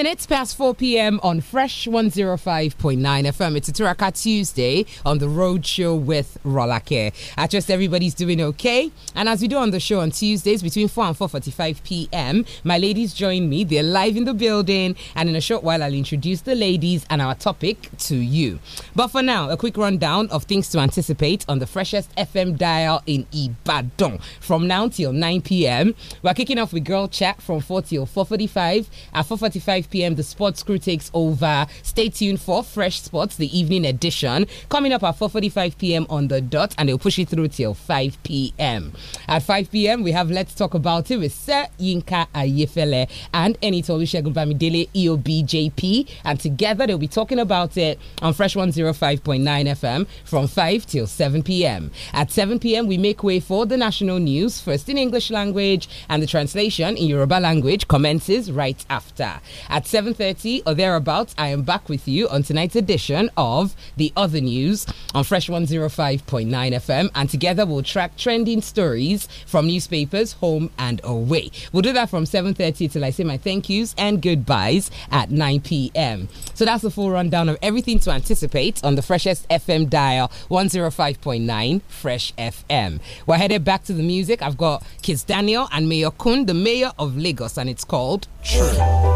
minutes past 4 p.m. on Fresh 105.9 FM. It's a Turaka Tuesday on the Road Show with Rolake. I trust everybody's doing okay. And as we do on the show on Tuesdays between 4 and 4.45 p.m., my ladies join me. They're live in the building. And in a short while, I'll introduce the ladies and our topic to you. But for now, a quick rundown of things to anticipate on the freshest FM dial in Ibadan from now till 9 p.m. We're kicking off with Girl Chat from 4 till 4.45. At 4.45 p.m., the sports crew takes over. Stay tuned for Fresh Sports, the evening edition, coming up at 4.45 p.m. on the dot, and they'll push it through till 5 p.m. At 5 p.m., we have Let's Talk About It with Sir Yinka Ayefele and Eni Olusegun Bamidele, EOBJP, and together they'll be talking about it on Fresh 105.9 FM from 5 till 7 p.m. At 7 p.m., we make way for the national news, first in English language, and the translation in Yoruba language commences right after. At at 7.30 or thereabouts, I am back with you on tonight's edition of The Other News on Fresh 105.9 FM. And together we'll track trending stories from newspapers, home and away. We'll do that from 7.30 till I say my thank yous and goodbyes at 9 p.m. So that's the full rundown of everything to anticipate on the freshest FM dial 105.9 Fresh FM. We're headed back to the music. I've got Kiss Daniel and Mayor Kun, the mayor of Lagos, and it's called True.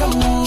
come on.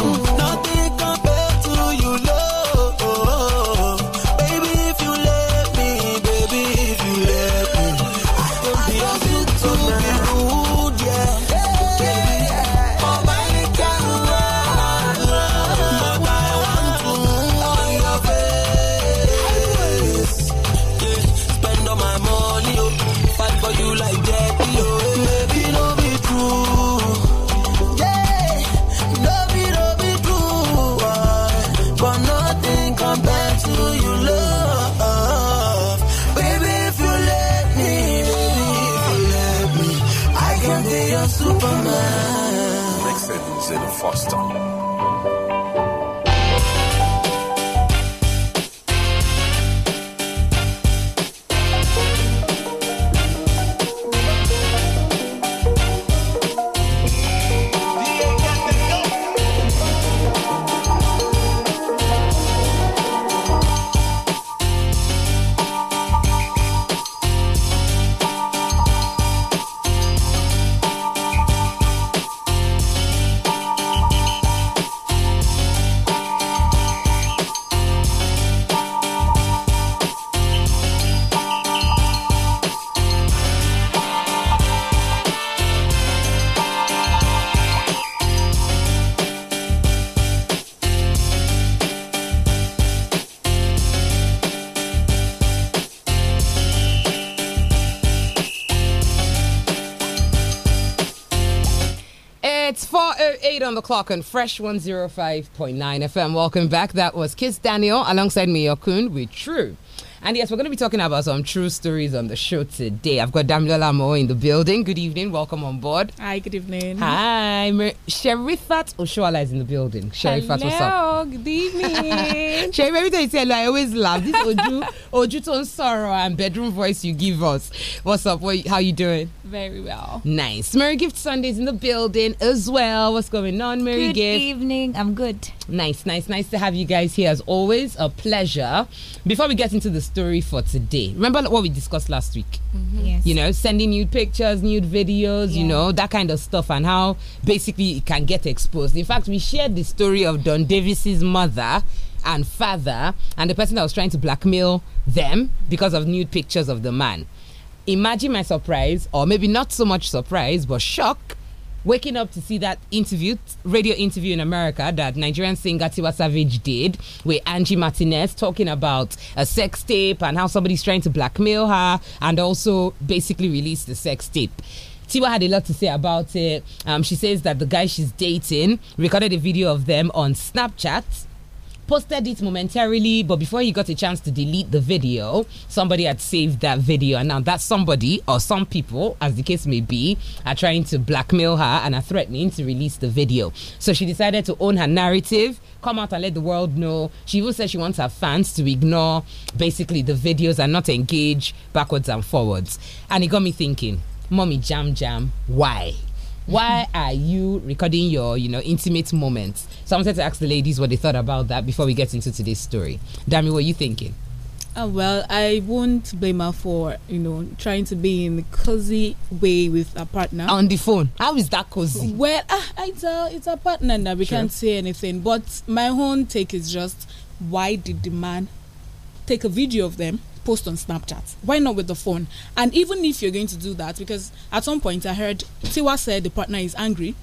8 on the clock on Fresh 105.9 FM. Welcome back. That was Kiss Daniel alongside me, Okun, with True and yes, we're going to be talking about some true stories on the show today. I've got Damilola Mo in the building. Good evening. Welcome on board. Hi, good evening. Hi. Sherifat Oshoala is in the building. Sherifat, what's up? good evening. Sherif, every time you say hello, I always laugh. This Oju, Oju Tone Sorrow and bedroom voice you give us. What's up? What, how you doing? Very well. Nice. Merry Gift Sunday's in the building as well. What's going on, Merry Gift? Good evening. I'm good. Nice, nice, nice to have you guys here as always. A pleasure. Before we get into the story for today. Remember what we discussed last week? Mm -hmm. yes. You know, sending nude pictures, nude videos, yeah. you know, that kind of stuff, and how basically it can get exposed. In fact, we shared the story of Don Davis's mother and father and the person that was trying to blackmail them because of nude pictures of the man. Imagine my surprise, or maybe not so much surprise, but shock waking up to see that interview, radio interview in America that Nigerian singer Tiwa Savage did with Angie Martinez talking about a sex tape and how somebody's trying to blackmail her and also basically release the sex tape. Tiwa had a lot to say about it. Um, she says that the guy she's dating recorded a video of them on Snapchat posted it momentarily, but before he got a chance to delete the video, somebody had saved that video. And now that somebody or some people, as the case may be, are trying to blackmail her and are threatening to release the video. So she decided to own her narrative, come out and let the world know. She even said she wants her fans to ignore basically the videos and not engage backwards and forwards. And it got me thinking, Mommy Jam Jam, why? why are you recording your you know intimate moments so i wanted to ask the ladies what they thought about that before we get into today's story dami what are you thinking oh, well, I won't blame her for you know trying to be in a cozy way with a partner on the phone. How is that cozy? Well, uh, it's a it's a partner now. We sure. can't say anything. But my own take is just why did the man take a video of them post on Snapchat. Why not with the phone? And even if you're going to do that, because at some point I heard Tiwa said the partner is angry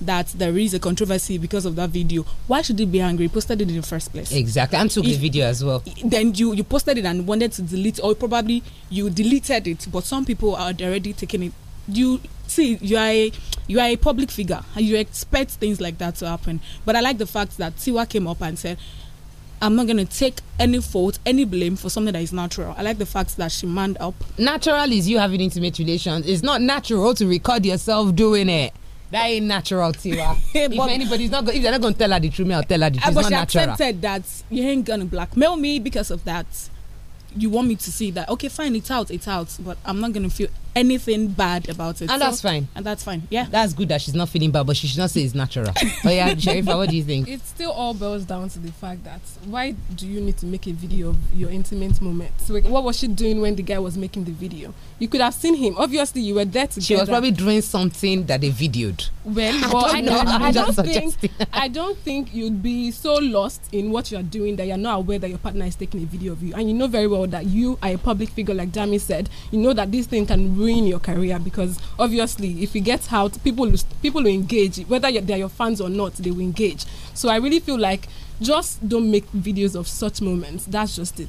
that there is a controversy because of that video. Why should he be angry? He posted it in the first place. Exactly. And took if, the video as well. Then you, you posted it and wanted to delete or probably you deleted it, but some people are already taking it. You see, you are a, you are a public figure and you expect things like that to happen. But I like the fact that Tiwa came up and said I'm not going to take any fault, any blame for something that is natural. I like the fact that she manned up. Natural is you having intimate relations. It's not natural to record yourself doing it. That ain't natural, Tira. if anybody's not, if they're not going to tell her the truth, I'll tell her the eh, truth. But it's not she natural. accepted that you ain't going to blackmail me because of that. You want me to see that? Okay, fine, it's out, it's out. But I'm not going to feel anything bad about it. And so, that's fine. And that's fine. Yeah. That's good that she's not feeling bad, but she should not say it's natural. oh yeah, Sharifa, what do you think? It still all boils down to the fact that why do you need to make a video of your intimate moments? Like, what was she doing when the guy was making the video? You could have seen him. Obviously, you were there together. She was probably doing something that they videoed. Well, I, don't, know. I don't think I don't think you'd be so lost in what you're doing that you're not aware that your partner is taking a video of you, and you know very well that you are a public figure, like Dami said. You know that this thing can ruin your career because obviously if it gets out people people will engage whether they're your fans or not they will engage so i really feel like just don't make videos of such moments that's just it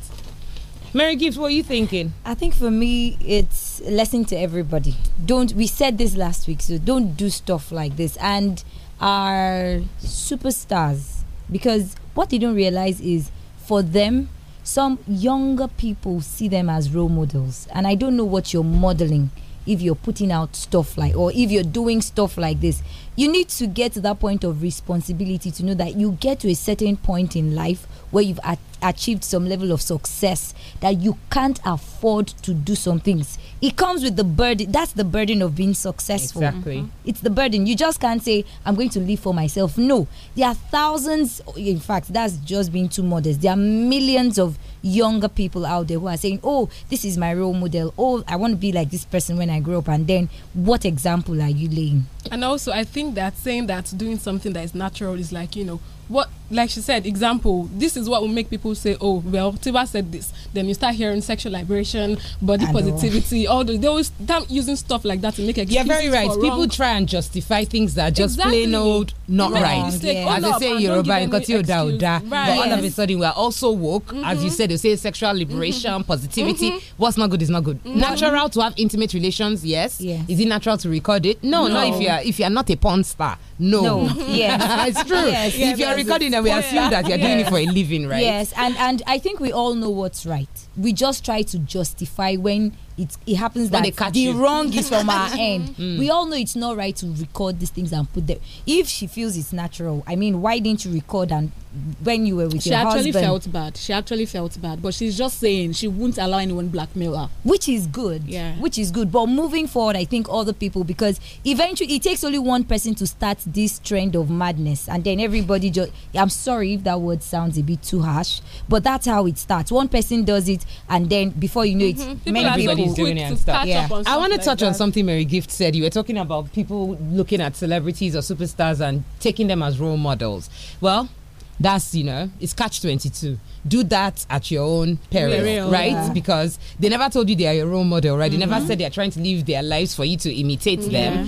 Mary Gibbs, what are you thinking? I think for me, it's a lesson to everybody. Don't we said this last week, so don't do stuff like this. And our superstars, because what they don't realize is for them, some younger people see them as role models. And I don't know what you're modeling if you're putting out stuff like, or if you're doing stuff like this. You need to get to that point of responsibility to know that you get to a certain point in life where you've at- achieved some level of success that you can't afford to do some things. It comes with the burden. That's the burden of being successful. Exactly. Mm-hmm. It's the burden. You just can't say, I'm going to live for myself. No. There are thousands, in fact, that's just being too modest. There are millions of younger people out there who are saying, Oh, this is my role model. Oh, I want to be like this person when I grow up. And then what example are you laying? And also, I think that saying that doing something that is natural is like, you know, what like she said, example, this is what will make people say, oh, well, Tiba said this. Then you start hearing sexual liberation, body positivity, all those. They always start using stuff like that to make excuses. You're very right. People wrong. try and justify things that are just exactly. plain old not right. yeah. As they say in Yoruba, you got your dauda. But all of a sudden, we are also woke. Mm -hmm. As you mm-hmm. said, they say sexual mm-hmm. liberation, mm -hmm. positivity. Mm -hmm. What's not good is not good. Mm-hmm. Natural to have intimate relations, yes. yes. Is it natural to record it? No, no. Not if you're if you're not a porn star. No. no. yeah, it's true. Yes. If you're recording that we assume that you're doing it for a living, right? Yes, and and I think we all know what's right. We just try to justify when it it happens when that the you. wrong is from our end. Mm. We all know it's not right to record these things and put them. If she feels it's natural, I mean, why didn't you record and when you were with she your husband? She actually felt bad. She actually felt bad, but she's just saying she won't allow anyone blackmail her, which is good. Yeah, which is good. But moving forward, I think other people because eventually it takes only one person to start this trend of madness, and then everybody just. I'm sorry if that word sounds a bit too harsh, but that's how it starts. One person does it, and then before you know mm -hmm. it, mm-hmm. many people she's doing and stuff. Yeah. I want to touch on something Mary Gift said. You were talking about people looking at celebrities or superstars and taking them as role models. Well, that's you know it's catch 22 do that at your own peril Real, right yeah. because they never told you they are your role model right mm -hmm. they never mm-hmm. said they are trying to live their lives for you to imitate mm-hmm. yeah. them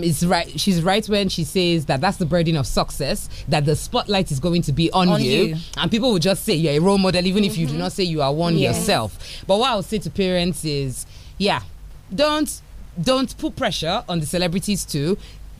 um it's right she's right when she says that that's the burden of success that the spotlight is going to be on, on you, you, and people will just say you're a role model even mm -hmm. if you do mm-hmm. not say you are one yeah. yourself but what i'll say to parents is yeah don't don't put pressure on the celebrities too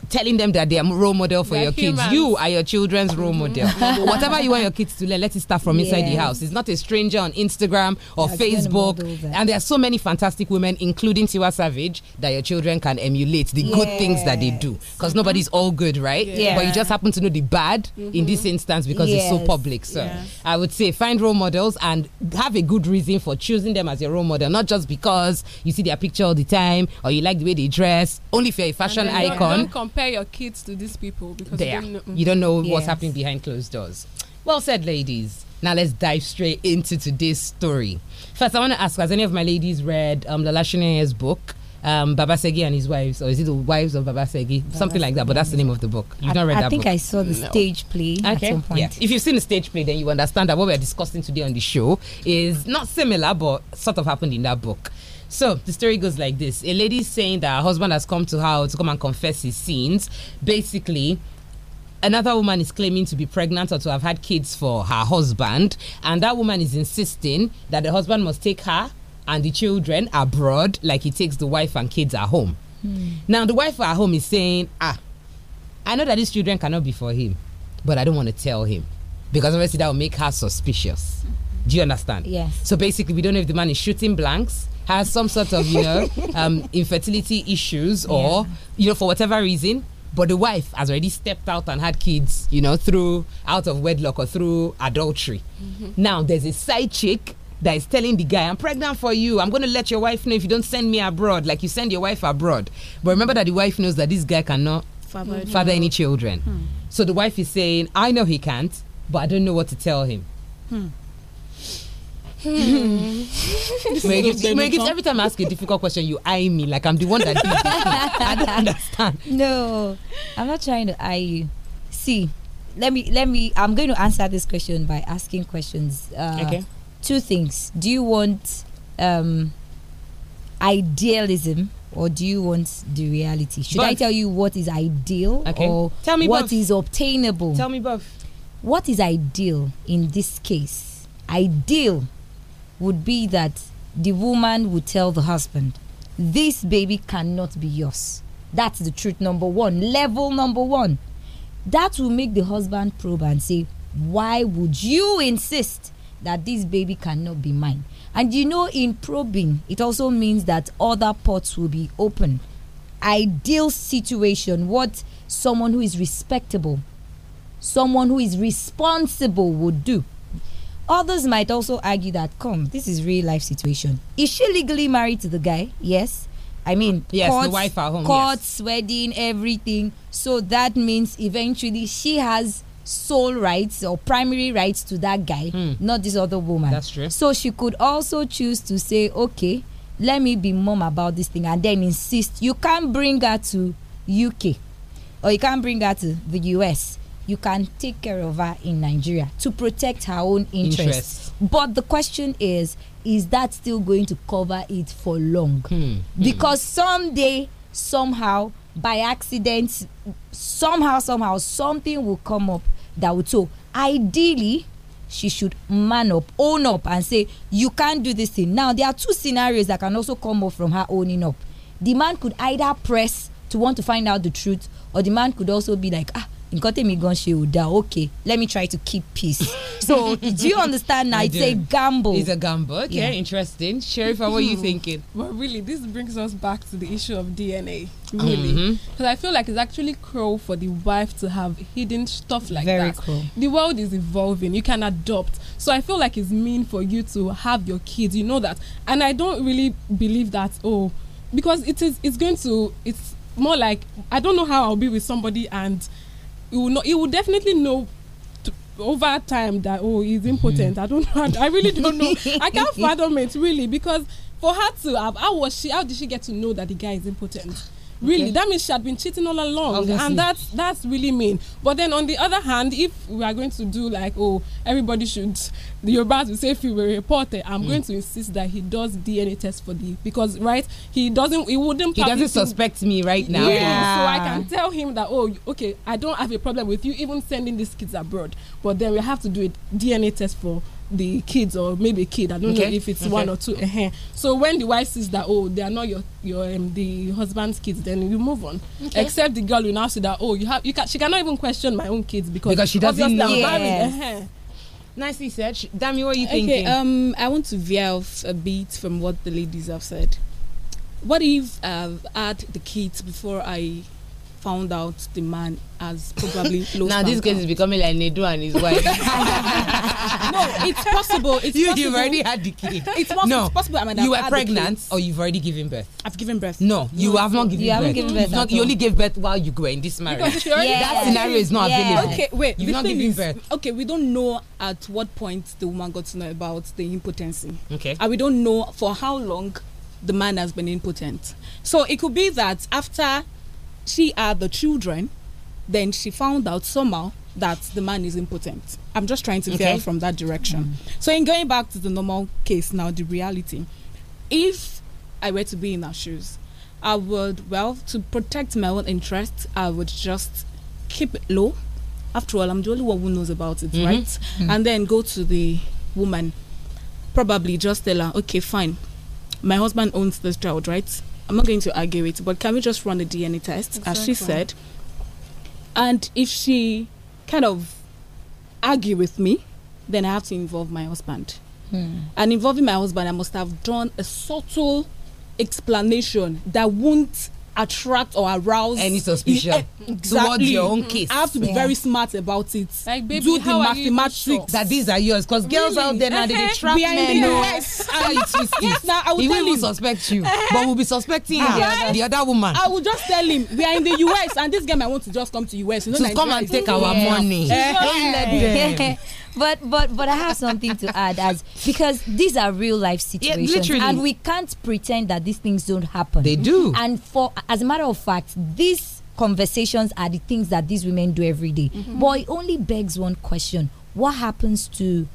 telling them that they are role model for They're your humans. kids. You are your children's role mm-hmm. model. Whatever you want your kids to learn, let it start from inside the house. It's not a stranger on Instagram or Facebook. Eh. And there are so many fantastic women, including Tiwa Savage, that your children can emulate the yes. good things that they do. Because nobody's all good, right? Yeah. But you just happen to know the bad mm -hmm. in this mm-hmm. instance because yes. it's so public. So yeah. I would say find role models and have a good reason for choosing them as your role model, not just because you see their picture all the time or you like the way they dress. Only if you're a fashion icon. Don't, compare your kids to these people because mm. you don't, know, you don't know, yes. what's happening behind closed doors. Well said, ladies. Now let's dive straight into today's story. First, I want to ask: Has any of my ladies read um, Lalashine's book? um, Babasegi and his wives, or is it the wives of Babasegi? Babasegi. Something like that, but that's the name of the book. You've I, not read I that think book. I saw the no. stage play okay. at some point. Yeah. If you've seen the stage play, then you understand that what we're discussing today on the show is not similar, but sort of happened in that book. So the story goes like this: A lady saying that her husband has come to her to come and confess his sins. Basically, another woman is claiming to be pregnant or to have had kids for her husband, and that woman is insisting that the husband must take her and the children abroad, like he takes the wife and kids at home. Mm. Now, the wife at home is saying, Ah, I know that these children cannot be for him, but I don't want to tell him because obviously that will make her suspicious. Do you understand? Yes. So basically, we don't know if the man is shooting blanks has some sort of you know um, infertility issues or yeah. you know for whatever reason but the wife has already stepped out and had kids, you know, through out of wedlock or through adultery. Mm -hmm. Now there's a side chick that is telling the guy, I'm pregnant for you. I'm going to let your wife know if you don't send me abroad, like you send your wife abroad. But remember that the wife knows that this guy cannot father, mm-hmm. father any children. Hmm. So the wife is saying, I know he can't, but I don't know what to tell him. Hmm. Hmm. gives, gives, every time I ask a difficult question, you eye me like I'm the one that did I don't understand. No, I'm not trying to eye you. See, let me let me. I'm going to answer this question by asking questions. Uh, okay. Two things. Do you want um, idealism? Or do you want the reality? Should both. I tell you what is ideal okay. or tell me what is obtainable? Tell me both. What is ideal in this case? Ideal would be that the woman would tell the husband, This baby cannot be yours. That's the truth number one. Level number one. That will make the husband probe and say, Why would you insist that this baby cannot be mine? And you know, in probing, it also means that other pots will be open. Ideal situation, what someone who is respectable, someone who is responsible would do Others might also argue that, come, this is real life situation. Is she legally married to the guy? Yes. I mean, yes, courts, the wife at home, courts, yes. wedding, everything. So that means eventually she has sole rights or primary rights to that guy, mm. not this other woman. That's true. So she could also choose to say, okay, let me be mom about this thing, and then insist you can't bring her to UK or you can't bring her to the US you can take care of her in Nigeria to protect her own interests. Interest. But the question is, is that still going to cover it for long? Hmm. hmm. Because hmm. someday, somehow, by accident, somehow, somehow, something will come up that would. So, ideally, she should man up, own up, and say, You can't do this thing. Now, there are two scenarios that can also come up from her owning up. The man could either press to want to find out the truth, or the man could also be like, Ah, nǹkan tèmi gan ṣe ò dáa okay let me try to keep peace so do you understand now it's do. a gamble it's a gamble okay yeah. interesting Sherifa what are you thinking well really this brings us back to the issue of DNA mm-hmm. really because mm -hmm. I feel like it's actually cruel for the wife to have hidden stuff like Very that cruel. the world is evolving you can adopt so I feel like it's mean for you to have your kids you know that and I don't really believe that oh because it is it's going to it's more like I don't know how I'll be with somebody and you will know. you will definitely know to, over time that oh he's impotent mm. i don't know i really don't know i can't fathom it really because for her to have how was she how did she get to know that the guy is impotent really okay. that means she had been cheating all along Obviously. and that's that's really mean but then on the other hand if we are going to do like oh everybody should the yorubas will say if you were a reporter i'm mm. going to insist that he does dna test for the because right he doesn't he wouldn't he doesn't suspect me right now yeah. so i can tell him that oh okay i don't have a problem with you even sending these kids abroad but then we have to do a dna test for the kids or maybe a kid i don't okay. know if it's okay. one or two uh -huh. so when the wife sees that oh they are not your your um, the husband's kids then you move on okay. except the girl will now see that oh you have you can she cannot even question my own kids because, because she doesn't know yes. uh -huh. nicely said damn what are you thinking um i want to veer off a bit from what the ladies have said what if uh, i've had the kids before i found out the man has probably lost. now this case is becoming like Nedu and his wife. no, it's possible. It's you, possible. You've already had the kid. It's possible. No, it's possible. I you were pregnant, or you've already given birth. I've given birth. No, you have not given you birth. Haven't given birth not, you only gave birth while you were in this marriage. Yeah. That scenario is not yeah. available. Okay, wait. You've not given is, birth. Okay, we don't know at what point the woman got to know about the impotency. Okay, and we don't know for how long the man has been impotent. So it could be that after she had the children then she found out somehow that the man is impotent. I'm just trying to okay. from that direction. Mm. So, in going back to the normal case now, the reality, if I were to be in her shoes, I would, well, to protect my own interests, I would just keep it low. After all, I'm the only one who knows about it, mm -hmm. right? Mm And then go to the woman, probably just tell her, okay, fine, my husband owns this child, right? I'm not going to argue it, but can we just run the DNA test, exactly. as she said? And if she kind of argue with me, then I have to involve my husband. Hmm. And involving my husband, I must have done a subtle explanation that won't attract or arouse any suspicion e eh, exactly. towards your own case. I have to be yeah. very smart about it. Like baby, do the mathematics sure? that these are yours because really? girls out there now they, they uh-huh. trap men. No, yes, I, yes, now I will he tell will him. suspect you, uh-huh. but we'll be suspecting yes. Uh-huh. the, other, the other woman. I will just tell him we are in the US and this guy might want to just come to US. You know, to Nigeria. come and take yeah. our money. Yeah. Yeah. but but but I have something to add as because these are real life situations, yeah, and we can't pretend that these things don't happen. They do. And for as a matter of fact, these conversations are the things that these women do every day. Mm -hmm. But it only begs one question: What happens to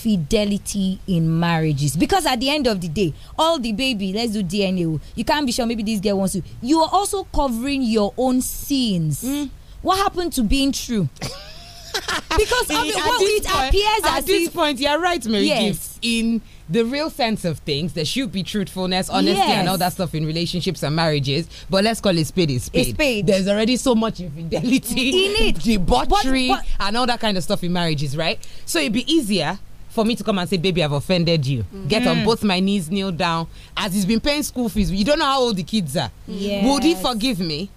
fidelity in marriages because at the end of the day all the baby let's do dna you can't be sure maybe this girl wants to you are also covering your own sins mm. what happened to being true because of what it appears at this if, point you're right mary yes. in the real sense of things there should be truthfulness honesty yes. and all that stuff in relationships and marriages but let's call it spade is spade, spade. there's already so much infidelity in it debauchery but, but, and all that kind of stuff in marriages right so it'd be easier for me to come and say, baby, I've offended you. Mm. Get on mm. both my knees, kneel down. As he's been paying school fees, you don't know how old the kids are. Yes. Would he forgive me?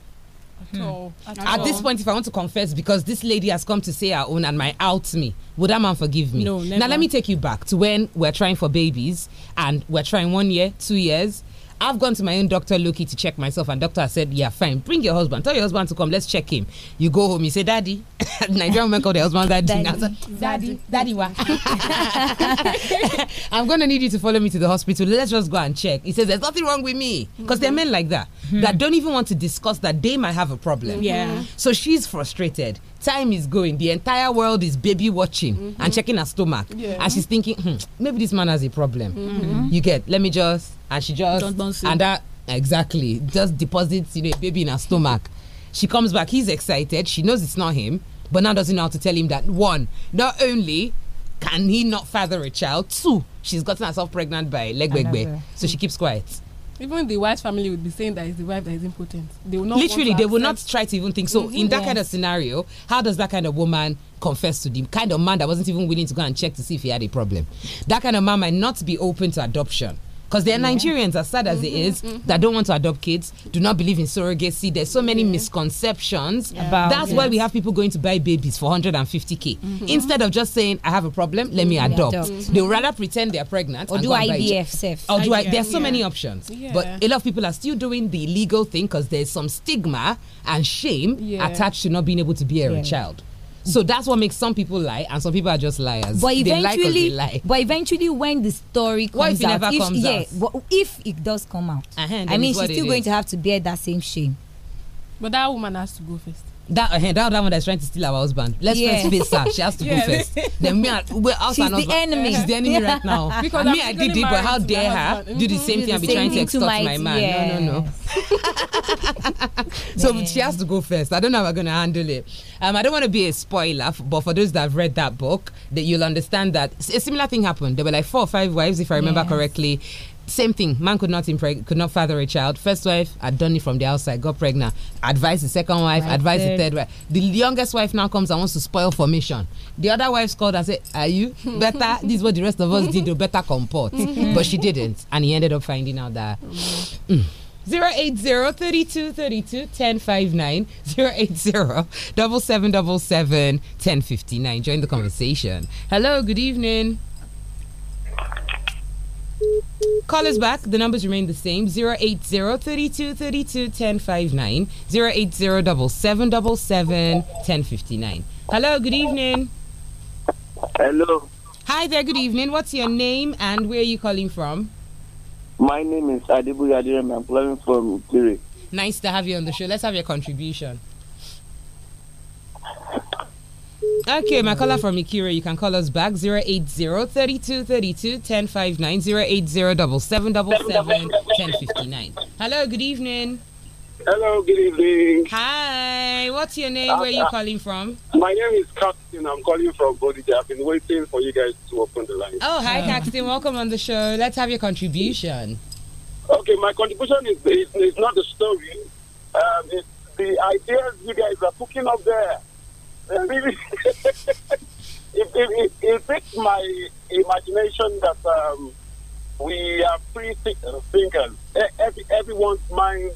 Hmm. at all. At, at all. this point, if I want to confess, because this lady has come to say her own and my out me, would that man forgive me? No, never. Now let me take you back to when we're trying for babies and we're trying one year, two years I've gone to my own doctor, Loki, to check myself, and doctor said, "Yeah, fine. Bring your husband. Tell your husband to come. Let's check him." You go home. You say, "Daddy." Nigerian women call their husband daddy. Daddy, daddy, daddy, daddy I'm gonna need you to follow me to the hospital. Let's just go and check. He says, "There's nothing wrong with me," because mm -hmm. they're men like that mm -hmm. that don't even want to discuss that they might have a problem. Yeah. So she's frustrated time is going the entire world is baby watching mm -hmm. and mm-hmm. checking her stomach yeah. and she's thinking hmm, maybe this man has a problem mm -hmm. you get let me just and she just don't, don't and that exactly just deposits you know a baby in her stomach she comes back he's excited she knows it's not him but now doesn't know how to tell him that one not only can he not father a child two she's gotten herself pregnant by legbegbe so she keeps quiet even the wife's family would be saying that it's the wife that is impotent. They will not literally. They will not try to even think. So mm -hmm, in that yes. kind of scenario, how does that kind of woman confess to the kind of man that wasn't even willing to go and check to see if he had a problem? That kind of man might not be open to adoption because they're Nigerians, as sad as mm -hmm, it mm-hmm, is, mm -hmm. that don't want to adopt kids, do not believe in surrogacy. There's so many misconceptions. About, That's yes. why we have people going to buy babies for 150k mm-hmm. instead of just saying, I have a problem, let me mm-hmm. adopt. adopt. They would rather pretend they're pregnant or do IVF. Or do I? There's so many options, but a lot of people are still doing the illegal thing because there's some stigma and shame attached to not being able to bear a child. So that's what makes some people lie, and some people are just liars. But eventually, lie lie. but eventually, when the story comes if out, if, comes yeah, out? if it does come out, uh -huh, I mean, she's still going is. to have to bear that same shame. But that woman has to go first that uh, that other one that's trying to steal our husband. Let's yeah. first face her. She has to yeah. go first. Then me, and, well, she's the enemy. She's the enemy right now. Because me, I did it, but how dare her do the same thing and be trying to extort my, man? No, no, no. so she has to go first. I don't know how we're gonna handle it. Um, I don't want to be a spoiler, but for those that have read that book, that you'll understand that a similar thing happened. There were like four or five wives, if I remember yes. correctly, same thing. Man could not impreg- could not father a child. First wife had done it from the outside, got pregnant. Advised the second wife, right advised the third wife. The youngest wife now comes and wants to spoil formation. The other wives called and said, Are you better? this is what the rest of us did, Do better comport. but she didn't. And he ended up finding out that. Mm-hmm. Mm. 080-3232-1059 80 1059 join the conversation hello good evening Call us back. The numbers remain the same 080 32 32 1059, 080 Hello, good evening. Hello. Hi there, good evening. What's your name and where are you calling from? My name is Adibu Yadirem. I'm calling from Kiri. Nice to have you on the show. Let's have your contribution. Okay, my caller from Ikira, you can call us back 080 1059 1059. Hello, good evening. Hello, good evening. Hi, what's your name? Where are you uh, uh, calling from? My name is Captain. I'm calling from Bodija. I've been waiting for you guys to open the line. Oh, hi, yeah. Captain. Welcome on the show. Let's have your contribution. Okay, my contribution is, is, is not the story, um, it's the ideas you guys are cooking up there. it, it, takes my imagination that um, we are free uh, thinkers. Every, everyone's mind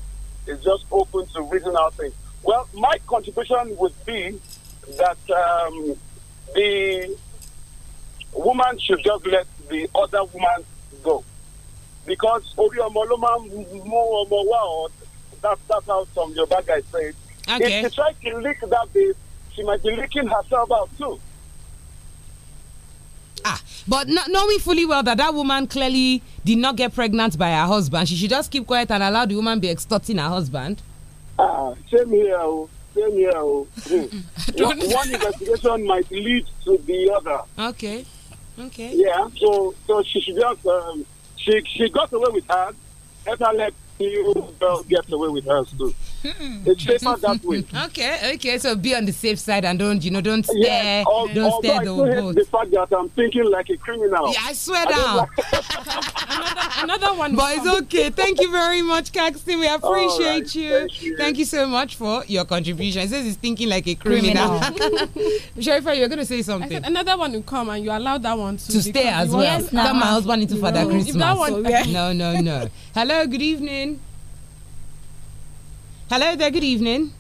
is just open to reason out things. Well, my contribution would be that um, the woman should just let the other woman go. Because that's, that's how some Yoruba guys say it. Okay. If you try to lick that base, she might be leaking herself out too. Ah, but knowing fully well that that woman clearly did not get pregnant by her husband, she should just keep quiet and allow the woman be extorting her husband. Ah, same here, oh. same here. Oh. Hmm. one, one investigation might lead to the other. Okay, okay. Yeah, so so she should just um, she she got away with her. Let her let you well get away with us too. It's safer that way. Okay, okay. So be on the safe side and don't you know don't stare. Yes, all, don't stare I boat. the fact that I'm thinking like a criminal. Yeah, I swear I down. Like another, another, one. But it's okay. Thank you very much, Caxton. We appreciate right, you. Thank you. Thank you so much for your contribution. It says he's thinking like a criminal. criminal. Sharifa, you're gonna say something. Said, another one will come and you allow that one to, to stay as well. Yes, my husband into Father Christmas. If that one, no, no, no. Hello, good evening. Hello there, good evening.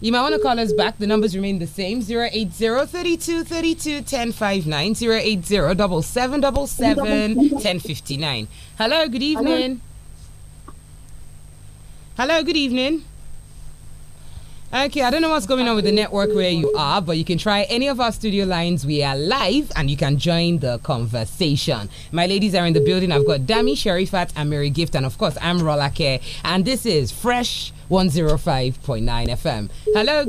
You might want to call us back. The numbers remain the same 080 32 1059 080 1059. Hello, good evening. Hello, Hello good evening. Okay, I don't know what's going on with the network where you are, but you can try any of our studio lines. We are live and you can join the conversation. My ladies are in the building. I've got Dami, Sherifat, and Mary Gift, and of course, I'm Rolake. And this is Fresh 105.9 FM. Hello,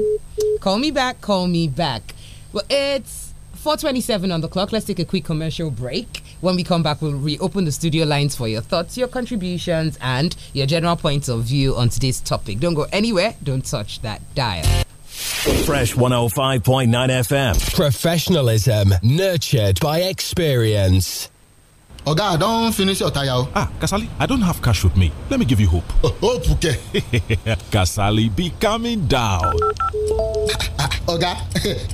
call me back, call me back. Well, it's 427 on the clock. Let's take a quick commercial break. When we come back, we'll reopen the studio lines for your thoughts, your contributions, and your general points of view on today's topic. Don't go anywhere, don't touch that dial. Fresh 105.9 FM. Professionalism nurtured by experience. Oga, I don't finish your tire. Ah, Kasali, I don't have cash with me. Let me give you hope. Oh, hope, okay. Kasali, be coming down. Ah, Oga,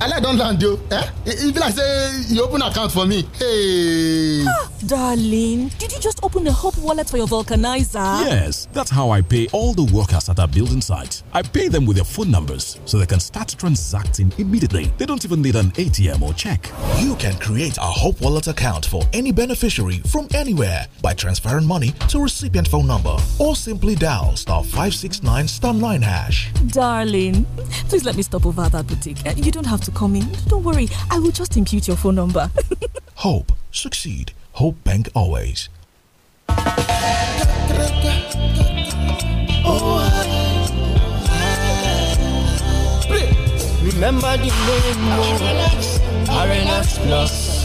I like don't land you. Eh? If I say you open account for me. Hey. Ah, darling, did you just open a Hope wallet for your vulcanizer? Yes, that's how I pay all the workers at our building site. I pay them with their phone numbers so they can start transacting immediately. They don't even need an ATM or check. You can create a Hope wallet account for any beneficiary from anywhere by transferring money to recipient phone number or simply dial star 569 star 9 hash. Darling, please let me stop over at that boutique. Eh, you don't have to come in. Don't worry, I will just impute your phone number. Hope, succeed, Hope Bank always. Remember the name, Arenax Plus.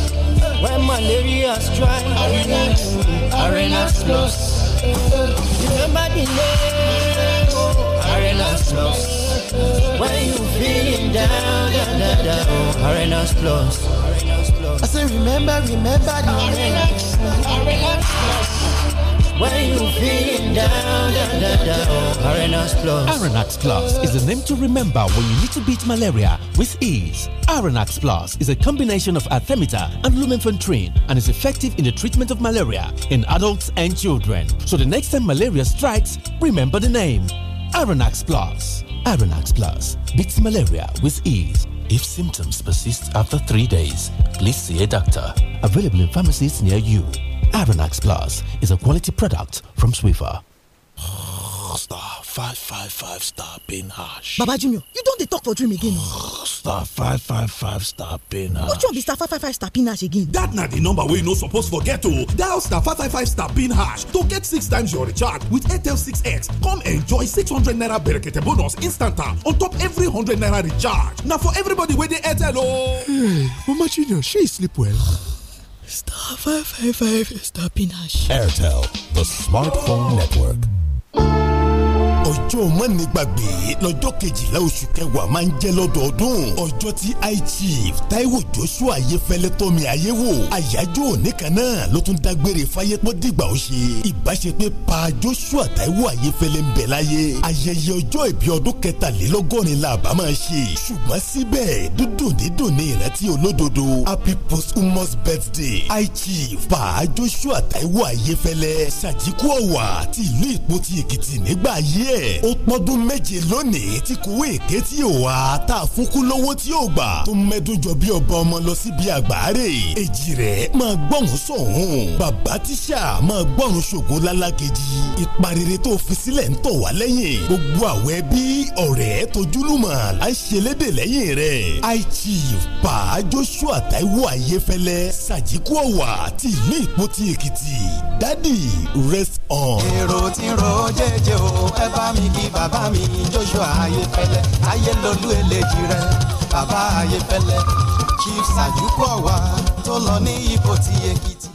When malaria strike, Arenas, Arenas Plus. Remember the name, oh, Arenas Plus. When you feeling down, down, down, down, oh, Arenas Plus. I say remember, remember the name, Arenas Plus. When oh, Arenax Plus. is the name to remember when you need to beat malaria with ease. Arenax Plus is a combination of artemether and lumenfantrine and is effective in the treatment of malaria in adults and children. So the next time malaria strikes, remember the name Arenax Plus. Arenax Plus beats malaria with ease. If symptoms persist after three days, please see a doctor. Available in pharmacies near you. Aranax Plus is a quality product from Swiffer. star five five five star pin hash. baba junior you don't talk for dream again star five five five star pin hash. What you one be star five five five star pin hash again. That n'ot the number we no supposed to forget o oh. dial star five five five star pin hash to get six times your recharge with airtel 6x come enjoy six hundred naira berekete bonus instant ah, on top every hundred naira recharge Now for everybody wey dey airtel o. Oh. Hey, mama junior she sleep well. Star 555 is Airtel, the smartphone network. ọjọ́ mánigbàgbé lọ́jọ́ kejìlá oṣù kẹwàá máa ń jẹ́ lọ́dọọdún ọjọ́ tí I chief taiwo joshua ayéfẹ́lẹ́ tọ́mi ayéwò àyájọ́ òní kan náà ló tún dágbére fáyé pọ́ dìgbà ó ṣe ìbáṣepé pa joshua taiwo ayéfẹ́lẹ́ ń bẹ láyé ayẹyẹ ọjọ́ ìbí ọdún kẹtàlélọ́gọ́rin la bá máa ṣe ṣùgbọ́n síbẹ̀ dúdùn dídùn ní ìrántí olódodo happy posthumous birthday I chief pa joshua taiwo ayéfẹ́lẹ́ ṣàjíkú ọ̀wà ti ìlú ìpótì èkìtì nígbà ayé ẹ̀ síbẹ̀ ó pọ́dún méje lónìí tí kúwé èké tí ò wá tá a fún kú lówó tí ò gbà tó mẹ́dún jọ bí ọba ọmọ lọ síbi àgbáre èjì rẹ̀ máa gbọ́hùn sọ̀hún bàbá tíṣà máa gbọ́hùn ṣògo lálákejì ìparire tó fi sílẹ̀ ń tọ̀ wá lẹ́yìn gbogbo àwẹ̀ bí ọ̀rẹ́ tojúlùmọ̀ là ń ṣe lédè lẹ́yìn rẹ̀ high pa Joshua Taiwo Ayéfẹ́lẹ́ sàjíkú ọ̀wà ti ìlú ìpótì Èkìtì dádì rest on. èrò tí ro jẹjẹ o ẹ bá mi kí bàbá mi Joshua Ayéfẹ́lẹ́ eléjì rẹ bàbá Ayéfẹ́lẹ́ Chief tó lọ ní ipò ti Èkìtì.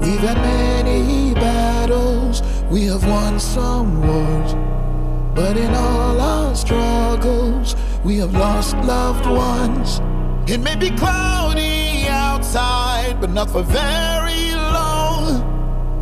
We've had many battles, we have won some wars, but in all our struggles, we have lost loved ones. It may be cloudy outside, but not for very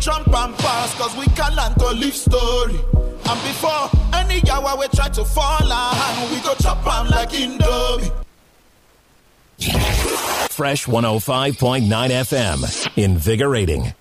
tramp and pass, cause we can and go live story. And before any yawa we try to fall and we go chop am like Indomie. Fresh 105.9 FM, invigorating.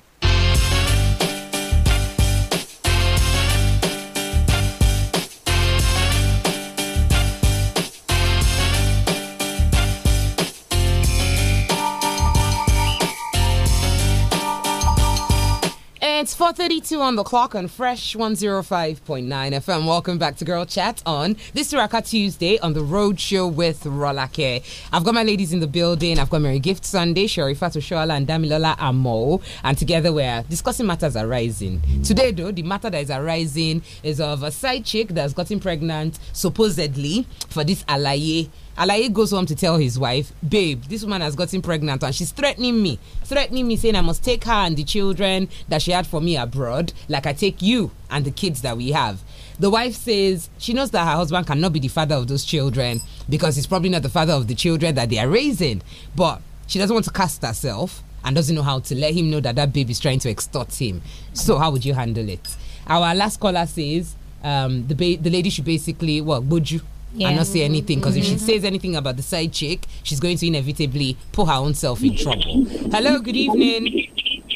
4:32 on the clock on Fresh 105.9 FM. Welcome back to Girl Chat on this Raka Tuesday on the Road Show with Rolake. I've got my ladies in the building. I've got Mary Gift Sunday, Sherifat Oshoala, and Damilola Amo, and together we're discussing matters arising. Today, though, the matter that is arising is of a side chick that's gotten pregnant supposedly for this alaye Alaye goes home to tell his wife, Babe, this woman has gotten pregnant and she's threatening me. Threatening me, saying I must take her and the children that she had for me abroad, like I take you and the kids that we have. The wife says she knows that her husband cannot be the father of those children because he's probably not the father of the children that they are raising. But she doesn't want to cast herself and doesn't know how to let him know that that baby is trying to extort him. So, how would you handle it? Our last caller says um, the, the lady should basically, well, you? yeah. and not say anything because mm -hmm. if she mm-hmm. says anything about the side chick, she's going to inevitably put her own self in trouble. Hello, good evening.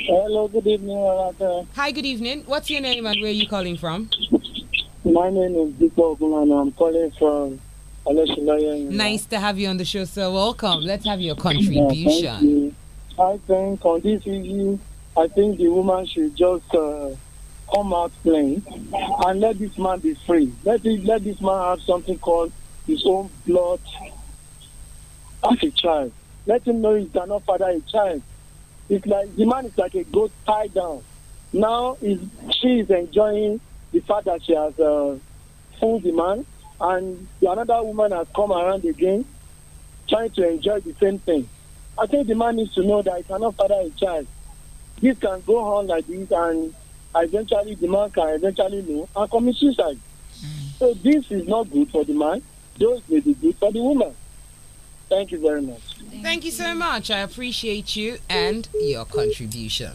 Hello, good evening. Arata. Hi, good evening. What's your name and where are you calling from? My name is Deepa and I'm calling from Nice to have you on the show, sir. Welcome. Let's have your contribution. Yeah, you. I think on this issue, I think the woman should just. Uh, come out playing and let this man be free. Let, it, let this man have something called his own blood as a child. Let him know he cannot father a child. It's like the man is like a goat tied down. Now is she is enjoying the fact that she has uh, fooled the man, and another woman has come around again, trying to enjoy the same thing. I think the man needs to know that he cannot father a child. This can go on like this, and eventually the man can eventually know and commit suicide. Mm. So this is not good for the man. Those may be good for the woman. Thank you very much. Thank, Thank you so much. I appreciate you and your contribution.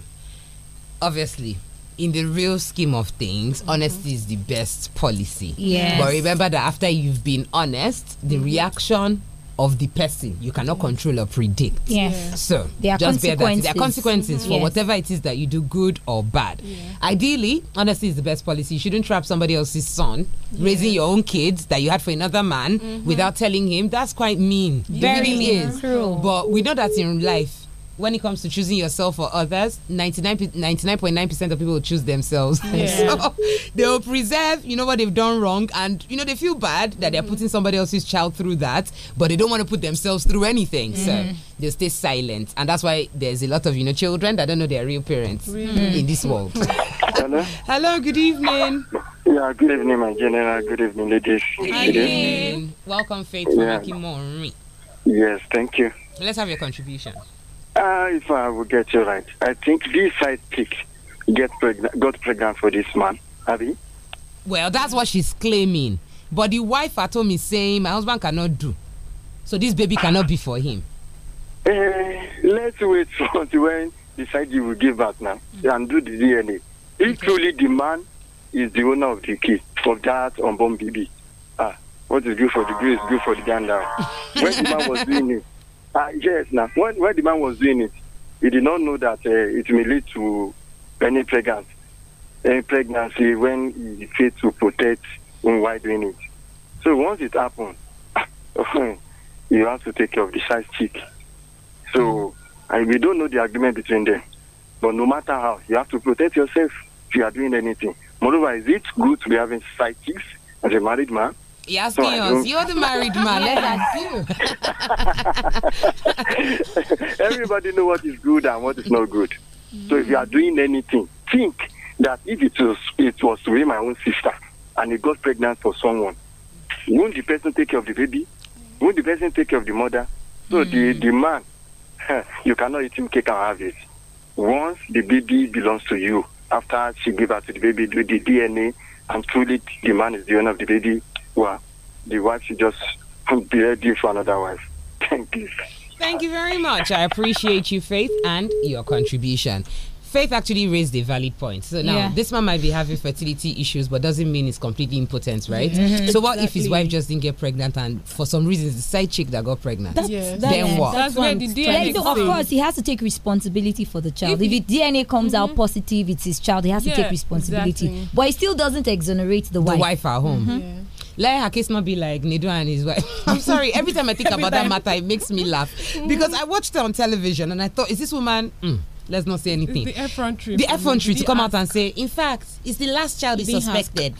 Obviously, in the real scheme of things, mm -hmm. honesty is the best policy. Yes. But remember that after you've been honest, the mm-hmm. reaction of the person you cannot control or predict. Yes. So there just bear that. There are consequences mm -hmm. for yes. whatever it is that you do, good or bad. Yeah. Ideally, honesty is the best policy. You shouldn't trap somebody else's son raising your own kids that you had for another man mm -hmm. without telling him. That's quite mean. Very mean. Is. True. But we know that in life when it comes to choosing yourself or others, 99.9 percent of people will choose themselves. Yeah. so they will preserve, you know, what they've done wrong, and you know they feel bad that mm they're putting somebody else's child through that, but they don't want to put themselves through anything. Mm So they stay silent, and that's why there's a lot of you know children that don't know their real parents really? in this world. Hello. Hello. Good evening. Yeah, good evening, my general. Good evening, ladies. Good evening. Good evening. Welcome, Faith yeah. Yes, thank you. Let's have your contribution. Uh, if I will get you right, I think this side chick get pregnant, got pregnant for this man. Abby? Well, that's what she's claiming. But the wife at home is saying, My husband cannot do. So this baby cannot be for him. Uh, let's wait for the when the side you will give back now and do the DNA. If okay. truly the man is the owner of the kid of that unborn baby, ah, what is good for the good is good for the gander. when the man was doing it, Uh, yes, now, when, when the man was doing it, he did not know that uh, it may lead to any pregnancy, any pregnancy when he failed to protect him while doing it. So once it happened, you have to take care of the size chick. So and we don't know the agreement between them. But no matter how, you have to protect yourself if you are doing anything. Moreover, is it good to be having side chicks as a married man? Yes, so you're the married man. Let's ask you. Everybody know what is good and what is not good. Mm. So if you are doing anything, think that if it was it was to be my own sister and it got pregnant for someone, won't the person take care of the baby? Won't the person take care of the mother? So mm. the hmm. the man, you cannot eat him cake and have it. Once the baby belongs to you, after she gave birth to the baby, do the DNA, and truly the man is the owner of the baby, well, the wife should just be you for another wife. Thank you. Thank you very much. I appreciate you, Faith, and your contribution. Faith actually raised a valid point. So now yeah. this man might be having fertility issues, but doesn't mean he's completely impotent, right? Mm-hmm. So what exactly. if his wife just didn't get pregnant and for some reason the side chick that got pregnant? That's, yes. then what? That's, that's the DNA. of course, he has to take responsibility for the child. If, if the DNA comes mm -hmm. out mm-hmm. positive, it's his child. He has yeah, to take responsibility, exactly. but he still doesn't exonerate the wife. The wife at home. Mm -hmm let her case not be like Nedu and his wife. I'm sorry. Every time I think about time. that matter, it makes me laugh because I watched her on television and I thought, is this woman? Mm, let's not say anything. It's the effrontery. The effrontery to come ask. out and say, in fact, it's the last child is suspected.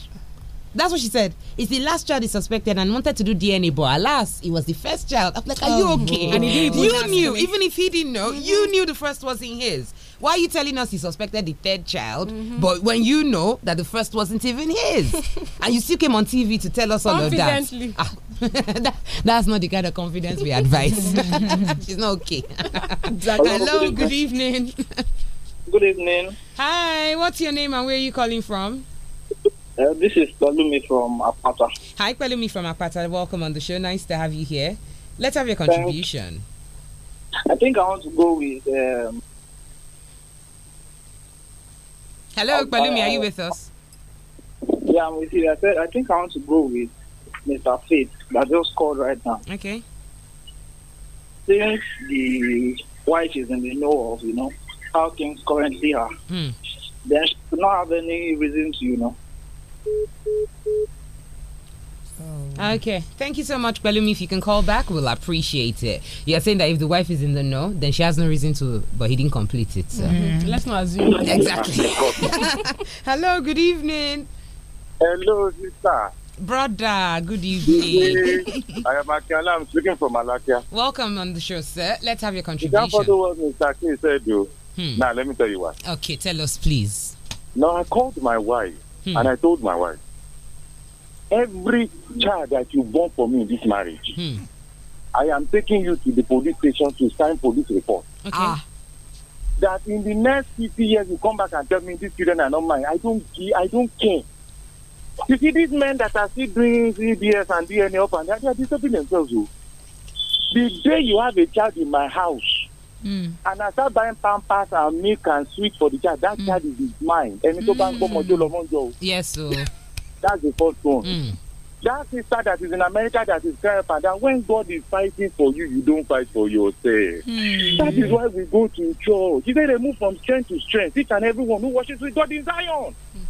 That's what she said. It's the last child is suspected and wanted to do DNA, but alas, it was the first child. I'm like, are oh, you okay? And he did. You knew, even if he didn't know, you mm-hmm. knew the first was wasn't his. Why are you telling us he suspected the third child, mm -hmm. but when you know that the first wasn't even his, and you still came on TV to tell us all of that? Ah, that that's not the kind of confidence we advise. She's not okay. Hello, Hello, good evening. Good evening. Hi, what's your name and where are you calling from? Uh, this is Pelumi from Apata. Hi, Pelumi from Apata. Welcome on the show. Nice to have you here. Let's have your contribution. Thanks. I think I want to go with um, Hello, uh, Balumi, are you uh, with us? Yeah, I'm with you. I said I think I want to go with Mr. Faith that just called right now. Okay. Since the wife is in the know of, you know, how things currently are, mm. then she should not have any reason to, you know, Oh. Okay. Thank you so much, Balumi. If you can call back, we'll appreciate it. You're saying that if the wife is in the know, then she has no reason to, but he didn't complete it. So. Mm. Let's not assume. Exactly. Hello, good evening. Hello, sister. Brother, good evening. I am Akiala. I'm speaking from Malakia. Welcome on the show, sir. Let's have your contribution. You what Mr. K said, You Hmm. Now, let me tell you what. Okay, tell us, please. Now, I called my wife hmm. and I told my wife every child that you born for me in this marriage, hmm. I am taking you to the police station to sign police report. Okay. Ah. That in the next 50 years you come back and tell me these children are not mine. I don't I don't care. You see, these men that are still doing CBS and DNA up and they are disturbing themselves. You. Oh. The day you have a child in my house, mm. and I start buying pampers and milk and sweets for the child, that mm. child is mine. mm. Yes, sir. Oh. That's the first one. Mm. That sister that is in America that is crying that when God is fighting for you, you don't fight for yourself. Mm. That is why we go to church. You said they move from strength to strength. Each and everyone who worships with God in Zion. Mm.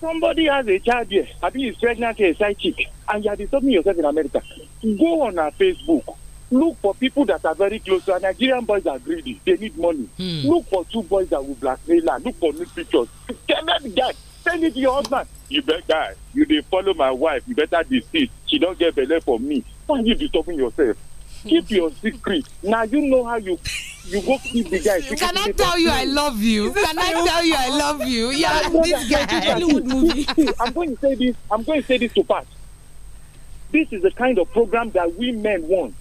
Somebody has a child here. I think he's pregnant a psychic. And you are disturbing yourself in America. Go on our Facebook look for people that are very close to Nigerian boys are greedy. They need money. Hmm. Look for two boys that will blackmail her. Look for new pictures. Tell that guy. Send it to your husband you better you dey follow my wife you better dey see she don get belle for me why you disturbing yourself keep your secret na you know how you you go keep the guy. can i tell you i love you can i tell you i love you yeah this guy hollywood movie. i'm going to say this i'm going to say this to pat this is the kind of program that we men want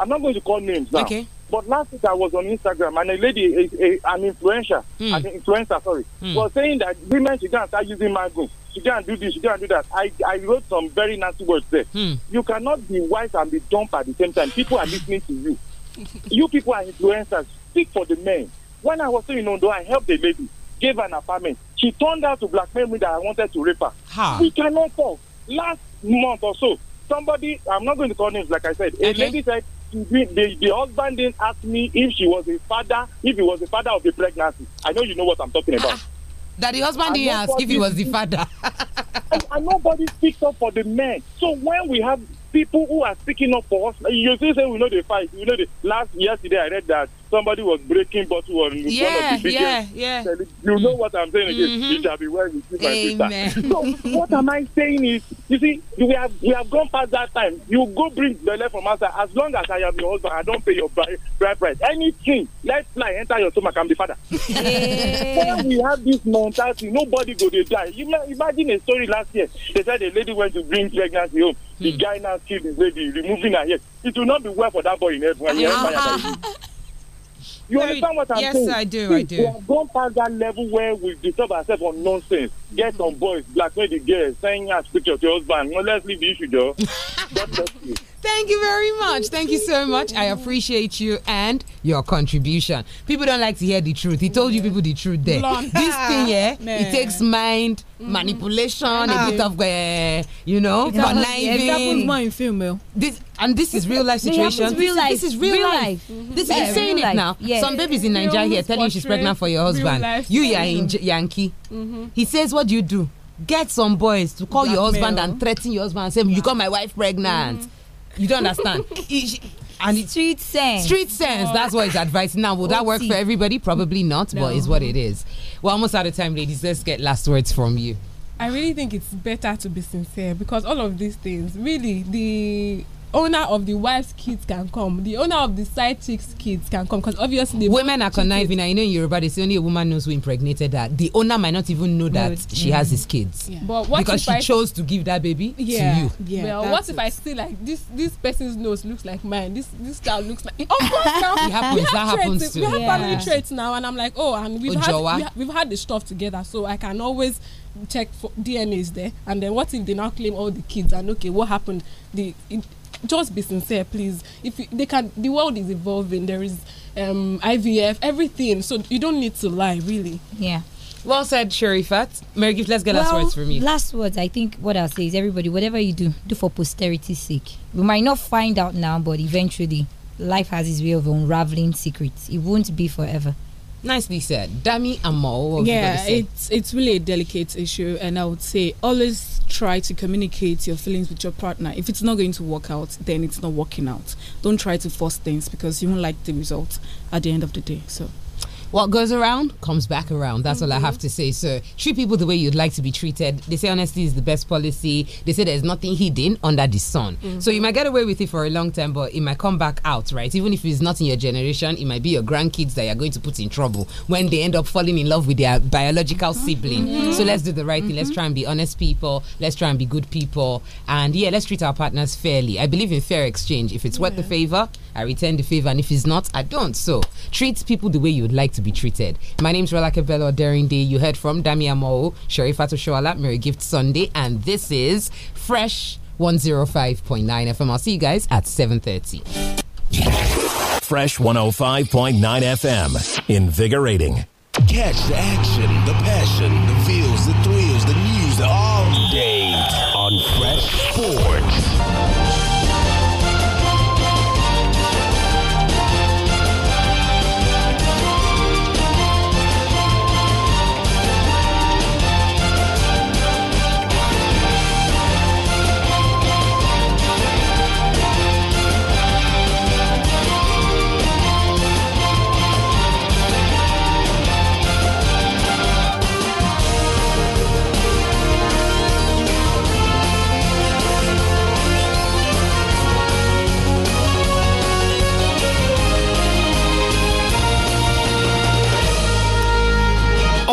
i'm not going to call names now. okay. But last week I was on Instagram and a lady, a, a, an influencer, mm. an influencer, sorry, mm. was saying that women should go and start using group she go and do this, She go and do that. I, I wrote some very nasty words there. Hmm. You cannot be wise and be dumb at the same time. People are listening to you. you people are influencers. Speak for the men. When I was still in Ondo, I helped the lady, gave her an apartment. She turned out to blackmail me that I wanted to rape her. Huh. We cannot talk. Last month or so, somebody, I'm not going to call names, like I said, okay. a lady said, the, the, the, husband didn't ask me if she was a father, if he was a father of the pregnancy. I know you know what I'm talking about. Ah, that the husband didn't ask if he was the father. and, and, nobody speaks up for the men. So when we have people who are speaking up for us, you still say we know the fight. You know the last yesterday I read that somebody was breaking bottle on yeah, one of the biggest. Yeah, yeah. You know what I'm saying again. Mm-hmm. It shall be well with my Amen. sister. so what am I saying is, you see, we have we have gone past that time. You go bring the left from outside. As long as I am your husband, I don't pay your bride price. Anything, let's fly enter your stomach. I'm the father. we have this mentality, nobody go to die. You imagine a story last year. They said a lady went to bring pregnancy home. The hmm. guy now killed his lady, removing her head. It will not be well for that boy in heaven. You understand what I'm yes, saying? Yes, I do. See, I do. We have gone past that level where we disturb ourselves on nonsense. Get some boys, blackmail the girls, saying as picture to your husband. No, let's leave the issue, Joe. Thank you very much. Thank you so much. I appreciate you and your contribution. People don't like to hear the truth. He told you people the truth there. This thing here, yeah, it takes mind, mm-hmm. manipulation, ah. a bit of, uh, you know, conniving. more in female. Eh? This, and this is real life situation. Real life. This is real, real life. life. Mm -hmm. This mm-hmm. yeah, is saying it now. Yeah. Some babies in Nigeria here telling you she's pregnant for your husband. You, you are in Yankee. Mm -hmm. He says, what do you do? Get some boys to call Black your husband male. and threaten your husband and say, yeah. you got my wife pregnant. Mm -hmm you don't understand. It, and it, street sense. Street sense. That's what it's advising. Now, will that work for everybody? Probably not, no. but it's what it is. We're almost out of time, ladies. Let's get last words from you. I really think it's better to be sincere because all of these things, really, the owner of the wife's kids can come the owner of the side chick's kids can come because obviously women are conniving I you know in yoruba they say only a woman knows who impregnated that the owner might not even know that she has his kids yeah. but what because she I chose to give that baby yeah, to you yeah, well what if it. i see like this this person's nose looks like mine this this child looks like of course now it happens, we have that happens too. we have yeah. family traits now and i'm like oh and we've had we, have had the stuff together so i can always check for dna is there and then what if they now claim all the kids and okay what happened the just be sincere, please. If you, they can, the world is evolving. There is um, IVF, everything. So you don't need to lie, really. Yeah. Well said, Sherifat. Mary Gift, let's get well, last words from you. Last words. I think what I'll say is everybody, whatever you do, do for posterity's sake. We might not find out now, but eventually, life has its way of unraveling secrets. It won't be forever. Nicely said. Dami Amo. Yeah, it's it's really a delicate issue, and I would say always try to communicate your feelings with your partner. If it's not going to work out, then it's not working out. Don't try to force things because you won't like the result at the end of the day. So what goes around comes back around. That's mm -hmm. all I have to say. So treat people the way you'd like to be treated. They say honesty is the best policy. They say there's nothing hidden under the sun. Mm -hmm. So you might get away with it for a long time, but it might come back out, right? Even if it's not in your generation, it might be your grandkids that you're going to put in trouble when they end up falling in love with their biological mm -hmm. sibling. Mm-hmm. So let's do the right thing. Let's mm-hmm. try and be honest people. Let's try and be good people. And yeah, let's treat our partners fairly. I believe in fair exchange. If it's yeah. worth the favor, I return the favor, and if it's not, I don't. So treat people the way you'd like to to be treated. My name is Rolake Bello Day. You heard from Damia Mo, Sherifa Toshoala, Mary Gift Sunday, and this is Fresh 105.9 FM. I'll see you guys at 7.30. Fresh 105.9 FM. Invigorating. Catch the action, the passion, the feels, the thrills, the news all day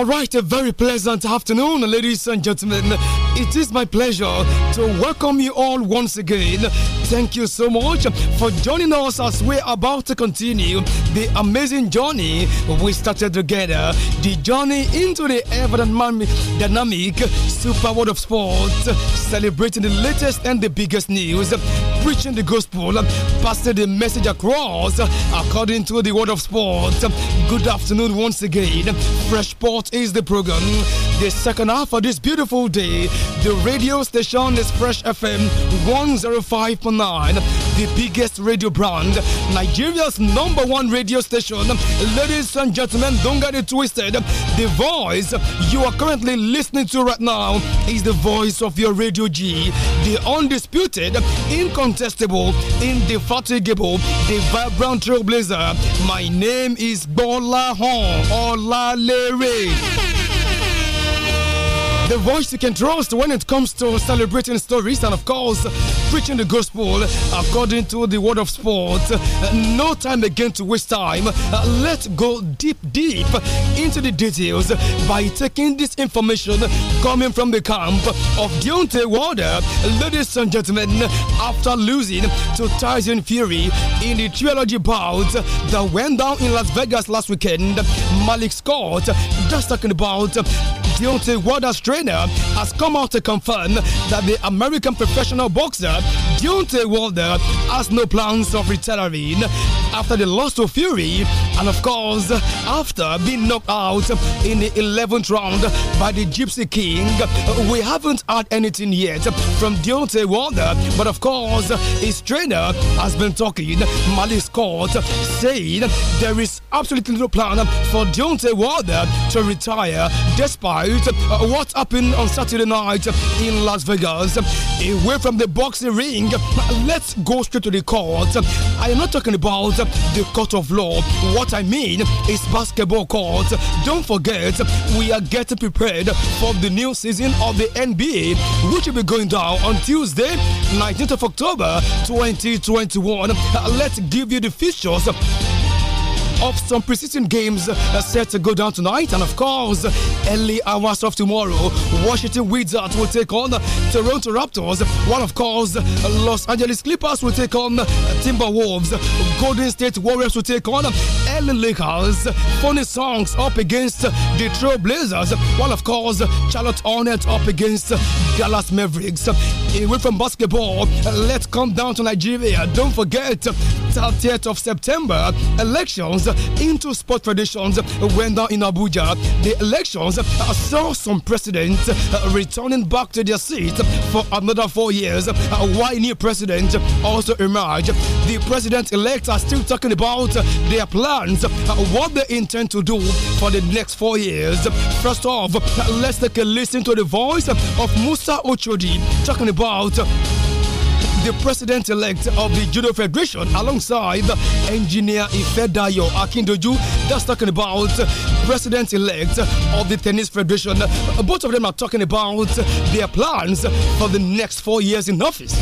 Right, a very pleasant afternoon, ladies and gentlemen. It is my pleasure to welcome you all once again. Thank you so much for joining us as we're about to continue the amazing journey we started together. The journey into the ever dynamic super world of sports, celebrating the latest and the biggest news, preaching the gospel, passing the message across according to the world of sports. Good afternoon once again. Fresh Sport is the program the second half of this beautiful day. The radio station is Fresh FM 105.9, the biggest radio brand, Nigeria's number one radio station. Ladies and gentlemen, don't get it twisted. The voice you are currently listening to right now is the voice of your Radio G, the undisputed, incontestable, indefatigable, the vibrant trailblazer. My name is Bola Ola Olalere the voice you can trust when it comes to celebrating stories and, of course, preaching the gospel according to the word of sport. No time again to waste time. Let's go deep, deep into the details by taking this information coming from the camp of Deontay Wilder. Ladies and gentlemen, after losing to Tyson Fury in the trilogy bout that went down in Las Vegas last weekend, Malik Scott, just talking about Deontay Wilder's trainer, has come out to confirm that the American professional boxer Deontay Wilder has no plans of retiring after the loss to Fury and, of course, after being knocked out in the 11th round by the Gypsy King. We haven't heard anything yet from Deontay Wilder, but of course, his trainer has been talking, Malik Scott, saying there is absolutely no plan for Deontay Wilder to retire despite uh, what happened on Saturday night in Las Vegas. Away eh, from the boxing ring, let's go straight to the court. I am not talking about the court of law. What I mean is basketball court. Don't forget, we are getting prepared for the new season of the NBA, which will be going down on Tuesday, 19th of October 2021. Let's give you the features of some precision games uh, set to go down tonight. And of course, early hours of tomorrow, Washington Wizards will take on Toronto Raptors, while of course, Los Angeles Clippers will take on Timberwolves, Golden State Warriors will take on LA Lakers, Funny Songs up against the Blazers, while of course, Charlotte Hornets up against Dallas Mavericks. Away from basketball, let's come down to Nigeria. Don't forget, 30th of September, elections elections into sport traditions when down in Abuja. The elections saw some presidents returning back to their seats for another four years, while new president also emerged. The president-elect are still talking about their plans, what they intend to do for the next four years. First off, let's take a listen to the voice of Musa Ochodi talking about the president elect of the Judo Federation alongside engineer Ifedayo Akindoju. That's talking about president elect of the Tennis Federation. Both of them are talking about their plans for the next four years in office.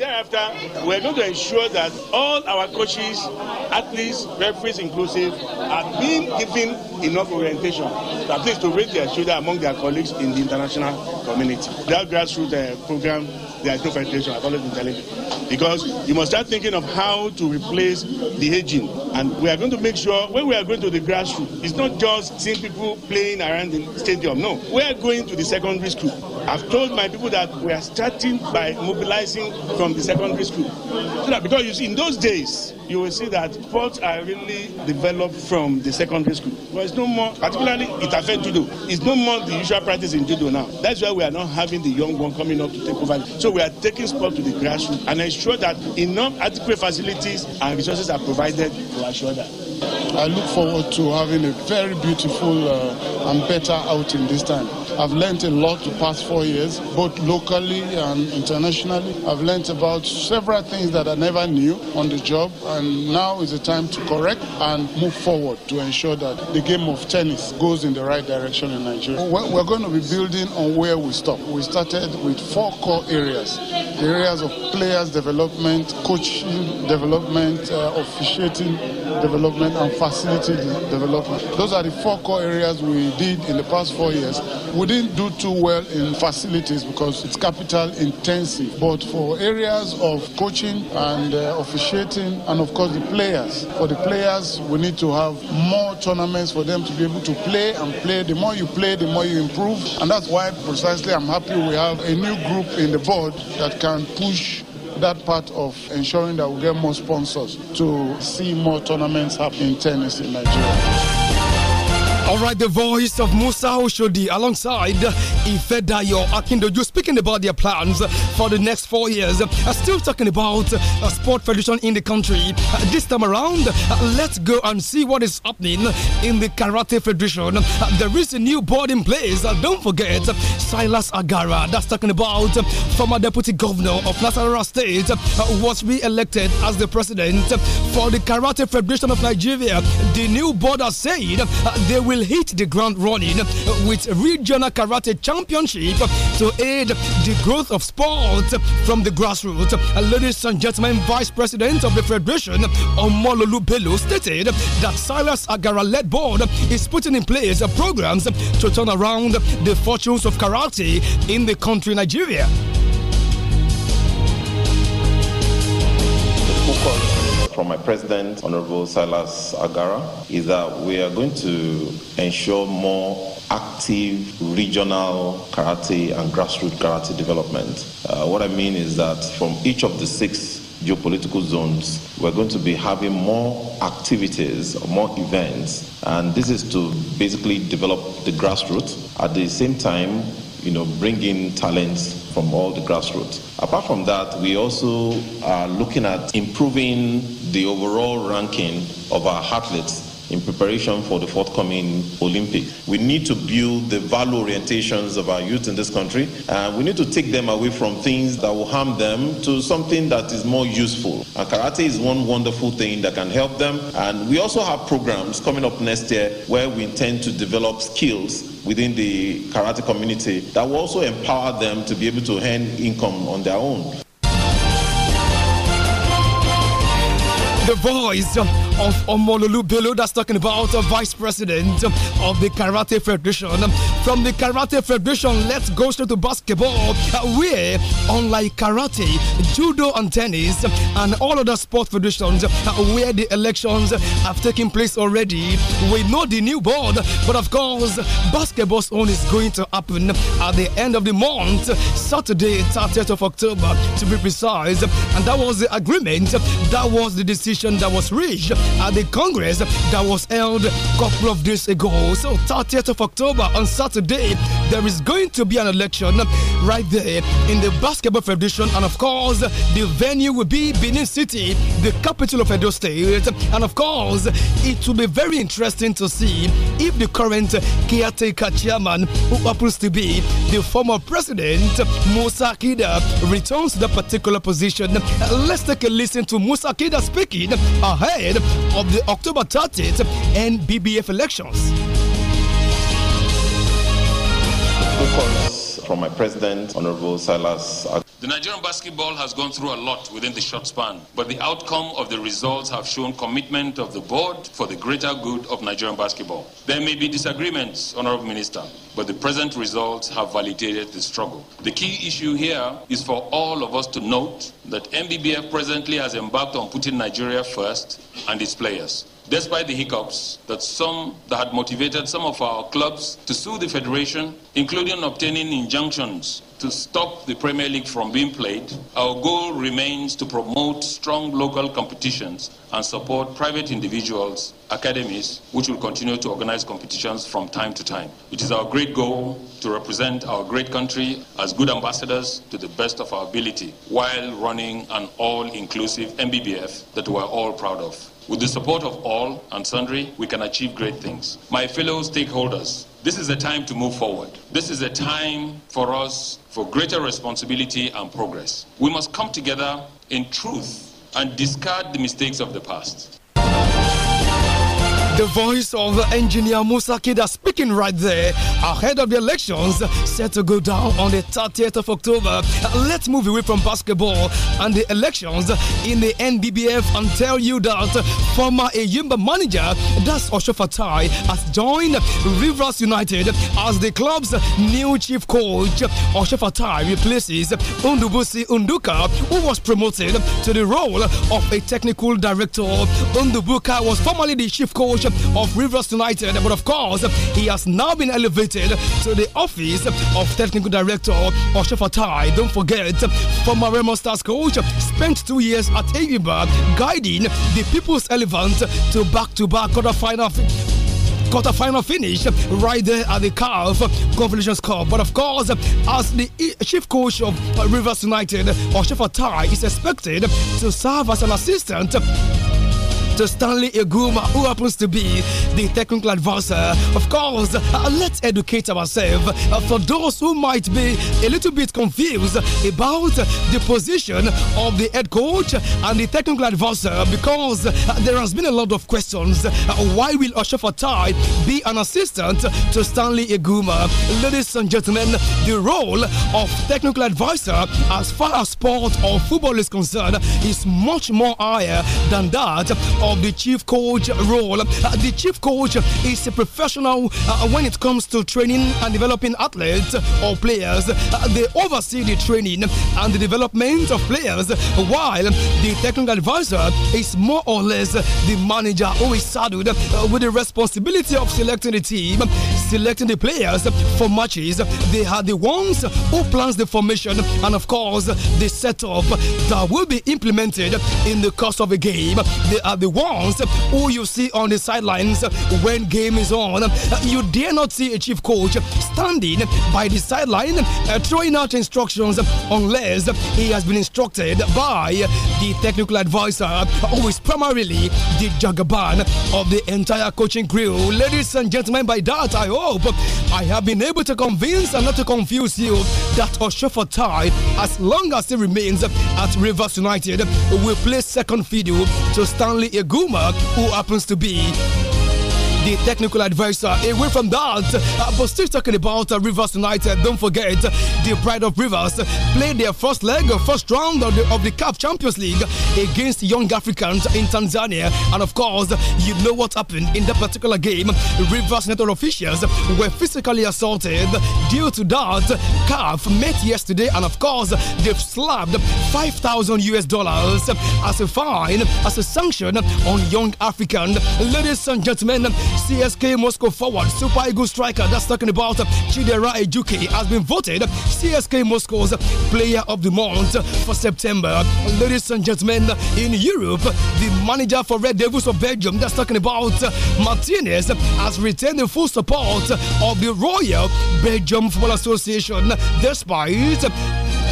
and thereafter, we are going to ensure that all our coaches, athletes, referees inclusive, are being given enough orientation, at least to raise their shoulder among their colleagues in the international community. That grassroots uh, program there is no penetration. I've always been telling you. Because you must start thinking of how to replace the aging. And we are going to make sure when we are going to the grassroots, it's not just seeing people playing around the stadium. No, we are going to the secondary school. I've told my people that we are starting by mobilizing from the secondary school. So that because you see, in those days, you will see that sports are really developed from the secondary school. There is no more, particularly it affects judo. It's no more the usual practice in judo now. That's why we are not having the young one coming up to take over. So we are taking sport to the grassroots and ensure that enough adequate facilities and resources are provided to assure that. I look forward to having a very beautiful uh, and better outing this time. I've learned a lot the past four years, both locally and internationally. I've learned about several things that I never knew on the job and now is the time to correct and move forward to ensure that the game of tennis goes in the right direction in Nigeria. We're going to be building on where we stopped. We started with four core areas the areas of players development, coaching development, uh, officiating development, and facility development. Those are the four core areas we did in the past four years. We didn't do too well in facilities because it's capital intensive, but for areas of coaching and uh, officiating and of course, the players. For the players, we need to have more tournaments for them to be able to play and play. The more you play, the more you improve. And that's why precisely I'm happy we have a new group in the board that can push that part of ensuring that we get more sponsors to see more tournaments happen in tennis in Nigeria. All right, the voice of Musa Oshodi alongside Ifedayo Akindoju speaking about their plans for the next four years. Uh, still talking about a uh, sport federation in the country. Uh, this time around, let's go and see what is happening in the Karate Federation. There is a new board in place. Don't forget Silas Agara. That's talking about former deputy governor of Nasarawa State was re-elected as the president for the Karate Federation of Nigeria. The new board has said they will will hit the ground running with regional karate championship to aid the growth of sport from the grassroots. Ladies and gentlemen, Vice President of the Federation, Omololu Bello, stated that Silas Agara-led board is putting in place programs to turn around the fortunes of karate in the country Nigeria. from my president, Honorable Silas Agara, is that we are going to ensure more active regional karate and grassroots karate development. Uh, what I mean is that from each of the six geopolitical zones, we're going to be having more activities, more events, and this is to basically develop the grassroots. At the same time, you know, bring in talents from all the grassroots. Apart from that, we also are looking at improving the overall ranking of our athletes in preparation for the forthcoming Olympics. We need to build the value orientations of our youth in this country. Uh, we need to take them away from things that will harm them to something that is more useful. And karate is one wonderful thing that can help them. And we also have programs coming up next year where we intend to develop skills within the karate community that will also empower them to be able to earn income on their own. the voice of Omololu Bello that's talking about the vice president of the Karate Federation from the Karate Federation. Let's go straight to basketball, where, unlike karate, judo, and tennis, and all other sport federations, where the elections have taken place already, we know the new board. But of course, basketball's own is going to happen at the end of the month, Saturday, 30th of October, to be precise. And that was the agreement, that was the decision that was reached at the Congress that was held a couple of days ago. So, 30th of October on Saturday. Today, there is going to be an election right there in the Basketball Federation. And of course, the venue will be Benin City, the capital of Edo State. And of course, it will be very interesting to see if the current caretaker chairman, who happens to be the former president, Musa Kida, returns to the particular position. Let's take a listen to Musa Kida speaking ahead of the October 30th NBBF elections focus from my president, Honorable Silas. The Nigerian basketball has gone through a lot within the short span, but the outcome of the results have shown commitment of the board for the greater good of Nigerian basketball. There may be disagreements, Honorable Minister, but the present results have validated the struggle. The key issue here is for all of us to note that MBBF presently has embarked on putting Nigeria first and its players despite the hiccups that some that had motivated some of our clubs to sue the federation, including obtaining injunctions to stop the Premier League from being played, our goal remains to promote strong local competitions and support private individuals, academies, which will continue to organize competitions from time to time. It is our great goal to represent our great country as good ambassadors to the best of our ability while running an all inclusive MBBF that we're all proud of. With the support of all and sundry, we can achieve great things. My fellow stakeholders, this is the time to move forward. This is the time for us for greater responsibility and progress. We must come together in truth and discard the mistakes of the past. The voice of engineer Musa Kida speaking right there ahead of the elections set to go down on the 30th of October. Let's move away from basketball and the elections in the NBBF and tell you that former Ayimba manager Das Osho Fatai has joined Rivers United as the club's new chief coach. Osho Fatai replaces Undubusi Unduka, who was promoted to the role of a technical director. Undubuka was formerly the chief coach of Rivers United. But of course, he has now been elevated to the office of Technical Director of Fatai. Don't forget, former Remo Stars coach spent two years at Aviba guiding the People's Elephant to back-to-back quarterfinal a final finish right there at the Calf Confederations Cup. But of course, as the chief coach of Rivers United, Oshifa Tai is expected to serve as an assistant to Stanley Iguma, who happens to be the technical advisor. Of course, uh, let's educate ourselves uh, for those who might be a little bit confused about the position of the head coach and the technical advisor because uh, there has been a lot of questions. Why will Osho Fatai be an assistant to Stanley Iguma? Ladies and gentlemen, the role of technical advisor as far as sport or football is concerned is much more higher than that of the chief coach role. The chief coach is a professional uh, when it comes to training and developing athletes or players. Uh, they oversee the training and the development of players, while the technical advisor is more or less the manager who is saddled uh, with the responsibility of selecting the team, selecting the players for matches. They are the ones who plans the formation and, of course, the setup that will be implemented in the course of a game. They are the ones who you see on the sidelines when game is on. Uh, you dare not see a chief coach standing by the sideline uh, throwing out instructions unless he has been instructed by the technical advisor, who is primarily the jagaban of the entire coaching crew. Ladies and gentlemen, by that, I hope I have been able to convince and not to confuse you that Oshofatai, as long as he remains at Rivers United, will play second fiddle to Stanley Igumak, who happens to be the technical advisor away from that. Uh, but still talking about uh, Rivers United, don't forget the Pride of Rivers played their first leg, first round of the, of the Cup Champions League against Young Africans in Tanzania. And of course, you know what happened in that particular game. Rivers United officials were physically assaulted. Due to that, CAF met yesterday, and of course, they've slapped 5,000 US dollars as a fine, as a sanction on Young African. Ladies and gentlemen, CSK Moscow forward, Super Eagle striker, that's talking about uh, Chidera Ejuke, has been voted CSK Moscow's player of the month for September. Ladies and gentlemen, in Europe, the manager for Red Devils of Belgium, that's talking about uh, Martinez, has retained the full support of the Royal Belgium Football Association despite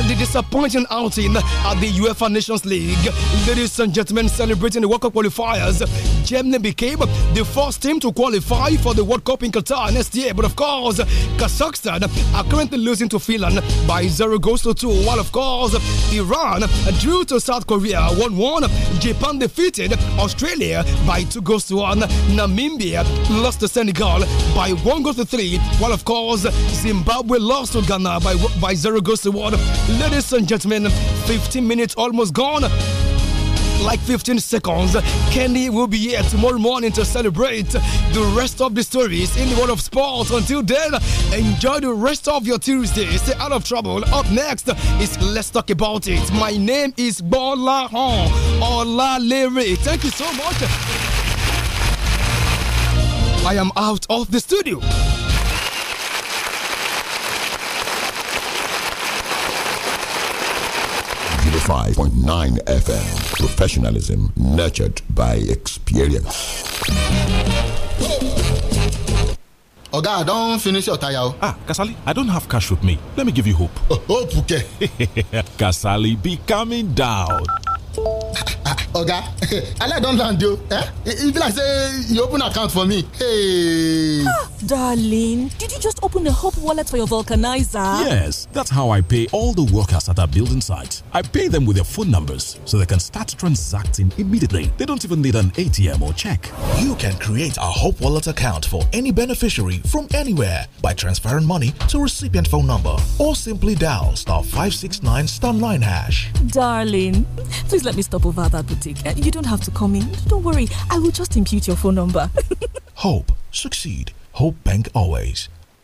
the disappointing outing at the UEFA Nations League. Ladies and gentlemen, celebrating the World Cup qualifiers, Germany became the first team to qualify for the World Cup in Qatar next year. But of course, Kazakhstan are currently losing to Finland by 0 goals to 2. While of course, Iran drew to South Korea 1 1. Japan defeated Australia by 2 goals to 1. Namibia lost to Senegal by 1 goal to 3. While of course, Zimbabwe lost to Ghana by, by 0 goals to 1. Ladies and gentlemen, 15 minutes almost gone like 15 seconds. Kenny will be here tomorrow morning to celebrate the rest of the stories in the world of sports. Until then, enjoy the rest of your Tuesday. Stay out of trouble. Up next is Let's Talk About It. My name is Bola Hon Ola Lere. Thank you so much. I am out of the studio. 105.9 FM. Professionalism nurtured by experience. Oga, I don't finish your tire. Ah, Kasali, I don't have cash with me. Let me give you hope. Oh, hope, okay. Kasali, be coming down oga i don land you eh e be like say you open account for me hey ah, darling did you just open a hope wallet for your vulcanizer yes that's how i pay all the workers at our building site i pay them with their phone numbers so they can start transacting immediately they don't even need an atm or check you can create a hope wallet account for any beneficiary from anywhere by transferring money to recipient phone number or simply dial star 569 star 9 hash darling please let me stop over that uh, you don't have to come in. Don't worry. I will just impute your phone number. Hope. Succeed. Hope Bank always.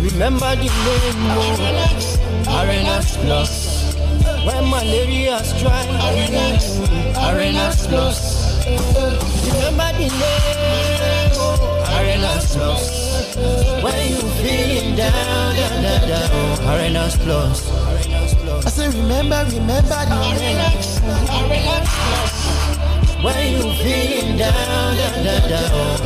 Remember the name of arenas Plus. When malaria strike, Arenas Arenax Plus. Remember the name Arenas Plus. When you feeling down, down, down, down, Arenax Plus. I say remember, remember the name. Arenas Plus. Oh,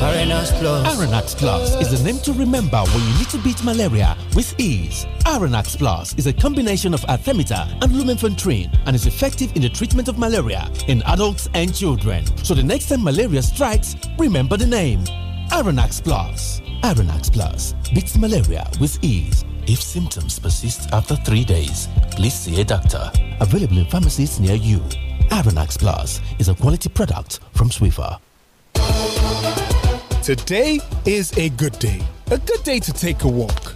Arenax Plus. is the name to remember when you need to beat malaria with ease. Arenax Plus is a combination of artemether and lumenfantrine and is effective in the treatment of malaria in adults and children. So the next time malaria strikes, remember the name. Arenax Plus. Arenax Plus beats malaria with ease. If symptoms persist after three days, please see a doctor. Available in pharmacies near you. Aronax Plus is a quality product from Swiffer. Today is a good day. A good day to take a walk.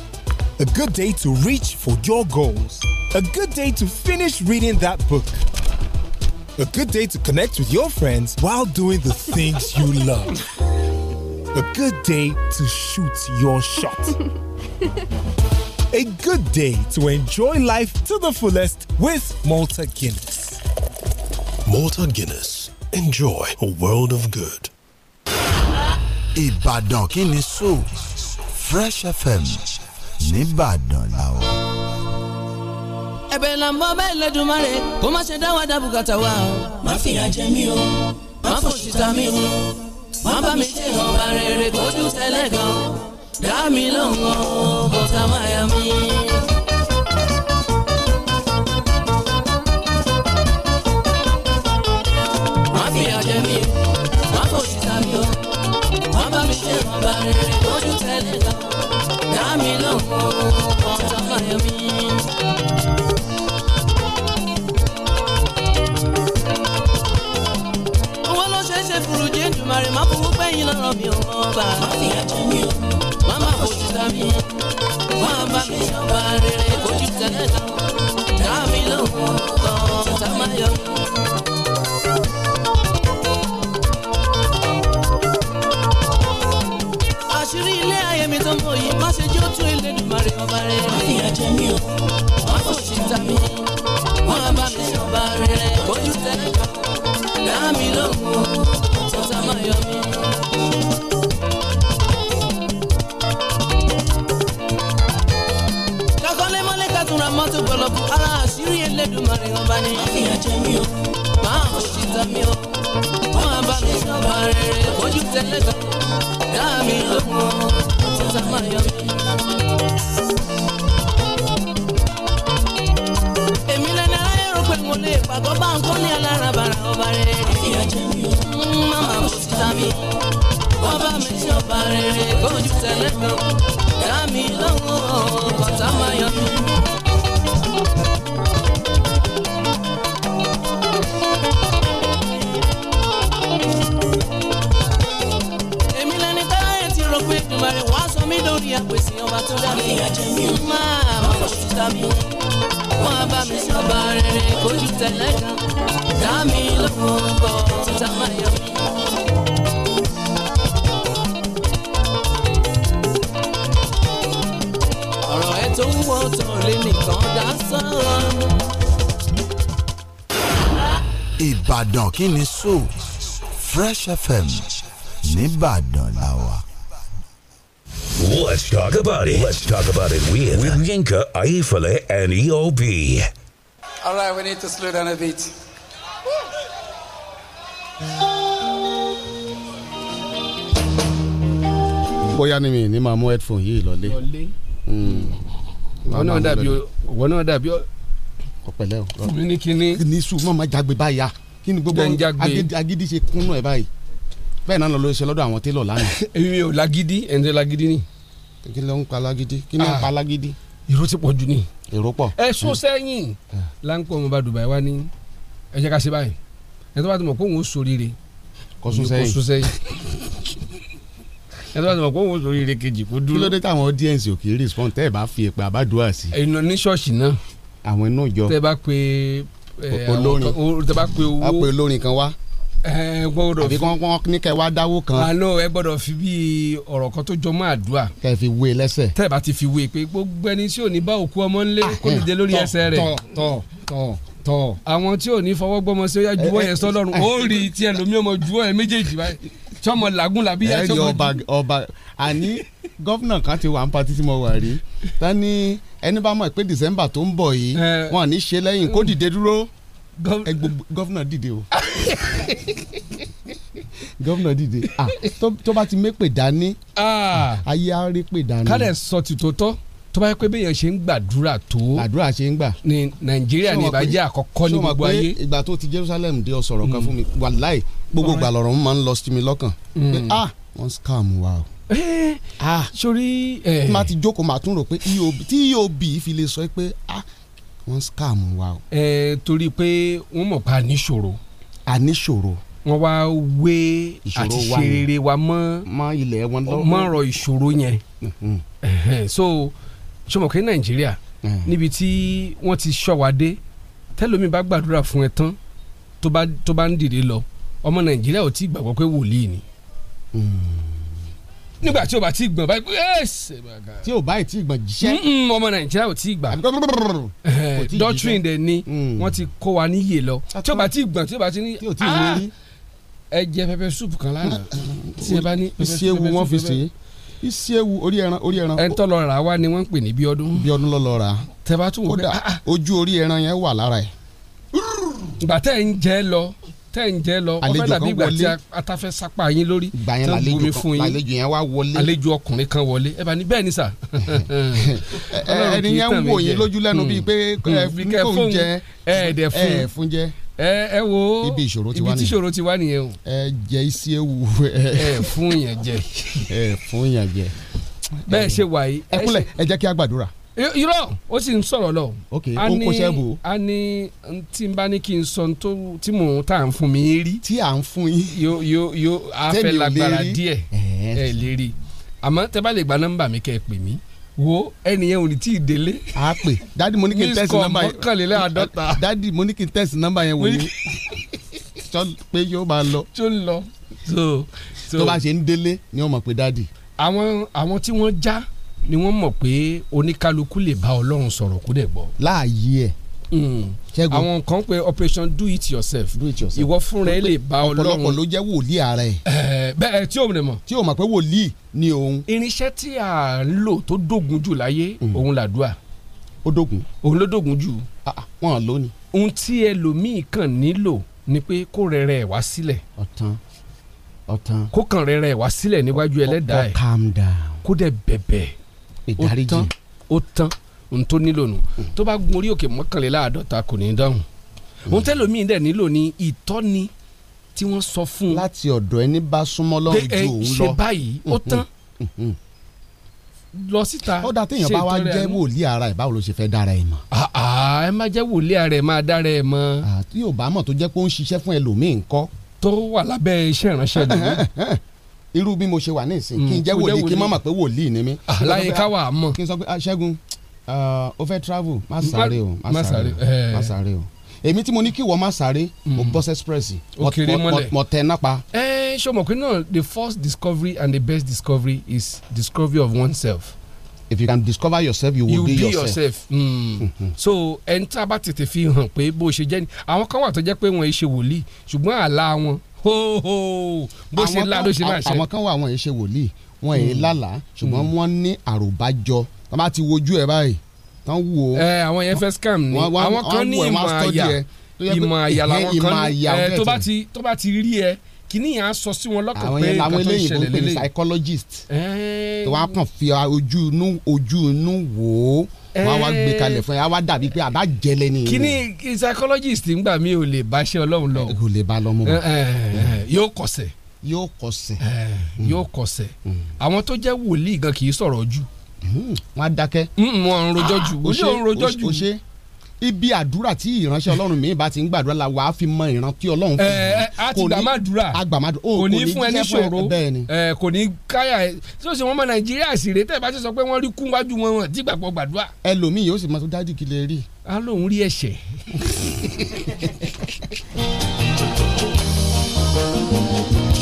A good day to reach for your goals. A good day to finish reading that book. A good day to connect with your friends while doing the things you love. A good day to shoot your shot. a good day to enjoy life to the fullest with Malta Guinness. Malta Guinness. Enjoy a world of good. Ìbàdàn kí ni Fresh FM nìbàdàn la wà. Ẹ̀bẹ̀ là ń bọ́ bẹ́ẹ̀ lẹ́dùnmáre kó má ṣe dá wa dá bùkátà wa Má fìyà jẹ mí o, má fòṣìṣà mí o, má bá mi ṣe ọba rere kójú tẹ́lẹ̀ gan. Dá mi lọ́ngàn o, bọ́tà máa yà mí. lójú tẹ́lẹ̀ lọ dá mi lọ́wọ́ ọ̀tọ̀kọ̀yọ̀ mi. owó ló ṣeé ṣe furu jíǹdù mi ò mọ́ wọn bá ní. wọ́n fìyà o máa ń ṣì o wọ́n máa bá mi sọ̀rọ̀ rere ojú tẹ́lẹ̀ tán dáa mi lọ́kùn títà máa yọ mí. èmi lẹ́nu aláyẹ̀rọ pé mo lè pàgọ́ bá ń kọ́ ní alárabàrà ọba rere. wọ́n fìyà o máa ń ṣì tà mí wọ́n bá mi sọ̀rọ̀ rere ojú tẹ́lẹ̀ tán dáa mi lọ́kùn títà máa yọ mí. tó dá mi máa má ṣùtà mi wọn á bá mi sọba rere kojú tẹlẹ kan dá mi lọ́kọ̀ọ́kọ́ tá má yọ mí. ọ̀rọ̀ ẹ tó ń wọ́ tó lé nìkan dá sán. Ìbàdàn kí ni sọ Fresh FM nìbàdàn la. Let's talk about it. Let's talk about it with, with Yinka, Aifale, and EOB. All right, we need to slow down a bit. bóyá ni mi ní máa mú headphone yìí lọlé. Hmm. wọn náà dàbí wọn náà dàbí. ọ̀pẹ̀lẹ́ o. mi ní kíní. ní sùn mọ̀ máa jágbe báyà kí ni gbogbo agídí ṣe kúnnú ẹ̀ báyìí bẹ́ẹ̀ náà lọ ló ṣe lọ́dọ̀ àwọn télọ̀ lánàá. èmi ò lágídí ẹ̀ ń tẹ́ lágídí ni kí ló ń pa lágídí kí ló ń pa ah. lágídí. èrò ti pọ̀ jù ni. èrò pọ̀. ẹ sún sẹ́yìn ah. láńpọ̀ ọmọ bá Dubai wá ní ẹ jẹ́ ká ṣe báyìí ẹ tó bá ti mọ̀ kóhùn ó sóríire kó sún sẹ́yìn kó sún sẹ́yìn ẹ tó bá ti mọ̀ kóhùn ó sóríire kejì kó dúró. kí ló dé táwọn audience ò kì í respond tẹ́ ẹ bá fi èpè àbádùá sí. ìnà ní ṣọ́ọ̀ṣì náà. àwọn inú ìjọ tẹ́ bá pe eh, olórin tẹ́ bá pe owó ẹ gbọ́dọ̀ fi àbí kàn ní kẹ́ wá dáwó kan. àná ẹ gbọ́dọ̀ fi bí ọ̀rọ̀ kan tó jọmọ́ àdúrà. kẹ́ fi wé e lẹ́sẹ̀. tẹ́ ẹ bá ti fi wé e pé gbogbo ẹni tí ò ní bá òkú ọmọ ńlé kó dìde lórí ẹsẹ̀ rẹ̀. tọ tọ tọ. àwọn tí ò ní fọwọ́ gbọ́mọ sí ọyá juwọ́ yẹn sọlọ́run ó rí ti ẹlòmíràn mọ juwọ́ yẹn méjèèjì báyìí tí ọmọ làágùn làbí yá tí ọmọ. ọba ọba àní gọ́fìnà kan ti wà ń patí tí mo wà rí ẹni bá mọ̀ pé December tó ń bọ̀ yìí wọn à ní ṣe lẹ́yìn kó dìde dúró gọ́fúnà dìde o gọ́fúnà dìde tó bá ti mépè dání ayé á rí pè dání. kálẹ̀ sọ ti tó tọ́ tó bá yẹ pé béèyàn ṣe ń gbàdúrà tó. àdúrà ṣe ń gbà. ní nàìjíríà ní ìbàjẹ́ àkọ́kọ́ ní gbogbo ayé. ìgbà tó ti jerusalem dé ọ sọ̀rọ̀ kan mm. fún mi wàláì gbogbo ìgbà lọ̀rọ̀ mo máa ń lọ sí mi lọ́kàn. pé ah wọ́n scam wa o. ah sori. má ti jókòó má tún rò pé eob tí eob fi lè sọ pé ah wọ́n scam wa o. ẹ torí pé wọ́n mọ̀ pa níṣòro. àníṣòro wọ́n wá wé àti ṣe rere wa mọ́ mọ́ ilẹ̀ wọn lọ́wọ́ mọ́ ọ̀rọ̀ ìṣòro yẹn mm-hmm. so ṣọmọkẹ́ nàìjíríà mm. níbi tí wọ́n ti ṣọ́ wa dé tẹ́lómi bá gbàdúrà fún ẹ tán tó bá ń dìde lọ ọmọ nàìjíríà ò tí gbàgbọ́ pé wòlíì ni. Mm nígbà tí o bá ti gbọ̀n báyìí pé ẹ̀ẹ́sì. tí o bá ti gbọ̀n jíṣẹ́. ọmọ nàìjíríà ò tí gbà. doctrine dẹ̀ ni mm. wọ́n ti kó wa níyè lọ tí o bá ti gbọ̀n tí o bá ti ní. tí o ti wérí. Ah, ẹ jẹ pẹpẹ súpù kan lánàá. tí ẹ bá ní pẹpẹ súpù pẹpẹ súpù pẹpẹ isi ewu orí ẹran orí ẹran. ẹn lọ rà wá ni wọ́n ń pè ní bíọ́dún. bíọ́dún ló lọ rà. tẹ bá tún wò ó. Ah, ah. ojú orí ẹran yẹn wà lára tẹ́ ń jẹ́ lọ ọfẹ́ dàbí ìgbà tí atafẹ́ sápá yín lórí tó ń bomi fún yín àlejò yẹn wá wọlé àlejò ọkùnrin kan wọlé ẹ bá ní bẹ́ẹ̀ ni sà. ẹni yẹn ń wò yín lójú lẹ́nu bíi pé hmm. kò ń jẹ ẹ fún jẹ ẹ ẹ wo ibi ìṣòro ti wá nìyẹn o. ẹ jẹ isi ewu ẹ fún yẹn jẹ. ẹ fún yẹn jẹ. bẹ́ẹ̀ ṣe wà yìí. ẹ kúnlẹ̀ ẹ jẹ́ kí a gbàdúrà irọ́ ó sì ń sọ̀rọ̀ lọ. ok ó kó sẹ́bù. a ní tí n bá ní kí n sọ tí mò ń tà ń fún mi rí. tí à ń fún yín. yóò yóò yóò a fẹ́ lágbára díẹ̀ ẹ lè rí àmọ́ tẹ bá lè gba nọ́mbà mi kẹ́ ẹ pè mí wo ẹnìyẹn ò ní tí ì délé. a pè dadi mo ní kí n tẹ́sí nọ́mbà yẹn mọ́kànléláàádọ́ta. dadi mo ní kí n tẹ́sí nọ́mbà yẹn wò ni pé yóò máa lọ. tó ń lọ. tó bá ṣe ń délé ni wọ́n mọ̀ pé dadi. àwọn àwọn tí wọ́n já. Ja ni wọ́n mọ̀ pé oníkálukú lè bá ọlọ́run sọ̀rọ̀ kó dẹ̀ gbọ́. láàyè ẹ̀ hmm. ṣẹ́gun àwọn kan pé operation do it yourself do it yourself ìwọ fúnra ẹ lè bá ọlọ́run ọ̀pọ̀lọpọ̀ ló jẹ́ wòlíì ara ẹ̀. Eh, bẹ́ẹ̀ eh, tí o mọ̀ mọ̀ tí o mọ̀ pé wòlíì ni òun. irinṣẹ́ tí a ń lò tó dógun jù láyé hmm. òun làdúrà. ó dógun. òun ló dógun jù. Ah, ah, wọn à lónìí. ohun tí ẹlòmíì kàn nílò ni pé kó rẹrẹ ẹ wá sílẹ̀. ọ̀tán ọ̀tán. kó kàn rẹrẹ ẹ wá sílẹ̀ níwájú ẹlẹ́dàá ẹ̀. calm down. kó dẹ̀ bẹ̀bẹ̀ ìdáríjì ó tán ó tán ohun tó nílò nù mm. tó bá gun orí òkè mọ́kànléláàádọ́ta kò ní í dáhùn mm. ohun tẹ́lòmíì dẹ̀ nílò ni ìtọ́ni tí wọ́n sọ fún un. láti ọ̀dọ̀ ẹni bá súnmọ́ lọ́rùn ju òun lọ ṣe báyìí ó mm-hmm. tán mm-hmm. lọ síta ṣe ìtọ́rẹ́ àánú. ó dà téèyàn bá wá jẹ́ wòlíì ara ẹ̀ báwo ló ṣe fẹ́ dára ẹ̀ mọ́. ẹ má jẹ́ wòlíì ara tó wà lábẹ́ iṣẹ́ ìránṣẹ́ lòun irú bí mo ṣe wà nísìn kí n hmm, jẹ́ wòlíì kí n má mọ̀ pé wòlíì ni mí. Ah, láyé ká wà á mọ̀. kí n sọ pé ah, ṣẹ́gun ah, o fẹ́ travel má sáré o má sáré o eh. má sáré o èmi tí mo ní kí wọ́n má sáré mo hmm. bus express mo tẹ̀ nápa. ẹ eh, ṣé mọ̀ pé náà the first discovery and the best discovery is discovery of oneself. if you can discover yourself you will you be, be yourself. yourself. Mm. Mm -hmm. Mm-hmm. so ẹni tá a bá tètè fi hàn pé bó ṣe jẹ́ ni àwọn kan wà tó jẹ́ pé wọ́n ṣe wòlíì ṣùgbọ́n àlá wọn hóhó bó ṣe lá ló ṣe máa ṣe. àwọn kan wà wọn yìí ṣe wòlíì wọn yìí hmm. lálàá ṣùgbọ́n hmm. wọ́n ní àròbájọ tó bá ti wojú ẹ̀ báyìí tán wò ó. ẹ àwọn yẹn fẹ́ scam ni àwọn kan ní ìmọ̀ àyà ìmọ̀ àyà làwọn kan ní ẹ tó bá ti rí ẹ kìíní yẹn á sọ sí wọn lọ́kàn pé nǹkan tó ń ṣẹlẹ̀ lélẹ̀ àwọn eléyìí ló ń pè ní psychologist tó wá kàn fi ojú inú wò ó wọn wá eh. gbé kalẹ̀ fún ẹ àwa dàbí pé àbá jẹlẹ ni. kíní psychologist ngbà mi ò lè bá ṣe ọlọ́run lọ. kò lè bá lọ́mọ. Eh, eh, yóò kọsẹ̀. yóò kọsẹ̀. yóò kọsẹ̀. Mm. Mm. àwọn tó jẹ́ wòlíì gan kì í sọ̀rọ̀ jù. Hmm, wọ́n á dákẹ́. Mm, wọ́n ń rojọ́ jù. o ah, ṣe o ṣe ibi àdúrà tí ìránṣẹ́ ọlọ́run mi bá ti ń gbàdúrà la wàá fi mọ ìran tí ọlọ́run fún mi. ẹ ẹ àti gbàmádùrà agbàmádùrà o kò ní fún ẹ ní ṣòro ẹ kò ní káyà ẹ tí o sì wọn mọ nàìjíríà sì rè tẹ́lẹ̀ bá ti sọ pé wọ́n rí kún wájú wọn wọn tí gbàgbọ́ gbàdúrà. ẹlòmíì yóò sì máa tó dájú kí lè rí. a lóun rí ẹ̀ṣẹ̀.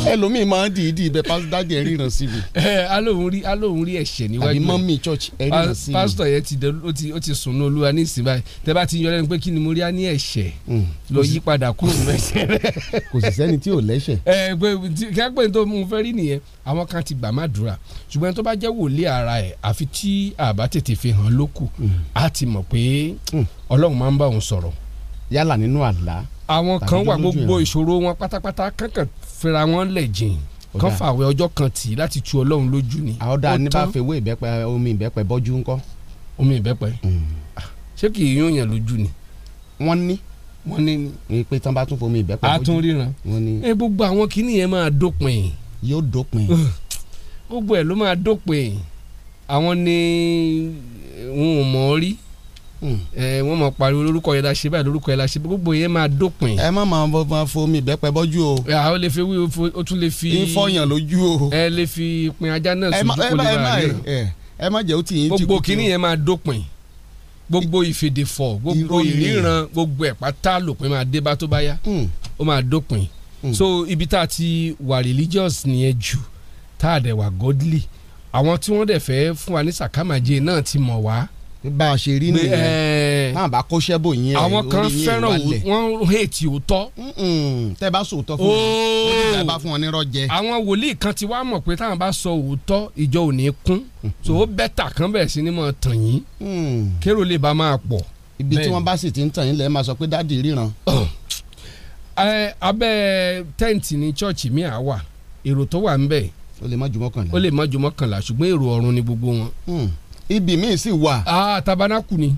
ẹlòmíì máa ń dìídì ibẹ̀ pásítọ̀ ẹ̀ ríran síbi. ẹ alóhùn rí alóhùn rí ẹ̀ṣẹ̀ níwájú àbí mọ́mí church ẹ̀ ríran síbi. pásítọ̀ yẹn ti ó ti sùn ní olúwa ní ìsìn báyìí tẹ bá ti yan lẹ́nu pé kí ni mo rí á ní ẹ̀ṣẹ̀ hmm. lọ yí padà kúrò nínú ẹ̀ṣẹ̀ rẹ. kò sì sẹ́ni tí ò lẹ́ṣẹ̀. ẹ pé kẹ́pẹ́ tó mú fẹ́ rí nìyẹn àwọn kan ti gbà má dúrà ṣùgbọ́n tó bá jẹ́ wòlé ara ẹ̀ àfi tí àbá tètè fi hàn lókù á hmm. ti mọ̀ pé hmm. ọlọ́run máa ń bá òun sọ̀rọ̀. yálà nínú àlá àwọn kan wà gbogbo ìṣòro wọn pátápátá kankan fira wọn lẹ̀ jìn kan fàwé ọjọ́ kan tì láti tu ọlọ́run lójú ni. àwọn dáa ní bá fẹ́ wé ìbẹ́pẹ omi ìbẹ́pẹ bọ́jú ńkọ́. omi ìbẹ́pẹ hmm. ah, ṣé kì í yún yàn lójú ni. wọ́n ní wọ́n ní ni. ní pé tán bá tún fomi ìbẹ́pẹ bójú. àtún ríran ẹ gbogbo àwọn kìíní yẹn máa dópin. yóò dópin. gbogbo ẹ̀ ló máa dópin àwọn ni n ò mọ̀ ọ́ rí Hmm. ẹ wọn mọ pariwo lórúkọ yẹn la ṣe báyìí lórúkọ yẹn la ṣe gbogbo yẹn máa dópin. ẹ má máa bọ máa fomi ìbẹ́pẹ bọ́jú o. a ó lè fi wí o tún lè fi. ìfọyàn lójú o. ẹ lè fi pin ajá náà sójú kó lè bá rẹ. ẹ má jẹ́ o ti yín ti kú. gbogbo kínní yẹn máa dópin gbogbo ìfèdèfọ̀ gbogbo ìríran gbogbo ẹ̀ pátá lòpin máa dé bá tó bá yá hmm. ó máa dópin. Hmm. so ibi tá a ti wà religious nìyẹn jù tá a dẹ̀ wà godly àwọn tí wọ́n dẹ̀ fẹ́ fún wa ní sàkámàjẹ náà ti mọ̀ wá bá a ṣe rí nìyẹn náà eh, bá kó ṣẹ́bù yín ẹ̀ àwọn kan fẹ́ràn wọn hate òótọ́. tẹ́ bá sọ òótọ́ fún wọn ó dìgbà bá fún wọn nírọ́ jẹ. àwọn wòlíì kan ti wá mọ̀ pé táwọn bá sọ òótọ́ ìjọ ò ní kún so bẹ́tà kan bẹ̀rẹ̀ sí ni mọ̀ tàn yín mm. kérò lè bá máa pọ̀. ibi tí wọ́n bá sì ti ń tàn yín lẹ́ẹ̀ máa sọ pé dáàdi ríran. Eh, abẹ́ tẹ́ǹtì ni chọ́ọ̀chì mi wà èrò tó wà ń bẹ̀. ó lè má ju mọ́kànlá. ṣùgbọ́n èrò ọ̀run ni gbogbo wọn. Mm ibi míì sì wà. aa ah, tabanaku ni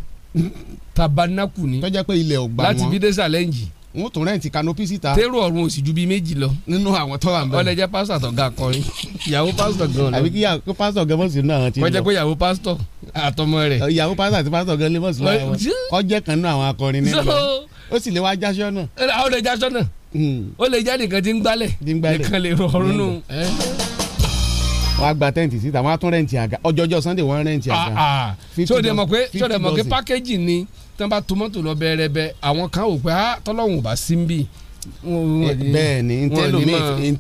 tabanaku ni. tọ́jà pé ilẹ̀ ọgbà wọn láti bí dẹ́sà lẹ́ǹjì. wọ́n tún rẹ́ǹtì kanopi síta. tẹ́rù ọ̀run ò sì ju bíi méjì lọ. nínú àwọn tó wà ń bẹ̀rẹ̀. ọlẹ́jẹ́ pásítọ̀ àtọ̀gá akọrin ìyàwó pásítọ̀ gan lọ. àbí kí ìyàwó pásítọ̀ gan mọ̀sí nínú àwọn tí ń lọ. kọjá pé ìyàwó pásítọ̀ àtọmọ rẹ̀. ìyàwó pásítọ̀ àti pásítọ̀ gan lé nínú àwọn kọjá kan nínú àwọn akọrin nínú wọ́n á gba tẹ́ǹtì síta wọ́n á tún rẹ́ǹtì àga ọjọ́jọ́ sunday wọ́n rẹ́ǹtì àga. sóde ah, ah. mọ̀ pé sóde mọ̀ pé pákéjì ni tí wọ́n bá to mọ́tò lọ bẹ́ẹ̀rẹ́bẹ́ àwọn kan ò pé ah, tọ́lọ́hún ò bá sí ń bì. Eh, bẹ́ẹ̀ ni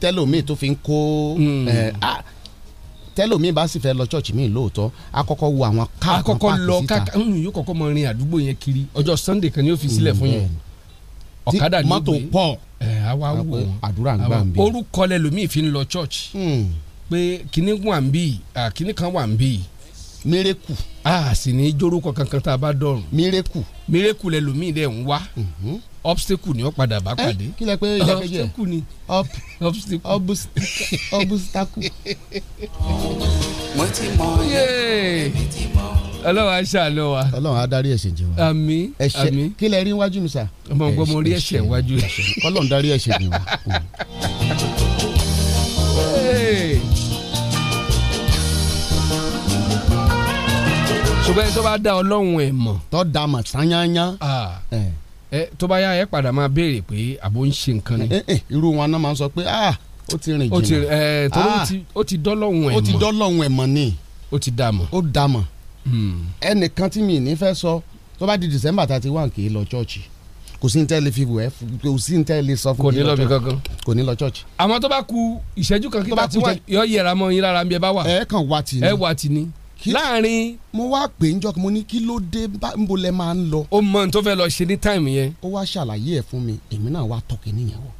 ntẹ́lómi tó fi ń kó hmm. eh, tẹlomi bá sì fẹ́ lọ ṣọ́ọ̀ṣì mi lóòótọ́ àkọ́kọ́ wo àwọn káàkiri àkọ́kọ́ lọ káàkiri hmm, yóò kọ́kọ́ mọ rin sunday kan ni yóò fi sílẹ̀ fún yẹn hmm, ọ̀kadà ni ó gbé mọ́tò pọ̀ eh, àdúrà ń gbà ń bí orúkọ lẹlòmíì fi ń lọ ṣọ́ọ̀ṣì pé kinní wà ń bì kinní kan wà ń bì mireku. a sì ní jórúkọ kankan tá a bá dọ̀rùn. mireku. mireku lẹ lomi dẹ ń wá. Mhm. obstacle ni ó padà bá eh, pàdé. kí lẹ pé ìdákẹ́jẹ́ obstacle ni obstacle. mo ti mọ ẹ mi ti mọ. ọlọ́run á ṣàánú wa. ọlọ́run á darí ẹ̀ṣẹ̀ jì wá. àmín àmín. kí lẹ rí iwájú mi sà. ọmọ nǹkan rí ẹ̀ṣẹ̀ iwájú. ọlọ́run darí ẹ̀ṣẹ̀ jì wá. ṣùgbọ́n ẹni tó bá dá ọlọ́run ẹ̀ mọ̀. tó dá mọ̀ sányányá. ẹ tó bá yá ẹ padà máa béèrè pé àbó ń ṣe nǹkan ni. Eh, eh, eh, irú wọn náà máa ń sọ pé ah, ó ti rìn jìnnà ó ti dọ́lọ́run ẹ̀ mọ̀ ó ti dọ́lọ́run ẹ̀ mọ̀ ni. ó ti dá mọ̀. ó dá mọ̀ hmm. ẹnìkan tí mi ì ní fẹ́ sọ tó bá di December thirty one kì í lọ ṣọ́ọ̀ṣì kò sí ní tẹ́lẹ̀ fi wẹ̀ kò sí ní sọ fún mi. lọ bí kò ní lọ church. àmọ́ tó bá ku ìṣẹ́jú kan kí bá kú yọ yẹra mọ́ yín lára bí ẹ bá wà. ẹ kàn wá tì ní. ẹ wà tì ní. láàrin. mo wá pè ń jọ mo ní kí ló dé níbo lẹ máa ń lọ. ó mọ ohun tó lọ ṣe ní táìmù yẹn. ó wá ṣàlàyé ẹ̀ fún mi èmi náà wá tọkẹ́ níyẹn wọ.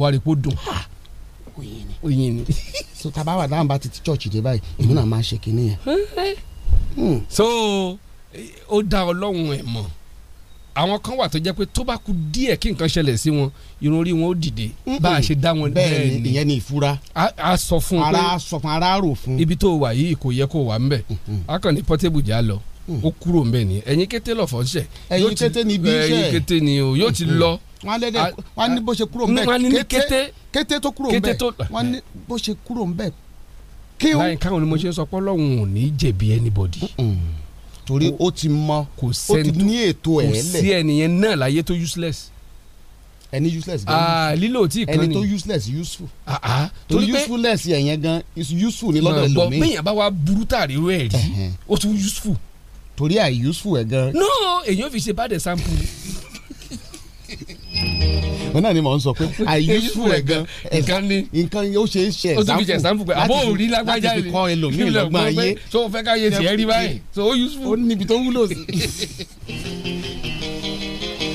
wàrí kó dùn. oyin ni. oyin ni. so taba wà dáhùn church dé báyìí èmi náà máa hmm. so ó dá ọlọ́run ẹ̀ mọ̀ àwọn kan wà tó jẹ́ pé tó bá ku díẹ̀ kí nǹkan ṣẹlẹ̀ sí wọn irun orí wọn ó dìde bá a ṣe dá wọn bẹ́ẹ̀ ni ìyẹn ni ìfura a sọ fún un pé ara sọ fún ara rò fún ibi tó wà yìí kò yẹ kó wà ń bẹ̀ a kàn ní pọ́tébù já lọ mm. ó kúrò ń bẹ̀ ni ẹ̀yin kété lọ̀fọ̀ ń ṣẹ̀ ẹ̀yin kété ni bí ń ṣẹ̀ ẹ̀yin kété ni o yóò ti lọ. wọn lẹ́dẹ̀ wọn ní bó ṣe kúrò ń bẹ̀ kété kété tó kúrò ń bẹ̀ wọn ní bó ṣe kúrò ń bẹ̀ kí anybody torí ó ti mọ kò ní ètò ẹ̀ lẹ̀ kò sí ẹnìyẹn náà láyé tó useless ẹni useless gan ah lílo tí kan ẹni tó useless useful ah ah torí pé usefulness ẹ̀yẹn gan useful ní lọ́dọ̀ ẹlòmíì mọ̀ bẹ́yìn bá burú tàrí rẹ̀ rí ó tún useful torí àì useful ẹ̀ gan. no èyàn fi ṣe bad example wọn náà ni mò ń sọ pé àyè fún ẹ gan nǹkan ni nǹkan yóò ṣe é ṣe ẹ̀sánfù àbó òrí lágbájá yìí láti fi kọ́ ẹlòmíì lọ́gbọ́n ayé so o fẹ́ ká yé tiẹ̀ rí báyìí so o useful. ó níbi tó wúlò sí.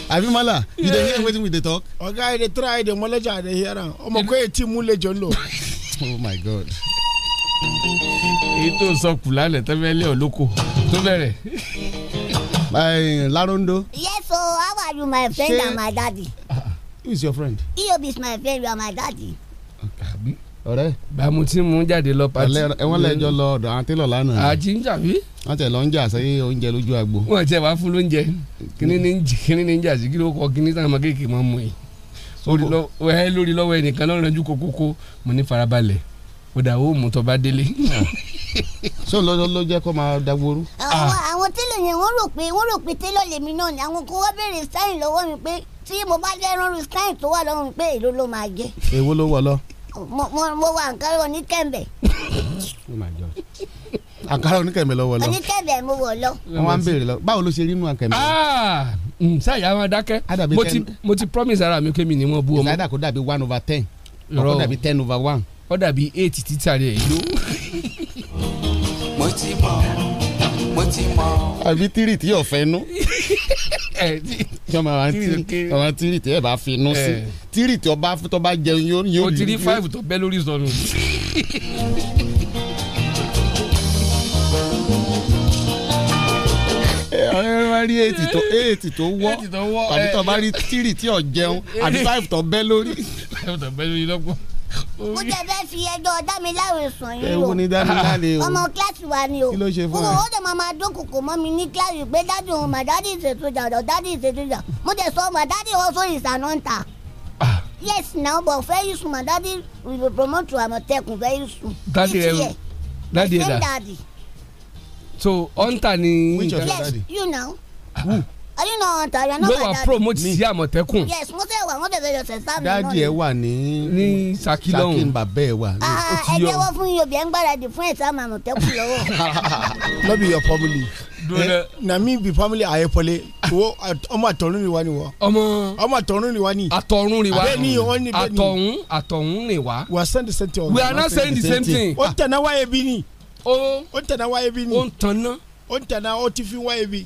àbí you dey hear wetin we dey talk. oga i dey try i dey knowledge i dey hear am ọmọ kò èyí tí mú lè jọ lò. oh my god. èyí tó sọ kùlálẹ̀ tẹ́fẹ́lẹ́ olóko tó bẹ̀rẹ̀. Eh, Larondo. Yes, so how are you, my friend and my daddy? Uh, who is your friend? Eob is my friend, you are my daddy. Okay. ọ̀rẹ́. bàmú tí mò ń jáde lọ pati. ẹwọn lẹjọ lọ ọ̀dọ̀ àwọn télọ̀ lánàá. àjí ń jàbí. wọn tẹ lọ ń jà sẹ́yìn oúnjẹ lójú agbo. wọn tẹ wàá fún lóúnjẹ kíní ní jì kíní ní jà sí kí ló kọ kíní táwọn ọmọ kéèké máa mú yìí. lórí lọ́wọ́ ẹnìkan lọ́rùn ẹjú kókókó mo ní farabalẹ̀ ó dà ó mú tó bá délé. so lọ́dọ̀ ló jẹ́ kó máa dagboru. àwọn ah. télè yẹn wọ́n rò pé wọ́n rò pé télọ̀ lèmi náà ni àwọn kan wá béèrè stein lọ́wọ́ mi pé tí mo bá dẹ́ rọrùn stein tó wà lọ́rùn pé èló ló máa jẹ. èwo ló wọ̀ lọ. mo wà nǹkan lọ ní kẹ̀mbẹ̀. àǹkárá oníkẹ̀mbẹ̀ lọ oh wọ̀ lọ. oníkẹ̀mbẹ̀ mo wọ̀ lọ. wọ́n wá ń béèrè lọ báwo ló ṣe rí inú àǹkẹ̀mbẹ̀ sáyà wọn ah, mm, dákẹ́ mo ti promise ara mi kémi ni mo bú ọmọ. ìsádà kò dàbí one over ten ọkọ dàbí ten over one ó dàbí eight títà rẹ̀ yó. mo ti mọ mo ti mọ. àbí tírì tí ọ̀fẹ́ nú yọmọ àwọn tírì tí ẹ bá fi inú sí eh. tírì tí ọba tó bá jẹun yóò yóò. o ti rí five tó bẹ́ lórí sọnù. ọ̀rẹ́ wa rí eight tó wọ́ àbí tó bá eh. rí tírì tí ọ̀ jẹun àbí five tó bẹ́ lórí. five tó bẹ́ lórí lọ́gbọ̀n mo jẹ fẹ́ fi ẹjọ́ dámiláre sùn yín o ẹ wo ni dámiláre o ọmọ kíláàsì wa ni o kí ló ṣe fún ẹ o de máa ma dún kòkò mọ́ mi ní kíláàsì pé dádì òun mà dádì ìṣètòjà ọ̀dọ̀ dádì ìṣètòjà mo jẹ sọ mà dádì ọ̀ṣọ́ ìṣànà ń ta yes now but very soon my daddy will promote to Àmọ̀tẹ́kùn very soon daddy ẹ daddy ẹ da so hunter ni which of your daddy yes you now ọdúnà tààrà náà bàdà mi. promote sí àmọ̀tẹ́kùn. yes mo fẹ́ wà wọ́n bẹ̀rẹ̀ yọ sẹ̀sá mi náà. dáàdi ẹ wà ní ní Ṣakí lọ́hùn Ṣakí bàbá ẹ wà. Ah, ẹ jẹ́wọ́ fún yorùbá ń gbáradì fún ẹ̀sán àmọ̀tẹ́kùn lọ́wọ́. no be your family. Eh, na mi bi family ayẹpọlẹ wo ọmọ àtọ̀run ni wa ni wọ. ọmọ ọmọ àtọ̀run ni wa ni. àtọ̀run ni wa bẹ́ẹ̀ ni wọn ni bẹ́ẹ̀ ni. àtọ̀run àtọ̀run ni wa. we are saying the same thing. we are not saying the same thing. ó tẹ̀ná wáyé bí ni. ó tẹ̀ná wáyé bí ni. ó ń tẹ̀ná. ó ń tẹ̀ná ó ti fi wáyé bí.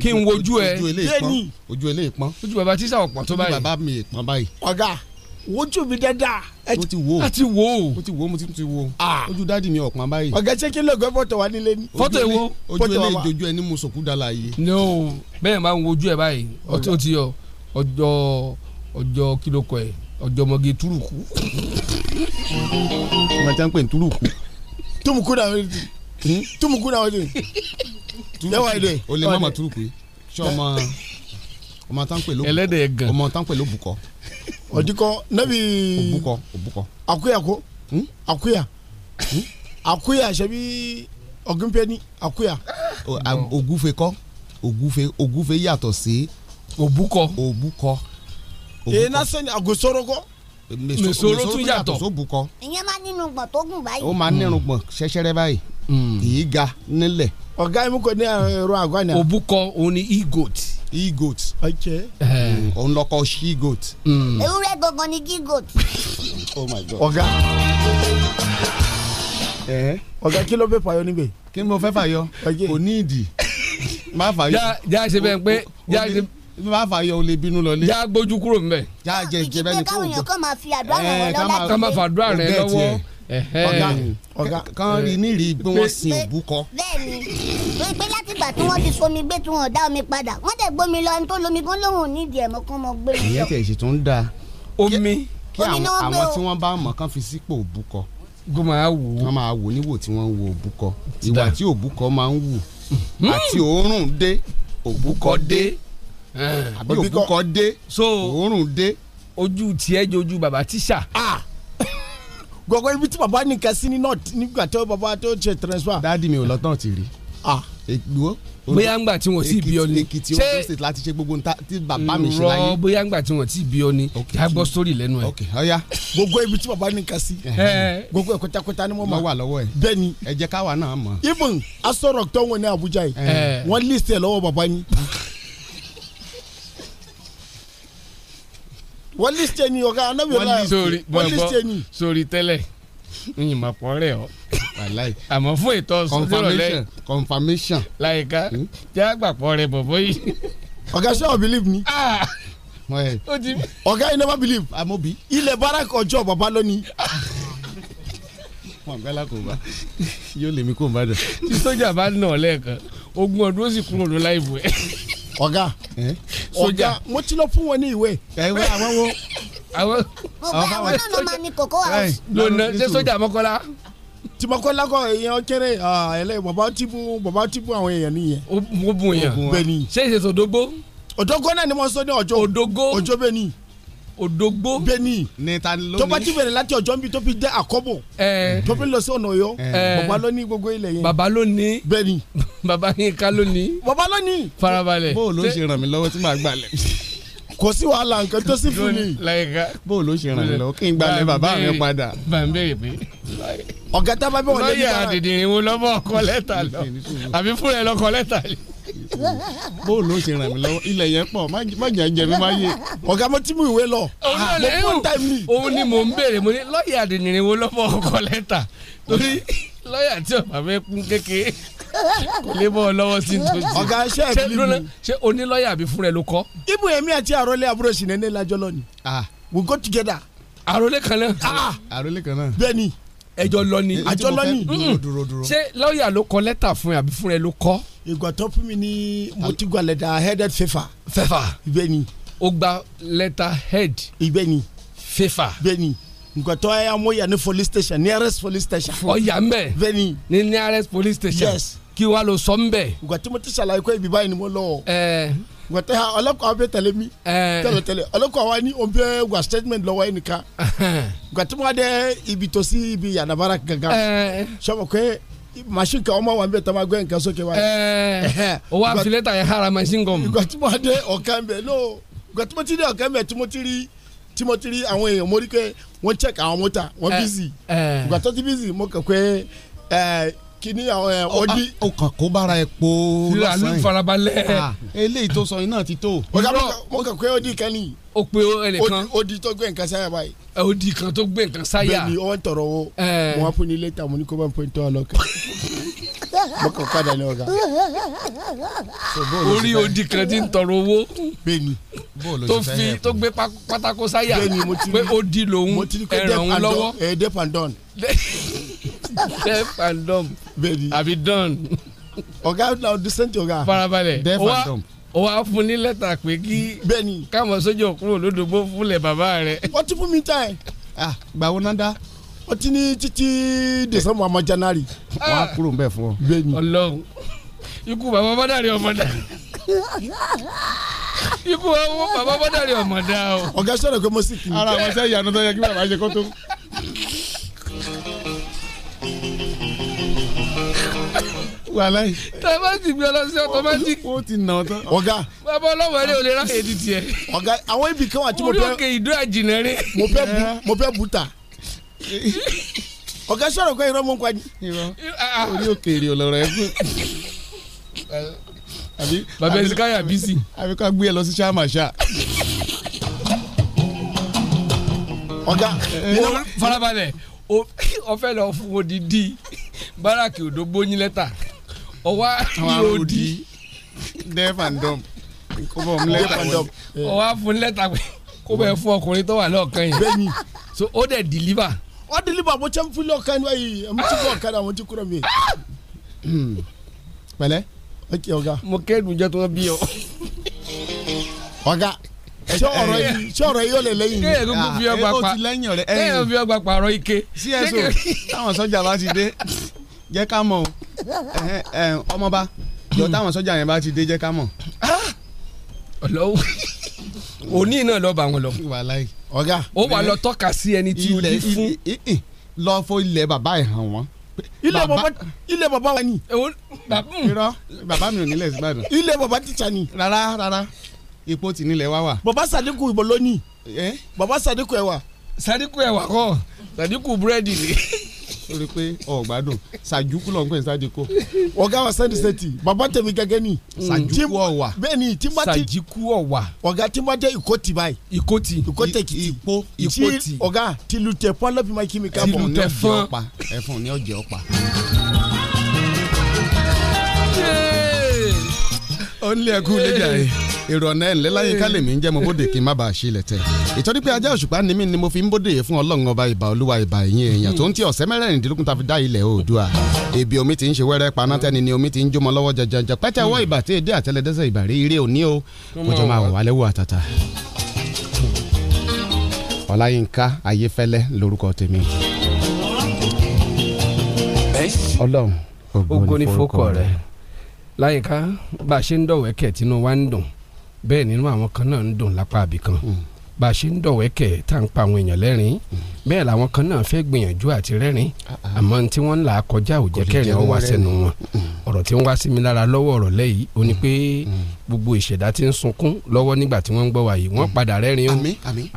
kí n wojú ẹ ojú ilé ìpọ́n ojú bàbá tíṣà ọ̀pọ̀ tó báyìí ojú bàbá mi ìpọ́n báyìí. ọ̀gá wojú mi dáadáa. mo ti wo mo wo mo ti wo mo ti wo ojú dáàdi mi ọ̀pọ̀n báyìí. ọ̀gá ṣé kí ló gbé fọ́tò wa nílé ni. fọ́tò èwo ojú ẹ̀ lè ẹ ní mo sọ̀kú dala yìí. no bẹ́ẹ̀ máa ń wojú ẹ báyìí ọtí ó ti yọ ọjọ́ ọjọ́ kílókọ̀ ẹ̀ ọjọ́ ọmọge túrùkù. ọmọ tí wọ́n ń pè ní túrùkù. túmùkù náà hmm? túmùkù turuku o lè má turuku yìí ṣé ọmọ ọmọ tán pè ló gan ọmọ tán pè ló ọdikọ nabi obukọ obukọ. akuya ko akuya akuya ṣebí ọ̀gínpẹ́ni akuya. ògúfe kọ́ ògúfe ògúfe yàtọ̀ sí. òbúkọ òbúkọ. èyí náà sẹ́ni àgòsọ́rọ́ kọ́ yàtọ̀. ìyẹn máa nínú gbọ̀n tó gùn báyìí. ó máa nínú gbọ̀n ṣẹ̀ṣẹ̀rẹ̀ báyìí. Hmm. kì í ga nílẹ̀. ọ̀gá imú kò ní ẹ̀rọ àgọ́ ni. òbúkọ òun ni e-goat. e òun lọkọ she-goat. Hmm. ewúrẹ́ gangan ni g oh ọ̀gá ọ̀gá kí ló fẹ́ fàyọ níbẹ̀. kí ni mo fẹ́ fàyọ kò ní ìdí má fàyọ. já ṣe bẹ́ẹ̀ pé já ṣe bí fà yọ olè bínú lọlé. já gbójú kúrò nbẹ. já jẹ jẹ bẹ́ẹ̀ ni kò gbọ́. ìdílé káwọn èèyàn kàn máa fi àdúrà rẹ lọ́wọ́. kàn máa fi rẹ lọ́wọ́ ọ̀gá ọ̀gá kan rí nírí pé wọ́n sin òbú kọ. bẹ́ẹ̀ni wọn pe látìgbà tí wọ́n ti somi gbé tí wọ́n dá omi padà wọ́n tẹ gbómi lọ ẹni tó lomi gan lóhùn nídìí ẹmọ kan mọ gbé ìyẹn tẹ èsì tó ń da omi kí àwọn tí wọ́n bá mọ̀ kán fi sípò òbú kọ. gbọ́n máa wò ó. wọ́n máa wò níwò tí wọ́n ń wo òbú kọ ìwà tí òbú kọ máa ń wù hmm. àti òórùn dé òbú kọ dé eh. àbí òbú kọ dé òórùn dé. ojú tiẹ̀ jojú bàbá tíṣà. Ah! gọgọ ibi tí bàbá nìkan sí ní north nígbà tó bàbá tó ṣe transfer. dáàdi mi ò lọ́tàn ti rí. ègbó. bóyá ńgbà tí wọ́n ti bí ọ ni. èkìtì ogun state láti ṣe gbogbo nta tí bàbá mi ṣe láyé. rọ bóyá ńgbà tí wọ́n ti bí ọ ni. ká gbọ́ sórí lẹ́nu ẹ̀. ọ̀ya. gbogbo ibi tí bàbá nìkan sí. gbogbo ẹ̀ kọ́tàkọ́tà ni wọ́n máa wà lọ́wọ́ ẹ̀. bẹ́ẹ̀ni. ẹ jẹ́ káwa náà mọ̀. even asọ̀rọ̀ tó wọn ní Abuja yìí. list ẹ̀ lọ́wọ́ bàbá wọ́n list ẹni ọ̀gá anábìọ́lá wọ́n list ẹni. sori tẹ́lẹ̀ yìnyín máa pọ̀ rẹ̀ ọ́ àmọ́ fún ètò ìrọ̀lẹ́ confirmation láyìíká jẹ́ hmm? àgbàpọ̀ rẹ̀ bọ̀bọ̀ yìí. ọ̀gá ṣé o believe ni. Ah! ọ̀gá you never believe. amobi. ilẹ̀ barak ọjọ́ bàbá lónìí. wọn gbẹ́lá kò bá yóò lèmi kò bá dà. tí sójà bá nà ọ lẹ́ẹ̀kan ogún ọdún ó sì kúrò ló láì bù ẹ́ ọ̀gá eh? ọ̀gá mo ti lọ fún wọn ní ìwé. Eh, ìwé àwọn wo. àwọn àwọn náà ló máa ní kókó àwọn. lónà ṣé sójà mọ́kọ́lá. tí mọ́kọ́lá kọ èèyàn kéré ah, ẹlẹ́ bàbá tí bú bàbá tí bú àwọn èèyàn nìyẹn. ó bù yàn bẹ́ẹ̀ ni. ṣé ìṣèṣòdógbó. òdógó náà ni mo sọ ní ọjọ́ òdógó ọjọ́ bẹ́ẹ̀ ni. Odogbo bẹ́ẹ̀ni ní ta ló ní. tó bá ti bẹ̀rẹ̀ láti ọjọ́ nbí tó fi jẹ́ àkọ́bọ̀. ẹẹ tó fi lọ sí ọ̀nà ọ̀yọ́. ẹẹ bàbá ló ní gbogbo ilẹ̀ yẹn. bàbá ló ní. bẹ́ẹ̀ni. bàbá yín ká ló ní. bàbá ló ní. farabalẹ̀. bó o ló ṣe ràn mí lọ́wọ́ tí màá gbalẹ̀. kò sí wàhálà nǹkan tó sì fún mi. Uh, bó o ló ṣe ràn mí lọ́wọ́ kí n gbalẹ̀ bàbá mi padà. bàbá mi ọ̀gá tábàbí wọn lé bó ló ṣe ràn mí lọ́wọ́ ilẹ̀ yẹn pọ̀ má jẹ́ jẹ́ mi má yé. ọ̀gá mo ti mú ìwé lọ. òun ah, ni mò ń béèrè mo ní lọ́ọ̀yà àdìnrìn wo ọkọ lẹ́tà torí lọ́ọ̀yà tí ọ̀bà fẹ́ kún kékeré kò lè bọ́ ọ lọ́wọ́ sí ní tòjú. ọ̀gá ṣe é bí mi. ṣé o àbí fúnra ẹ ló kọ́. ibu èmi àti àròlé àbúrò sì nẹ́nẹ́ lájọ́ lónìí. Ah. we go together. àròlé kan náà. Ah. àròlé kan náà. bẹ́ẹ̀ ni ẹjọ́ lọ ni. àjọ lọ ni ṣé lọ́ọ̀yà ló kọ lẹ́tà fún ẹ àbí fún ẹ ló kọ. ìgbà tó fún mi ní mo ti gba lẹ́tà headed fẹ́fà. fẹ́fà ibẹ̀ ni. o gba lẹ́tà head. ibẹ̀ ni. fẹ́fà. ibẹ̀ ni nkɔtɔ ya mo ya ni police station nearest police station. ọ yà mbẹ. bẹ́ẹ̀ni. ni nearest police station. yes kí wàá lọ sọ ń bẹ̀. ìgbà tí mo ti ṣàlàyé kó ibi báyìí ni mo lọ. ìgbà tí ọlọ́kọ̀ bẹ tẹ̀lé mi tẹ̀lé tẹ̀lé ọlọ́kọ̀ wa ni o bẹ wa statement lọ́wọ́ yẹn nìkan. ìgbà tí mo dé ibi tó sí ibi yàdàbára gangan sọ́mọ̀ pé machine kan ọmọ wa bẹ tẹ́ ma gbé nǹkan sókè wa. o wa filẹ ta yẹ hara machine kan. ìgbà tí mo dé ọ̀kan bẹ̀ no ìgbà tí mo ti dé ọ̀kan bẹ̀ tí mo ti rí àwọn èèyàn mo rí pé wọ́n check àwọn mọ́tà wọ́n busy ìgbà tó ti busy mo kàn pé kíní ọdí. Eh, o ah, kàn kó bára ẹ po lọ́sàn-án. sílẹ̀ àlù farabalẹ̀. Ah, eléyìí tó sọ yìí náà ti tó. mo kàn pé ọdí kan nìyí. o pe ẹnìkan. ọdí tó gbé nǹkan sáyà báyìí. ọdí eh, kan tó gbé nǹkan sáyà. bẹ́ẹ̀ni ọwọ ń tọrọ wo. Eh. wọn fún ni lẹ́tà mo ní kó bá ń pè ń tọ́ ọ lọ́kàn. mo kàn padà ní ọ̀gá. orí odi kan ti ń tọrọ owó tó fi tó gbé pátákó sáyà pé odi lòun ẹ̀ràn òun lọ́wọ́. Eh, deep and done. deep and done àbí done. ọ̀gá ọdún sẹ́ńtì ọ̀gá. farabalẹ̀ deep and done ó wá fún ní lẹ́tà pé kí káwọn sójú òkúrò lódògbò fúnlẹ̀ bàbá rẹ̀. wọ́n ti fún mi tán ẹ̀. Ah, gbàwó náà dá ọtí ní títí december ọmọ january. wà á kúrò ń bẹ̀ fún ọ. bẹ́ẹ̀ni Ọlọ́run ikú bàbá bọ́dàrí ọmọ dà ikú bàbá bọ́dàrí ọmọ dà o. ọ̀gá sọ̀rọ̀ pé mo sì kì í. ara àwọn sẹ́yìn àná tó yẹ kí bàbá ṣe kó tó. wàhálà yìí. tọ́mátì gbé ọlọ́sẹ̀ tọ́mátì. ó ti nà ọ́ tán. ọ̀gá. bàbá ọlọ́wọ́ ẹni ò lè ráyè di tiẹ̀. ọ̀gá àwọn ibì kan wà tí mo fẹ́. orí òkè ìdó àjìnà rẹ. mo fẹ́ bu ta ọ̀gá sọ̀rọ̀ pé irọ́ mú pa ni. orí òkèèrè ọ̀lọ́rọ̀ ẹ̀ fún àbí bàbá ẹsìkáyà bísí. àbí ká gbé ẹ lọ sí sàmàṣà. ọ̀gá. o eh, eh, farabalẹ̀ o ọ̀fẹ́ lọ fún odidi báràkì odò gbóyin lẹ́tà ọwá EOD. deaf and dumb. ọwá fún lẹ́tà pé kó bẹ́ẹ̀ fún ọkùnrin tó wà lọ́ọ̀kan yẹn bẹ́ẹ̀ni so ó dẹ̀ deliver. ó deliver mo ti ń fún lọ́ọ̀kan yìí mo ti kọ́ ọ̀kadà mo ti kúrò mi. Hmm. pẹ̀lẹ́ ó kí ọ̀gá. mo kẹ́dùn jẹ́ tó bí ọ. ọ̀gá ṣé ọ̀rọ̀ yìí ṣé ọ̀rọ̀ yìí ó lè lẹ́yìn mi. kéèyàn kúkú ah, fi ọgbà eh, pa kéèyàn fi ọgbà pa ọ̀rọ̀ ike. cso táwọn sọ́jà bá ti dé jẹ́ ká mọ̀ ọmọba jọ táwọn sọ́jà yẹn bá ti dé jẹ́ ká mọ̀. Ah! ọlọ́wọ́ òní náà lọ bá wọn lọ. ọ̀gá ó wà lọ tọ́ka sí ẹni tí o ní fún. lọ fọ ilẹ̀ bàbá ẹ̀ hàn wọ́n. ilẹ̀ bàbá ilẹ̀ bàbá wa ni. Hmm. irọ́ bàbá mi ò nílẹ̀ sí Ìbàdàn. ilẹ̀ bàbá tíṣà ni. rárá rárá epo tì nílẹ̀ wá wà. bàbá Sàdíkù ìbọn lónìí. bàbá Sàdíkù ẹ̀ wà sadiku ẹ̀wà kọ́ sadiku búrẹ́dì ni. o rí i pé ọ̀gbádùn sàjúkú ló ń pè sadiku. ọ̀gá wa sẹ́ni sẹ́tì bàbá tèmi gẹ́gẹ́ ni. sàjúkú ọ̀wà bẹ́ẹ̀ni timati sàjúkú ọ̀wà. ọ̀gá timati ìkọ́tì báyìí. ìkọ́tì ìkọ́tì èkìtì ìpó ìkọ́tì. ọ̀gá tìlùtẹ̀ fún alábìmọ̀ kí mi ká fún ẹ̀fọn ni ọ̀jẹ̀ ọ̀pá ó ń lé ẹkún èrò ọ̀nà ẹ̀ńlẹ́ láyé kálẹ̀ mi ń jẹ́ mo bóde kí n má bàa ṣe ilẹ̀ tẹ̀ ìtorí pé ajá òṣùpá ni mí ni mo fi ń bóde fún ọlọ́run ọba ìbà olúwa ìbà ẹ̀yìn èèyàn tó ń ti ọ̀sẹ̀ mẹ́rẹ̀ẹ́rìndínlógún ta fi dá ilẹ̀ oòdùà ebi omi ti ń ṣe wẹ́rẹ́ panátẹ́ni ni omi ti ń jómọ lọ́wọ́ jẹjẹjẹ pẹ́tẹ́ ọwọ́ ìbà tí èdè àtẹlẹdẹsẹ̀ ìbà bá a ṣe ń dọ̀wẹ́kẹ̀ tínú wa ń dùn bẹ́ẹ̀ nínú àwọn kan náà ń dùn lápá àbí kan hmm. bá a ṣe ń dọ̀wẹ́kẹ̀ tá à ń pa àwọn èèyàn lẹ́rìn hmm. bẹ́ẹ̀ làwọn kan náà fẹ́ gbìyànjú àti rẹ́rìn ah, ah. àmọ́ tí wọ́n ń là á kọjá ò jẹ́ kẹ́rìn ó wá sẹ́nu wọn hmm. ọ̀rọ̀ tí ń wá sí mi lára lọ́wọ́ ọ̀rọ̀ lẹ́yìí ó ní pé gbogbo ìṣẹ̀dá tí ń sunkún lọ́wọ́ nígbà tí wọ́n ń gbọ́ wa yìí wọ́n mm. padà rẹ́rìn o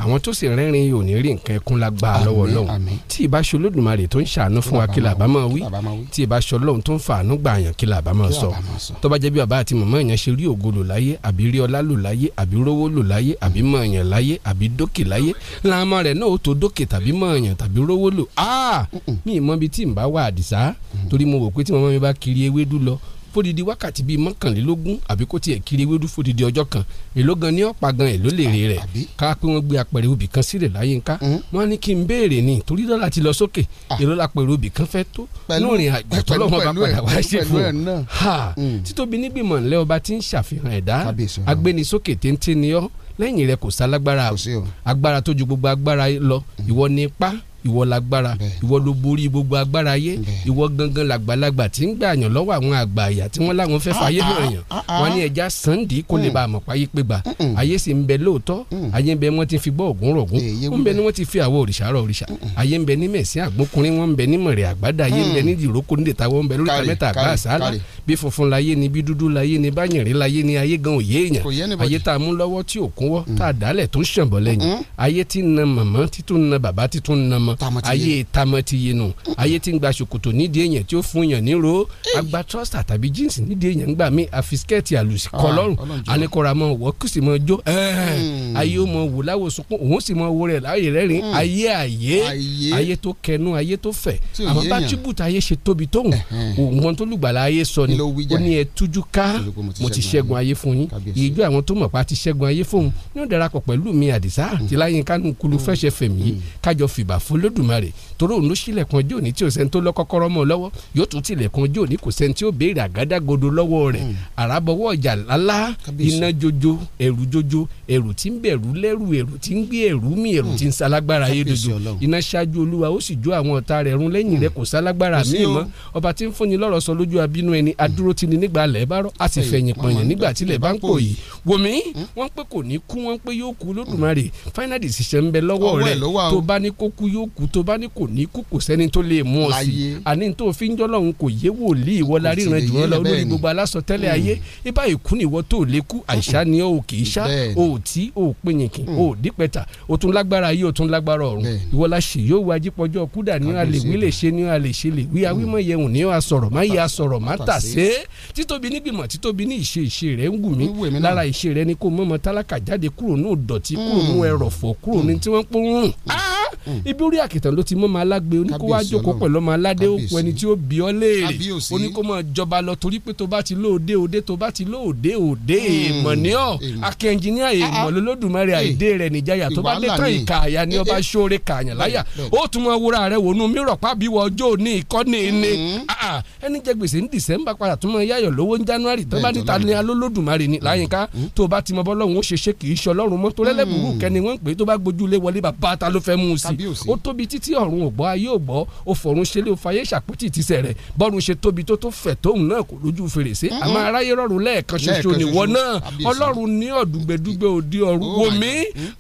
àwọn tó sì rẹ́rìn yìí ò ní rí nǹkan ẹkún lágbára lọ́wọ́ lọ́hùn tí ìbá olódùmarè tó ń ṣàánú fún wa kí làbá máa wí tí ìbá ṣe tó ń fàánú gbà yàn kí làbá máa sọ tó bá jẹ́ bí bàbá àti màmá yẹn ṣe rí ògo lò láyé àbí rí ọlá lò láyé àbí rówó lò láyé àbí mọ̀ yàn láyé àbí dókè láyé láàmú rẹ̀ náà ó tó dókè tàbí mọ̀ yàn tàbí rówó lò áà mi ì tí n bá wà àdìsá torí mo wò pé tí màmá mi bá kiri ewédú lọ fódìdí wákàtí bíi mọ́kànlélógún àbí kó tiẹ̀ kiri ewédú fódìdí ọjọ́ kan èló gan ní ọ̀pá gan ẹ̀ ló lè rè rẹ̀ ká pé wọ́n gbé apẹ̀rẹ̀ obì kan sílẹ̀ láyé ńká wọ́n ní kí n béèrè ni torí dọ́là ti lọ sókè èló la pẹ̀rẹ̀ obì kan fẹ́ tó lórin àjò tọ́lọ́mọ bá padà wá ṣe fún un títóbi nígbìmọ̀ ńlẹ́ ọba ti ń ṣàfihàn ẹ̀dá agbénisókè téńté ni ọ́ lẹ́yìn rẹ̀ kò sálágbára agbára tó ju gbogbo agbára lọ ìwọ ni ipá ìwọ lágbára ìwọ ló borí gbogbo agbára ayé ìwọ gangan làgbàlagbà tí ń gbà yàn lọ́wọ́ àwọn àgbà àyà tí wọ́n láwọn fẹ́ ah, fàyè ah, hàn yàn ah, wọ́n ní ẹja sànńdì kò lè mm. ba àmọ̀ páyé pé gbà ayé sì ń bẹ lóòótọ́ mm. ayé ń bẹ wọ́n ti fi gbọ́ ògùn rọ̀gùn ń bẹ ni wọ́n ti fi àwọ̀ òrìṣà rọ̀ òrìṣà ayé ń bẹ ní mẹ̀sìn àgbókùnrin wọ́n ń bẹ ní mọ̀rẹ̀ àgbádá ayé ń bẹ mm. ní ìrókò ayé tamọ ti yé nu ayé tí ń gba ṣòkòtò nídìí èèyàn tí ó fún yàn níro agba trọ́sà tàbí jíǹsì nídìí èèyàn gbà mí àfisikẹ́ẹ̀tì àlùsí kọlọ́rùn ah, àníkọ́ra mọ wọ́ kí sì mọ jó hmm. ayé ó mọ wò láwò sunkún òun sì mọ wo rẹ̀ láyè rẹ́rìn hmm. ayé ayé ayé tó kẹnu ayé tó fẹ̀ àmọ́ bá tíbùtà ayé ṣe tóbi tóun òun tó lùgbàlà ayé sọ ni ó ní ẹ tújú ká mo ti ṣẹ́gun ayé fún yín ìjọ àwọn tó mọ̀ pa ti ṣẹ́gun ayé fún un ní ó darapọ̀ pẹ̀lú mi àdìsá tìláyínká hmm. nùkúlù fẹsẹ̀fẹ̀mí kájọ fìbà fúlò Olódùmarè torí òun ló ṣílẹ̀kùn ọjọ́ òní tí ò sẹ́ni tó lọ kọ́kọ́rọ́ mọ́ lọ́wọ́ yóò tún tilẹ̀kùn ọjọ́ òní kò sẹ́ni tí ó béèrè àgádágodo lọ́wọ́ rẹ̀ hmm. àràbọ̀wọ́ ọjà lálá iná jojo ẹ̀rù jojo ẹ̀rù tí ń bẹ̀rù lẹ́rù ẹ̀rù tí ń gbé ẹ̀rù mi ẹ̀rù hmm. tí ń salágbára yé dojo iná ṣáájú olúwa ó sì jó àwọn ọ̀tá rẹ̀ run lẹ́yìn rẹ̀ kò salágbára mi mọ́ ọba hmm. ni nígbà lẹ̀ bá rọ̀ a sì fẹ̀yìn pọ̀yìn nígbà tilẹ̀ final decision ń bẹ lọ́wọ́ rẹ̀ tó bá ní ní kú kò sẹ́ni tó lè mú ọ sí àní tó fi ń jọ́lọ́run kò yé wòlíì ìwọ la ríran jù wọn lọ lórí gbogbo alásọ tẹ́lẹ̀ ayé mm. ibà ìkú ni ìwọ tó lè kú àṣà ni o kì í ṣá o tí o pinyìnkì o mm. dípẹ́ta o tún lágbára ayé o tún lágbára ọ̀run ìwọ la ṣe yóò wá jípọ̀jọ́ kúdà ní a lè wí lè ṣe ní a lè ṣe lè wí awímọ̀ mm. yẹun ní a má yẹ a má tà sé títóbi nígbìmọ̀ títóbi ní ìṣe ìṣe rẹ̀ ń wù mí lára ìṣe rẹ̀ ni kó mọ́mọ́ tálákà jáde kúrò ní òdọ̀tí kúrò ní ẹrọ̀fọ̀ kúrò ní tí wọ́n pọ́n rùn. Ah! Mm. ibi orí àkìtàn ló ti mú ma lágbe oníkówá jókòó pẹ̀lú ọmọ aládé òkú ẹni tí ó bí ọ léèrè oníkómọ jọba lọ torí pé tó bá ti lóòdé òde tó bá ti lóòdé òde mm. èèmọ̀ ní ọ̀ akẹ́ ẹnjìníà èèmọ̀ lọ́lọ́dúnmọ́rẹ́ ah, ah. àìdè rẹ̀ níjàyà tó bá dé tán ìka àyà ni ọba ṣóore kààyàn láyà ó tún mọ wúra rẹ̀ wọnú mírọ̀ pábíwọ̀ ọjọ́ òní ìkọ́ni ni mm-hmm. ah, ẹni jẹ gbèsè ní dìsẹ́mbà padà tún mọ yáyọ̀ lówó ní january tó bá níta ní alólódùmarè ni láyínká mm-hmm. tó bá ti mọ bọ́lọ́run ó ṣe ṣe kì í ṣe ọlọ́run mọ́ tó lẹ́lẹ́bùrú mm. kẹ́ni wọ́n ń pè é tó bá gbójú lé wọlé bàbá ta ló fẹ́ mú òsì ó tóbi títí ọ̀run ò gbọ́ ayé ò gbọ́ ó fọ̀run ṣẹlẹ̀ ó fayé ṣàpótì ìtìsẹ̀ rẹ̀ bọ́run ṣe tóbi tó tó fẹ̀ tóun náà kò lójú fèrèsé àmọ́ aráyé rọrùn lẹ́ẹ̀kan ṣoṣo nìwọ náà ọlọ́run ní ọ̀dùgbẹ́dùgbẹ́ òdi ọ̀run oh wò mí mm.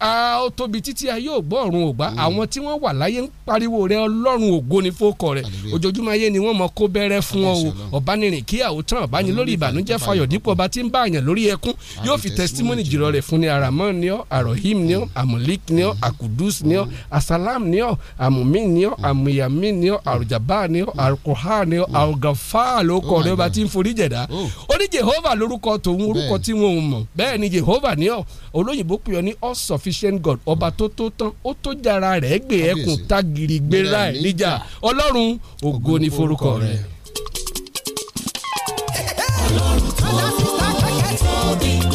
ó tóbi títí ayé ò ọ̀run ò mm. àwọn tí wọ́n wà láyé ń pariwo rẹ ọlọ́run ògo ni fókọ rẹ ojoojúmọ́ ayé ni wọ́n mọ kó bẹ́rẹ́ fún ọ o ọ̀bánirin kí àwòtán ọ̀báni lórí ìbànújẹ́ fayọ̀ dípò ọba tí ń bá àyàn lórí ẹkún yóò fi testimony jùlọ rẹ̀ fún ni aramọ́ ni ọ́ arohim mm. ni ọ́ amulik ni ọ́ akudus ni ọ́ as asalam ni ọ amumi ni ọ hmm. amuyami ni ọ hmm. arujaba ni ọ hmm. arukoha ni ọ arugafa lórúkọ oh rẹ bá ti ń forí jẹ̀dá oh. ó ní jehova lórúkọ tòun orúkọ tí wọn ò mọ̀ bẹ́ẹ̀ ni jehova ni ọ olóyìnbó pè ọ ní all sufficient god ọba tó tó tán ó tó jara rẹ̀ gbé ẹkùn tágìrì gbéra ẹ̀ níjà ọlọ́run ògo ni forúkọ rẹ̀. ọlọ́run tó lásìkò kẹ́kẹ́ tó bí.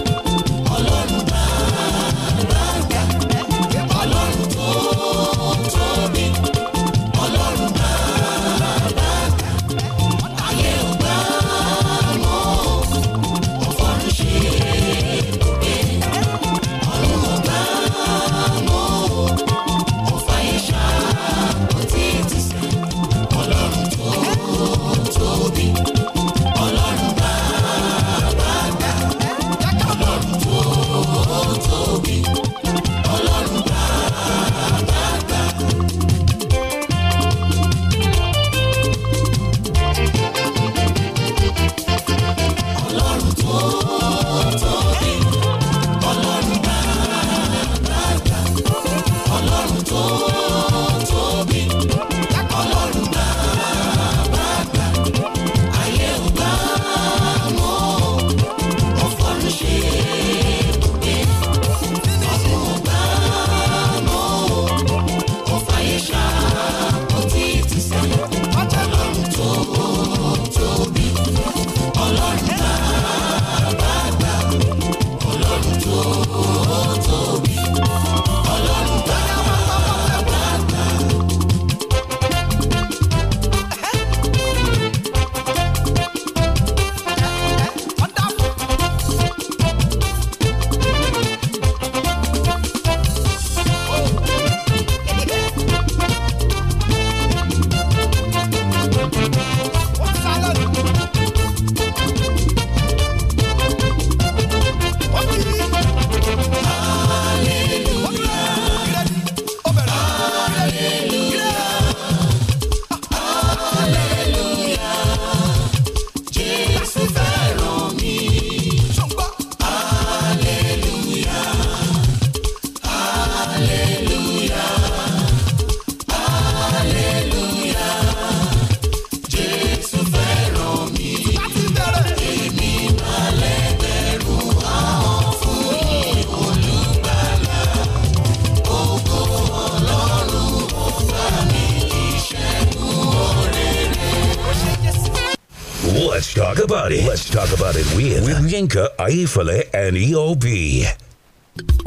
Yinka, Aifale, and EOB.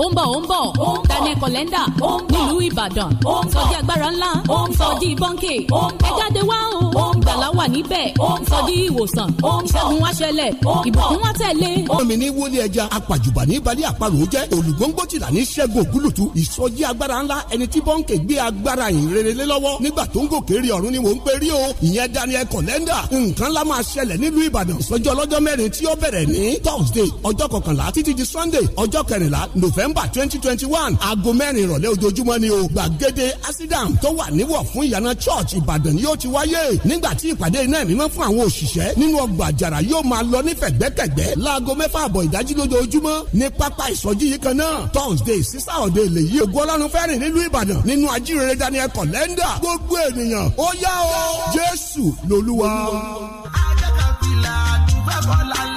ó ń bọ̀ ó ń bọ̀ daniel kọlẹ́ndà nílùú ìbàdàn sọjí agbára ńlá sọjí bọ́ńkè ẹ jáde wá o ìgbàlá wà níbẹ̀ ìsọjí ìwòsàn ìṣẹ́gun wáṣẹlẹ̀ ìbùkún wá tẹ̀lé. omi ní wọlé ẹja apàjùbà ní balẹ̀ àparò jẹ́ olùgbòǹgbò tìlà ní ṣẹ́gun ògúlùtù ìsọjí agbára ńlá ẹni tí bọ́ǹkì gbé agbára ìrere lọ́wọ́ nígbà tó ń gòkè rí ọ̀run ni mò ń pè rí o ìyẹn Daniel Kolenda nǹkan lá máa ṣẹlẹ̀ nílùú Ìbàdàn sọjọ́ ọlọ́jọ́ mẹ́rin tí ó bẹ̀rẹ̀ ní Thursday ọjọ́ kọkànlá títí di Sunday ọjọ́ kẹrìnlá November twenty twenty one aago mẹ́rin ìrọ̀lẹ́ ojoojúmọ́ ni o gbàgede asidam tó wà níwọ̀ fún ìyànà ni yóò ti wáyé nígbà àti ìpàdé iná ẹ̀mí mọ́ fún àwọn òṣìṣẹ́ nínú ọgbà àjàrà yóò máa lọ ní fẹ̀gbẹ́kẹ̀gbẹ́ láago mẹ́fà àbọ̀ ìdájí lójoojúmọ́ ní pápá ìsọjí yìí kan náà Thursday sísá ọ̀dẹ èlé yìí ògo ọlọ́run fẹ́rìn nílùú Ìbàdàn nínú ajírere Daniel kọ̀lẹ́ndà gbogbo ènìyàn ó yá o Jésù lolúwa. ajá kan fi là bẹ́ẹ̀ bọ́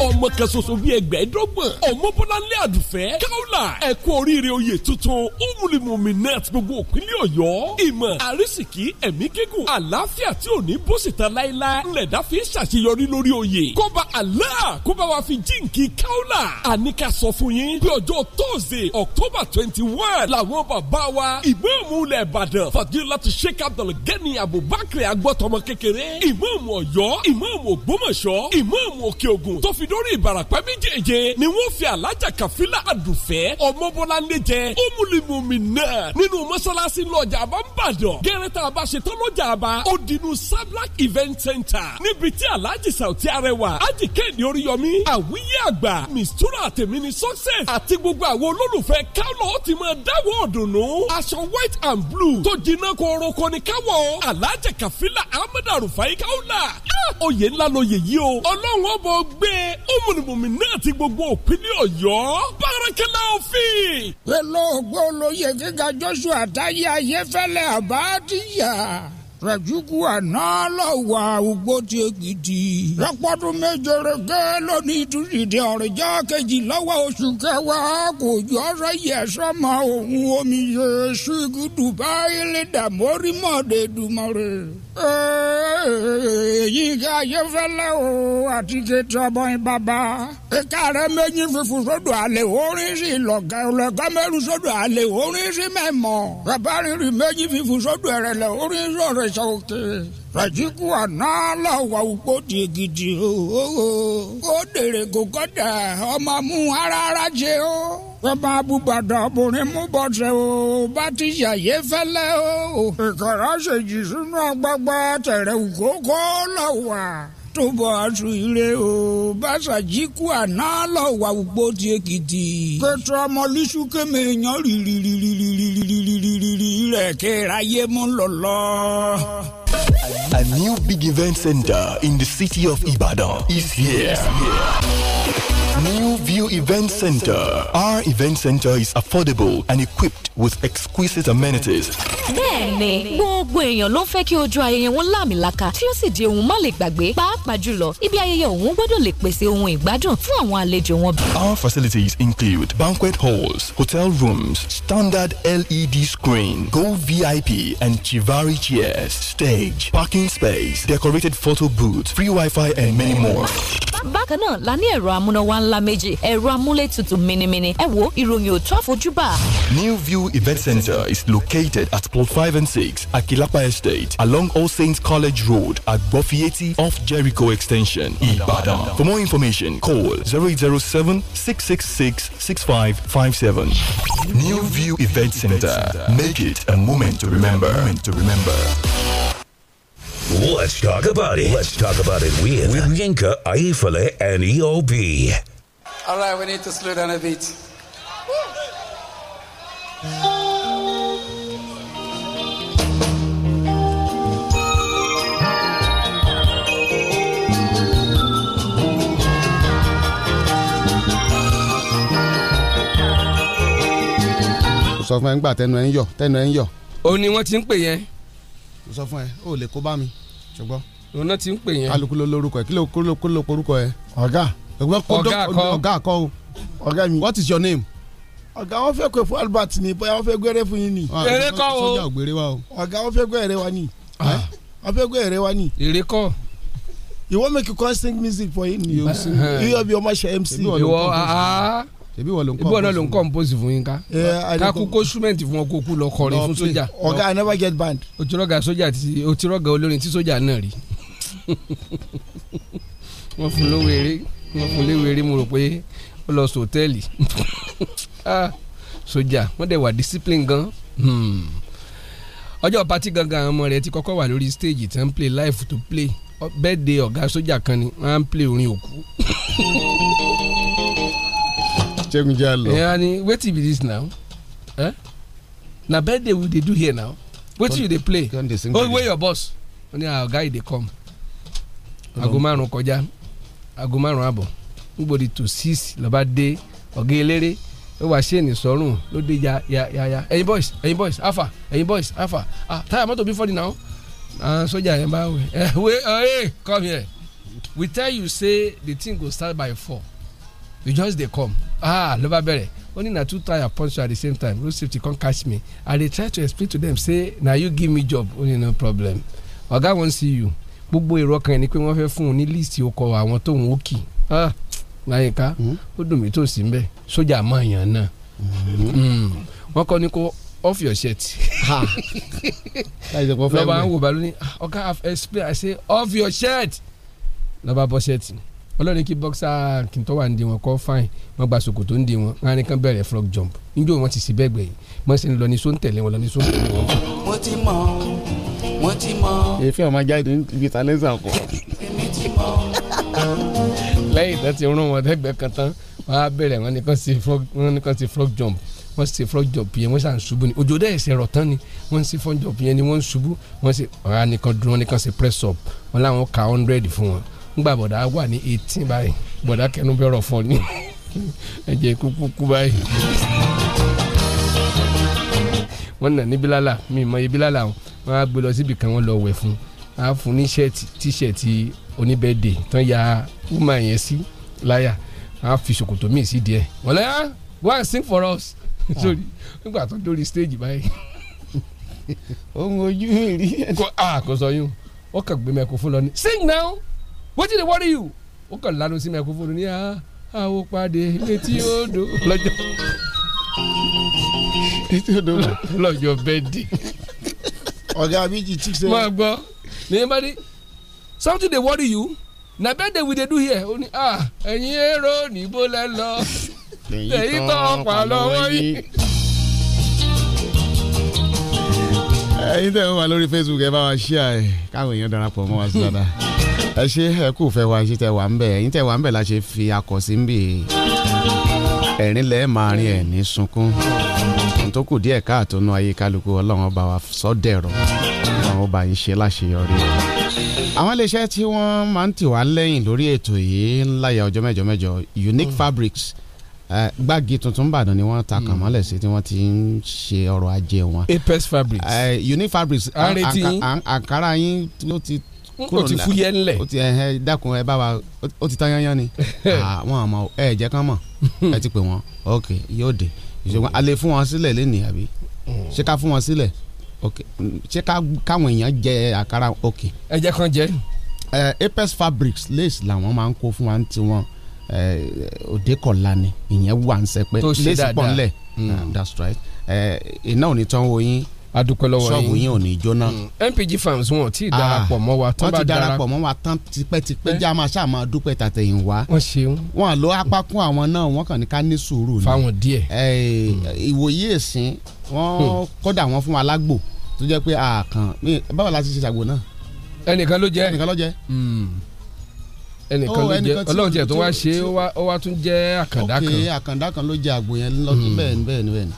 ọmọ kan ṣoṣo bíi ẹgbẹ̀ẹ́dọ́gbọ̀n ọmọbọ́láńlé àdùfẹ́ káwùlà ẹ̀kọ́ oríire oyè tuntun umulimumi net gbogbo òpínlẹ̀ ọ̀yọ́ ìmọ̀ àrísìkí ẹ̀mí gígùn àlàáfíà tí ò ní bó sì tán láéláé ńlẹ̀dá fi ṣàṣeyọrí lórí oyè kọ́ba Allah kó bá wa fi jíǹkì káwùlà àníkà sọ fún yín bí ọjọ́ tóòzè October twenty one làwọn bàbá wa ìmáàmù ilẹ̀ Ìbàdàn Fadilatu Sheikh Abdulgani Abubakar agbọ́tọmọ kékeré ìmáàmù Ọ̀yọ́ ìmáàmù Ògbómọ̀ṣọ́ ìmáàmù Òkè Ògùn tó fi dórí ìbàràpá méjèèje ni wọ́n fi alájà kàfílà àdùfẹ́ ọmọbọ́láńdé jẹ ọmúlimùmí náà nínú mọ́sálásí lọ́jà àbá ń bàdàn gẹ́rẹ́ta àbá lọ́jà àbá ó sablak event center níbi tí alájì sàùtí arẹwà ájì kéde oríyọmí àwíyé àgbà mistura tèmi ni success àti gbogbo àwọn olólùfẹ́ kálọ̀ ti máa dáwọ́ ọ̀dùnnú aṣọ white and blue tó jiná koroko ni káwọ́ alájà kàfílà ahmed arufai ah oyè ńlá lóye yìí o ọlọ́run ọ̀bọ̀ gbé e ó mùnìmùnì náà ti gbogbo òpínlẹ̀ ọ̀yọ́ bárakẹ́lá òfin. pẹ̀lú ògbó olóyè gíga joshua táyé ayéfẹ́lẹ́ àbádìyà rẹ̀júkú àná lọ́wọ́ àwùgbó tí ó gidi. lọ́pọ̀dún méje rẹ̀gẹ́ lónìí ìtúsídé ọ̀rẹ́jọ́ kejì lọ́wọ́ oṣù kẹwàá kò jọ sẹ́yẹ sọ́mọ òun omi yẹ ṣígùdù báyìí lè dàmórí mọ́ọ̀dẹ́dùmọ́rẹ́ yíga ayéfẹ́lẹ́ o àti kẹtù ọbọ̀n bàbá. ìka rẹ méjì fífu sódò àlè orin sí lọ̀gá lọ̀gá mẹ́rù sódò àlè orin mẹ́mọ́. bàbá rírì méjì fífu sódò ẹ̀rẹ̀lẹ̀ orin sọ̀rọ̀ ìṣòkè. Rajiku àná wà ògbódì gidi ó dèrè gògọ́dà ọmọ mú arára jẹ ó. Bàbá Abúgbàdàn ọkùnrin mú bọ̀sẹ̀ o, bá ti yàyé fẹ́lẹ́ o. Ìkọ̀rọ̀ ṣèjì sínú ọgbọgbọ tẹ̀rẹ̀ ògógó lọ́wà tó bọ̀ aṣọ ire o Bàṣàjíkù àná lọ wà ògbó ti Èkìtì. kẹtù ọmọlísù kéme èèyàn rìrìrìrìrìrìrìrì rẹ̀ kéra yé mú lọ́lọ́. A new big event center in the city of Ibadan is here. Is here. New View Event Center. Our event center is affordable and equipped with exquisite amenities. Bẹ́ẹ̀ni, gbogbo èèyàn ló ń fẹ́ kí ojú ayẹyẹ wọn lámìlaka tí ó sì di ohun má lè gbàgbé pàápàá jùlọ ibi ayẹyẹ òun gbọ́dọ̀ lè pèsè ohun ìgbádùn fún àwọn àlejò wọn. Our facilities include banquet halls, hotel rooms, standard LED screen, gold VIP and Chivari chairs, stage, parking space, decorated photo booth, free Wi-Fi and many more. Bákan náà, la ní ẹ̀rọ amúnáwá ńlá ńlá méjì ẹ̀rọ amúlétutù minimini ẹ wo ìròyìn òtún àfojúbà. New View Event Center is located at plot five and six Akilapa Estate along All Saints College Road at Gbofieti off Jericho Extension, Ibadan. For more information, call 0807 666 6557. New View Event Center. Make it a moment to remember. Moment to remember. Let's talk about it. Let's talk about it with, with Yinka, Aifale, and EOB. All right, we need to slow down a bit. sọ fún ẹ ńgbà tẹnu ẹ ń yọ tẹnu ẹ ń yọ. ó ní wọ́n ti ń pè yẹn. mo sọ fún ẹ ó lè kó bá mi ṣùgbọ́n. òun náà ti ń pè yẹn. kálukú ló ẹ kí ló kó ló porúkọ ẹ. ọ̀gá ọ̀gá àkọ́ ọ̀gá àkọ́ o ọ̀gá mi. what is your name. ọ̀gá wọn fẹ́ pè fún Albert ni bóyá wọn fẹ́ gbére fún yín ni. èrè ah, kọ́ o sójà wọn fẹ́ gbé wa ni. Ah. wọn fẹ́ gbé wa ni. èrè kọ́. you wan make you come music for him ni. you yọ bí ọmọ ṣe MC. ìwọ aa ebi wọn ló ń kọ ìbọn náà ló ń compose fún yín ká kakú kó súmẹ́ǹtì fún wọn kó kú lọ kọrin fún sójà. ọ̀gá i never get banned. òtírọ́gà sójà ti òtírọ́gà olórin tí sójà náà rí wọ́n fún lówó eré ní fúnléwéré mo rò pé ó lọ sọtẹ́ẹ̀lì ah, sójà wọ́n dẹ̀ wà discipline gan hmm. ọjọ́ pati gangan àwọn ọmọ rẹ̀ ti kọ́kọ́ wà lórí stage tí wọ́n ń play live to play bẹ́ẹ̀dẹ̀ ọ̀gá sójà kan ni wọ́n á ń play orin òkú. ṣẹ́gun jẹ́ àlọ́. ẹ̀yà ni wetin be this now eh? na birthday we dey do here now wetin you dey play oh where your boss? ó ní ah, ọ̀gá yìí dey come aago márùn-ún kọjá aago márùn-ún àbọ̀ ngbòdì tó six lọ́ba dé ọ̀gá eléré ó wá ṣéènì sọ́rùn ló dé ya ya ya ya ẹ̀yin boys ẹ̀yin boys afa ẹ̀yin boys afa ah táyà mọ́tò bí fọ́ọ̀dì náà àwọn ah, sójà yẹn bá wẹ̀ ẹ̀ eh, wé ọ̀rẹ́ eh, come here we tell you say the thing go start by four you just dey come ah ló bá bẹ̀rẹ̀ ó na two tire punch at the same time road safety come catch me i dey try to explain to them say na you give me job only no problem oga wan see you gbogbo èrò ọkàn ẹ̀ ni pé wọ́n fẹ́ fún un ní líìsì ọkọ̀ àwọn tóun ó kì ah, láyìíká hmm? ó dùn mí tó sí mbẹ sójà mọ̀ọ́yàn náà hmm. wọ́n kọ́ ni kó off your shirt. lọ́ba ń wò bá lóní ah, ọ̀gá have explain I say off your shirt lọ́ba bọ́ ṣẹ́ẹ̀tì ọlọ́run kí bọ́ksà kìntọ́ wà ń di wọn kọ́ fáìn wọn gba ṣòkòtò ń di wọn wọn ní kàn bẹ̀rẹ̀ frog jump níjó wọn ti sí bẹ́ẹ̀ gbẹ̀yìn wọn sì ń lọ ní sóńtẹ̀lé wọn lọ ní sóńtẹ̀lé wọn ti mọ. èéfín ọmọ jáde níbi talẹ́sà kọ. èmi ti mọ. lẹ́yìn tó ti rún wọn dẹ́gbẹ́ kan tán wọ́n á bẹ̀rẹ̀ wọ́n nìkan sí frog wọ́n nìkan sí frog jump wọ́n sì frog jump yẹn wọ́n sàn ṣubú ni òjò dẹ́yẹ̀ ṣe rọ̀tán ni wọ́n sì frog jump yẹn ni wọ́n ṣubú wọ́n sì ọ̀rá nìkan dúró nìkan sí press up wọ́n láwọn ka hundred fún wọn ngbà bọ̀dá wà ní eighteen báyìí bọ̀dá kẹnu bẹ̀rọ̀ fún ọ ní ẹ̀jẹ̀ kúkú kú báyìí wọ́n nà ní bílálà mi mọ iye bílálà wọn wọ́n á gbé lọ síbi kan wọ́n lọ wẹ̀ fún un fún ní ṣẹ́ẹ̀tì tíṣẹ̀ẹ̀tì oníbẹ̀dẹ̀ tán ya wúmà yẹn sí láyà á fi ṣòkòtò míì sí díẹ̀ wọ́n lẹ́yà ah, go and sing for us ah. sorry nígbà tó dórí stage báyìí. ohun ojú rí. Ah, kò sọ yún ó kàn gbé microphone lọ ní sing now wetin dey worry you ó kàn lanu sí microphone ní àwọn pàdé létí odò lọ́jọ́ lọ́jọ́ bẹ́ẹ̀ dì ọ̀gá méjì tí ṣe. máa gbọ́ ní bá dé something dey worry you na birthday we dey do here ó ní ah ẹ̀yin èrò níbo lẹ lọ èyí tó ọ̀pá lọ́wọ́ yìí. ẹ̀yin tẹ̀ ń wà lórí Facebook ẹ bá wa ṣí à ẹ káwọn èèyàn darapọ̀ mọ́ wa sí dáadáa ẹ ṣe ẹ kú fẹ́ wa ṣe tẹ wà ń bẹ̀ ẹ̀yin tẹ wà ń bẹ̀ la ṣe fi akọ̀ sí ń bì ẹ̀rín lẹ́ẹ̀ máa rin ẹ̀ ní sunkún ohun tó kù díẹ̀ káàtó nu ayé kálukú ọlọ́run ọba wa sọ́dẹ̀rọ̀ ọlọ́run ọba yìí ṣe láṣeyọrí. àwọn iléeṣẹ́ tí wọ́n máa ń tì wá lẹ́yìn lórí ètò yìí ńláyà ọjọ́ mẹ́jọ mẹ́jọ Unique Fabrics gbági tuntun Ìbàdàn ni wọ́n ta kàn hmm. mọ́lẹ̀ sí tí wọ́n ti ń ṣe ọrọ̀ ajé wọn. Apex Fabrics. Unique Fabrics àǹkárá yín ló ti kúrò ní fúyẹ́ ńlẹ̀. o ti ẹ dákun ẹ bá wa o ti tán yányán ni. àwọn ah, àmọ́ ẹ jẹ́ kán mọ̀ ẹ ti pè wọ́n ok yóò dé ìṣègùn a fún wọn sílẹ̀ lẹ́nìí àbí hmm. ṣé ká fún wọn sílẹ̀ ṣé káwọn èèyàn jẹ àkàrà ok. ẹ kan jẹ́. Apex Fabrics lace làwọn máa ń kó fún wa ní tiwọn òde kọ̀la ni ìyẹn wà ń sẹ́pẹ́ lace pọ̀ ńlẹ̀ hmm. ah, that's right iná ò ní tán wo yín adúpẹ́ lọ́wọ́ yín ṣọ́ọ̀bù yín ò ní jóná. MPG mm. farms wọn ò tí ì wa tán ah, bá darapọ̀ wọ́n ti darapọ̀ mọ́ wa tán tipẹ́tipẹ́ eh. já máa ṣáà máa dúpẹ́ tàtẹ̀yìn wá. wọ́n ṣeun. wọ́n lo apá kún àwọn náà wọ́n kàn ní ká ní sùúrù ni. fáwọn díẹ̀. Eh, ìwòye ẹ̀sìn wọ́n hmm. kọ́dà wọ́n fún wa lágbo tó jẹ́ pé àkàn báwo la ti ṣe ṣàgbò náà. ẹnìkan ló jẹ́ ẹnìkan ló jẹ́. Hmm ẹnìkan ló oh, jẹ ọlọ́run tiẹ̀ tó wá ṣe ó wá tún jẹ́ àkàndá kan. ok àkàndá kan ló jẹ àgbò yẹn lọ́dún hmm. bẹ́ẹ̀ ni bẹ́ẹ̀ ni bẹ́ẹ̀ ni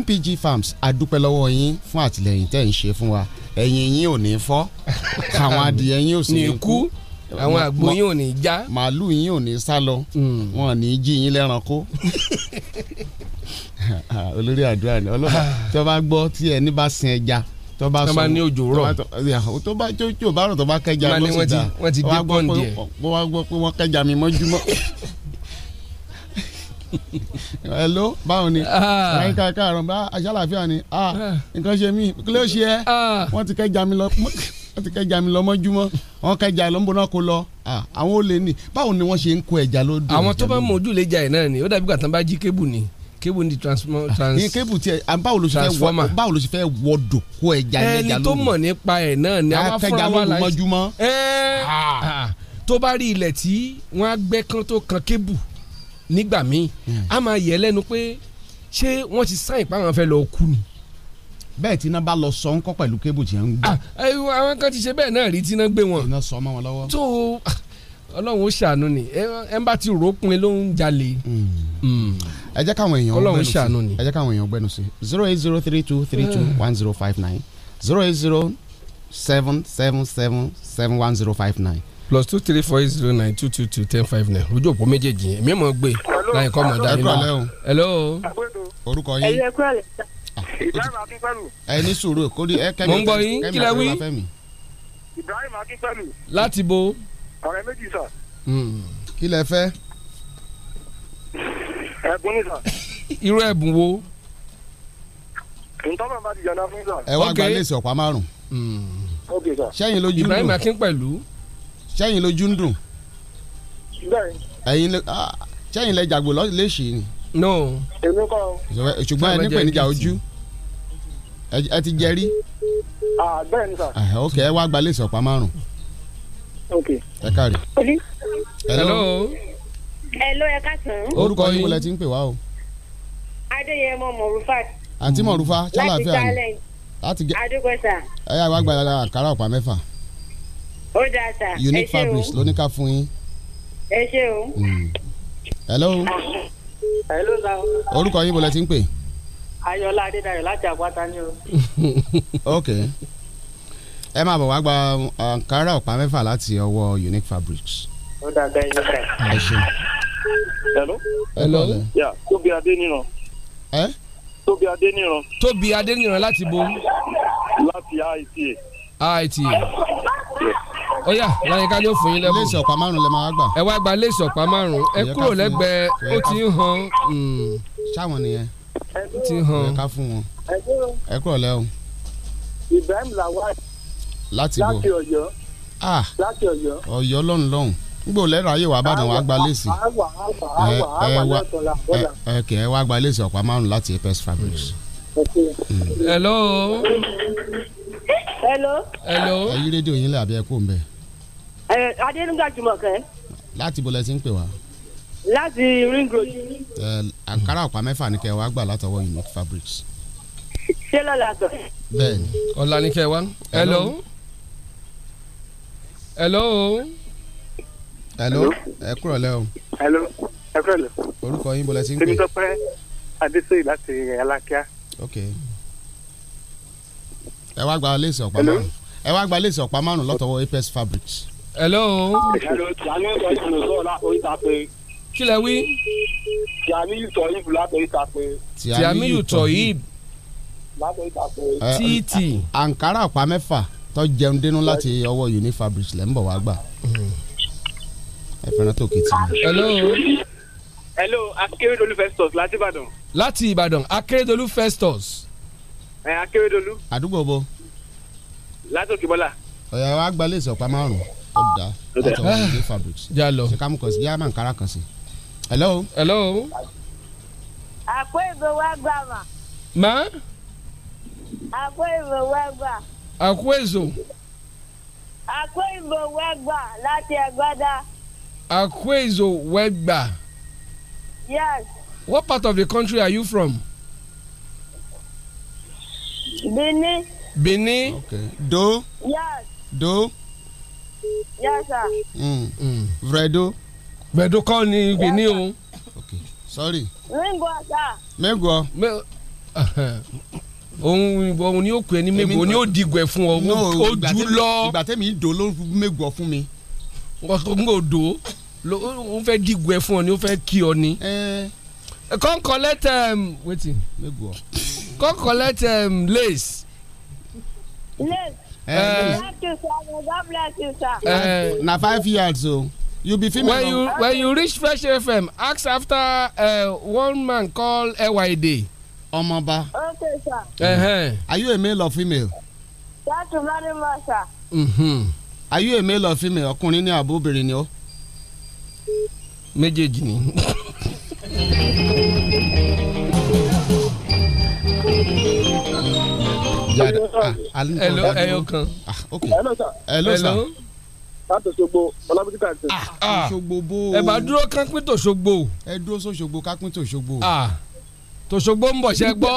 NPG Farms adúpẹ́ lọ́wọ́ yín fún àtìlẹ́yìn tẹ́ ń ṣe fún wa ẹ̀yìn yín ò ní fọ́ àwọn adìyẹ yín ò sì ní kú àwọn àgbo yín ò ní já màálù yín ò ní sá lọ hmm. wọn ò ní jí yín lẹ́ranko olórí àdúrà ni ọlọ́run ah. tí wọ́n bá gbọ́ tí ẹni bá sin ẹja tó bá sọ tó bá ní òjò rọ tó bá tó tó bá rọ tó bá kẹja lọ sí da wọ́n ti dé pọ́ǹdì ẹ̀ wọ́n wá gbọ́ pé wọ́n kẹja mi mọ́júmọ́. hello báwo ni láyé ah. káàkiri àrùn bá aṣáláfíà ni ah, ah. nǹkan ṣe mí kí ló ṣe ẹ́ wọ́n ti kẹja mi lọ wọ́n ti kẹja mi lọ mọ́júmọ́ wọ́n kẹja ló ń bọ́ná kó lọ àwọn olè ni báwo ni wọ́n ṣe ń kó ẹja lódò. àwọn tó bá mọ ojú lè ja ẹ̀ náà ni ó dàbí gbàtàn bá jí kébù ni kébù ni transformer. Ah, ní kébù tiẹ̀ báwo ló ṣe fẹ́ wọ báwo ló ṣe fẹ́ wọ dòkó ẹja ẹlẹ́ja lóru. ẹni tó mọ̀ nípa ẹ̀ náà ni àwa fúnra wa la ẹ tó bá rí ilẹ̀ tí wọ́n á gbẹ́ kán tó kan kébù nígbà míì hmm. a máa yẹ lẹ́nu pé ṣé wọ́n ti sáyìn pa àwọn fẹ́ lọ kú ni bẹ́ẹ̀ tí iná bá lọ sọ ń kọ́ pẹ̀lú kébù tí ń gbọ́. Ah, àwọn kan ti ṣe bẹ́ẹ̀ náà rí tí iná gbé wọn. iná sọ ọmọ wọn lọ́wọ́. tó ah, ọlọ́run ó ṣàánú ni ẹ ń bá ti ròópin ló ń jalè. Hmm. Hmm. ẹ jẹ́ káwọn èèyàn ọlọ́run ṣàánú ni ẹ jẹ́ káwọn èèyàn gbẹ́nu sí zero eight zero three two three two hmm. one zero five nine zero eight zero seven seven seven seven one zero five nine. plus two three four eight zero nine two two two ten five nine ojú òpó méjèèjì yẹn èmi mọ̀ gbé láyé kọ́ mọ̀ dáhùn. ẹ kúrọ̀lẹ́ hello. orúkọ yín. ẹ̀yẹ kúrọ̀lẹ́ sá. Ah, ìdáhùn akínpẹ̀lú. ẹ ní sùúrù kórìí ẹ kẹ́mi. mo ń gbọ́ yín kí lẹ wí. Ibrahim Akínpẹ̀lú. láti bo ọ̀rẹ́ méjì sà. Hmm. kí lẹ fẹ́. ẹ̀bùn ni sà. irú ẹ̀bùn wo. ntọ́lọ̀ bá ti yànnà fún sà. ẹ wá gba léèsì ọ̀pá márùn. ok sà. sẹ́yìn lójú ń dùn. Ibrahim Akin pẹ̀lú. sẹ́yìn lójú ń dùn. bẹ́ẹ̀. ẹ̀yin sẹ́yìn lẹ ah, jàgbó léṣì ni. no. èmi kọ́. ṣùgbọ́n ẹni pè níjà ojú ẹ ti jẹ rí. Ah, bẹ́ẹ̀ ni sà. Ah, ok ẹ wá gba léèsì ọ̀pá márùn ok ẹ káàrí. hello. hello ẹ káàsán. orúkọ yín wọlé tí ń pè wá o. adéyẹmọ mọrúfàt. àǹtí mọrúfà ṣàlàáfíà ni. láti gẹ adékọsà. ẹ yà wá gbàdá àkàrà ọ̀pá mẹ́fà. ó dáa sà ẹ ṣé o. unique fabrics ló ní ká fún yín. ẹ ṣé o. Hmm. hello. hello sà. orúkọ yín wọlé tí ń pè. ayọ̀lá adédayọ̀ láti àpáta ni o. ok ẹ máa bọ̀ wá gba ankara ọ̀pá mẹ́fà láti ọwọ́ unique fabrics. ó dáa bẹ́ẹ̀ yín ká. ẹ ṣeun. hello. hello. yà tóbi adéníran. ẹ. tóbi adéníran. tóbi adéníran láti bo. láti ITA. ITA. ó yá láyínká ló fún yín lẹ́bùn. léèsì ọ̀pá márùn-ún lè máa gbà. ẹ wá gba léèsì ọ̀pá márùn-ún ẹ kúrò lẹ́gbẹ̀ẹ́ ó ti ń han. sáwọn hmm. nìyẹn. ó ti ń han. ẹ ká fún wọn. ẹ kúrò lẹ́wọ̀n. Ibrahim Lawal láti bò láti Ọ̀yọ́ ah. láti Ọ̀yọ́ Ọ̀yọ́ lọ́hùn lẹ́rọ ayé wa àbàdàn wa gba léèsì ẹ ẹ wa gba léèsì ọ̀pá márùn láti apes fabrics. hello. hello. hello. ẹyí rédíò yín lẹ àbí ẹ kó ń bẹ. adéńgá jùmọ̀kẹ́. láti bo lẹ ń pè wá. láti ring road. ẹ ọ̀pá mẹ́fà ni kẹ́ ẹ wá gbà látọwọ́ unique fabrics. ṣé lọ́la sọ. bẹ́ẹ̀ni ọ̀la ni kẹ́ ẹ wá. hello. hello? hello. hello ẹ kúrọ̀ lẹ́ o. hello ẹ kúrọ̀ lẹ́. orúkọ yín bọ̀lá sí ń pè. tèmítọ́pẹ́ adéṣèyí láti alákíá. ok ẹ wá gba léèsì ọ̀pá márùn ẹ wá gba léèsì ọ̀pá márùn lọ́tọ̀wọ́ Apex Fabrics. hello. hello tani sọ ìbùdó sọ̀rọ̀ láti orí ta pé. kí lẹ wí. tìámí yù tọ̀ yìí láti orí ta pé. tìámí yù tọ̀ yìí. láti orí ta pé. tt ankara ọ̀pá mẹ́fà tó jẹun dénú láti ọwọ́ uni fabric lẹ́ ń bọ̀ wá gbà ẹ fẹ́ràn tó kìtì. hello. hello akérèdọ́lù festus láti ìbàdàn. láti ìbàdàn akérèdọ́lù festus. ẹ akérèdọ́lù. àdúgbò bo. láti òkèbọ́lá. ọ̀yà wa gbalẹ̀ ìsọ̀pá márùn-ún ọ̀dà láti ọwọ́ uni fabric. jalo ṣe ká mú kàn sí yá máa ń kára kàn sí. hello. hello. àpò ìbò wa gbà mà. mà. àpò ìbò wa gbà àkóèzò. àkóèzò wẹ́gbà láti ẹgbẹ́dá. àkóèzò wẹ́gbà. yes. what part of the country are you from. benin. benin. okay. do. yes. do. yes sir. Mm. Mm. vredo. vredo kọ́ ni benin o. okay sorry. mingo sir. mingo. Me, uh -huh. Mm òun òun ni ó kú ẹni mẹ́gbọ́ òun ni ó dìgbẹ́ fún ọ ojú lọ. ìgbà tẹ́mi ń dò ló mẹ́gbọ́ fún mi. n kò dò òun fẹ́ dìgbẹ́ fún ọ ni ó fẹ́ kí ọ ni. come collect um, wetin mẹ́gbọ́ come collect um, lace. lace. Uh, thank you sir god bless you sir. Uh, na five yards o. So you be female. when you when you reach fresh fm ask after uh, one man call ayd. Ọmọba. Okay, sir. Uh-huh. Are you a male or female? That's a married man, sir. hmm Are you a male or female? Ọkùnrin ni àbí obìnrin ni ó? Méjèèjì ni. jáde hello ah, ẹyọ kan. Ah, hello sir. hello sir. láti ṣogbo ọlábìtì ah, kàǹtì. ṣogbo bó o. ẹ bá dúró kápẹ́tò ṣogbo. ẹ dúró sóṣogbo kápẹ́tò ṣogbo tòṣogbo ń bọ̀ ṣẹ́ gbọ́.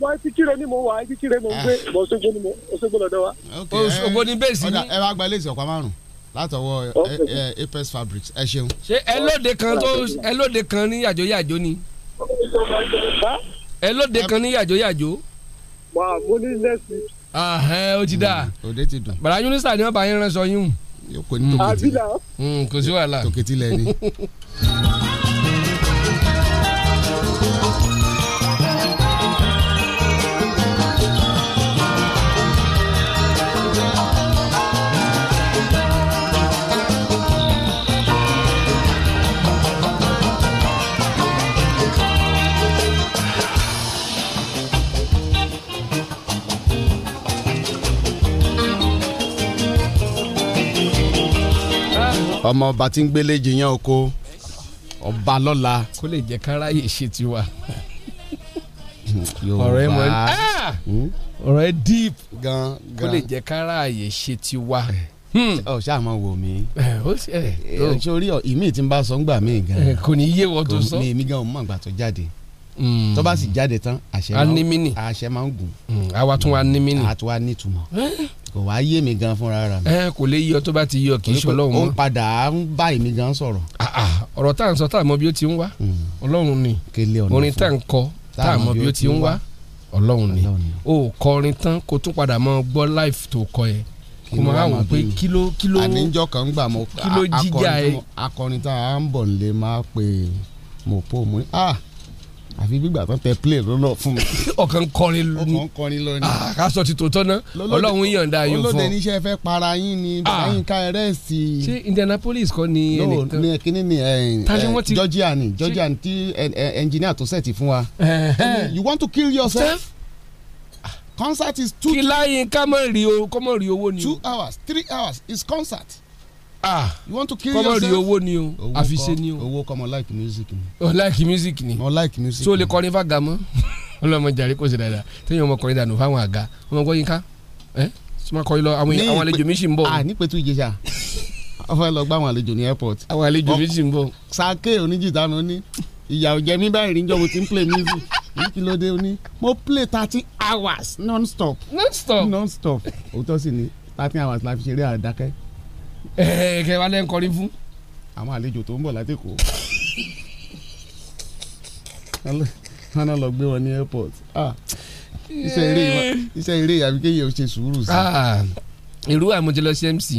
wọ́n ah, ti kíre ni mo wà á ti kíre mo gbé ah. Òṣogbo ni mo Òṣogbo lọ́dọ̀ wa. Òṣogbo ni eh, bẹ́ẹ̀sì ni. ẹ wá gba ilé ìsọ̀kan márùn-ún látọwọ́ eh, eh, Apex Fabrics ẹ ṣeun. ṣé ẹ lóde kan tó ẹ lóde kan ní yàjó yàjó ni. ẹ lóde kan ní yàjó yàjó. wà á mo ní next week. Ah, ó ti dáa mm, òde ti dùn. bàrà yunisa ni wọn bá yín ránṣọ yín. kò ní tòkìtì mm, kò sí wàhálà tòkìtì lẹ́ni. ọmọ ọba tí ń gbélé jiyàn oko ọba lọ́la. kó lè jẹ́ káráyè ṣe tiwa. ọ̀rọ̀ ẹ mọ̀ ẹ hmm? deep gan gan kó lè jẹ́ káráyè ṣe tiwa. ọ eh. hmm. ṣáà máa wò mí. Eh, eh, oh. ṣé orí ìmí tí n bá sọ ń gbà mí gan. kò ní yé wọ́n tó sọ. mi gan mọ̀ àgbà tó jáde. Mm. tó bá sì jáde tán àṣẹ máa ń gùn. Mm, àwa tún wa ní mínì. àwa tún wa ní ìtumọ̀ eh. kò wá yé mi gan fúnra rà mi. ẹ eh, kò lè yọ tó bá ti yọ kì í ṣọlọ́run mọ́. ó ń padà ń bá èmi gan sọ̀rọ̀. Ah, ah, ọ̀rọ̀ tá à ń sọ tá à mọ bí ó ti ń wá mm. ọlọ́run ni orin tá à ń kọ tá à mọ bí ó ti ń wá ọlọ́run ni o kọ orin tán kó tún padà mọ gbọ́ life tó kọ yẹ kó mọ àwọn pé kíló kíló àníjọ kan gbà mo kíló jíjà akọrin tá à ń bọ̀ lè máa pè mo pò mo ah àfi gbígbà tán tẹ play lọ́nà fún mi. ọkàn kọrin lọ ọkàn kọrin lọ ni. àkàsọ ah, ti tòótọ́ ná ọlọ́run yọ̀ǹda yín fún. olóde níṣẹ́ fẹ́ para yín ni bayinka ah. ẹrẹ́sì. ṣé indianapolis kọ́ ni ẹnìkan. ní kíní ni eh, eh, georgia ni georgia ti engineer tó sẹ́ẹ̀tì fún wa. you want to kill yourself ah, concert is two. kí láyé ká rí owó ni. two hours three hours is concert ah you want to kill Come yourself kọmọ rí owó ni o àfiṣe ni o owó kọmọ like music ni o like music ni mo like music ni so o lè kọrin fàgà mọ ọlọmọ jàre kò sí dáadáa téèyàn ọmọ kọrin dànù fáwọn àga ọmọ gbọ́ yín ká ẹ sọ ma kọrin lọ àwọn àlejò mi sì ń bọ̀. à ní pẹ̀tù ìjẹsà wọ́n fẹ́ lọ gbá àwọn àlejò ní airport. àwọn àlejò mi sì ń bọ̀. sake oníjìtá mi ó ní ìyà ò jẹ mí báyìí níjọ́ mo ti ń play music ní kí ló dé ó ní mo play thirty hours non stop. non stop. non stop òótọ́ sì ni thirty hours la fi ṣeré àdákẹ́ kẹ wá lẹ́ ń kọrin fún. àwọn àlejò tó ń bọ̀ láti Èkó wọn lọ gbé wọn ní airport ah, iṣẹ́ eré àbí eh. kéèyàn ṣe sùúrù sí. irú àmọ́ ti MC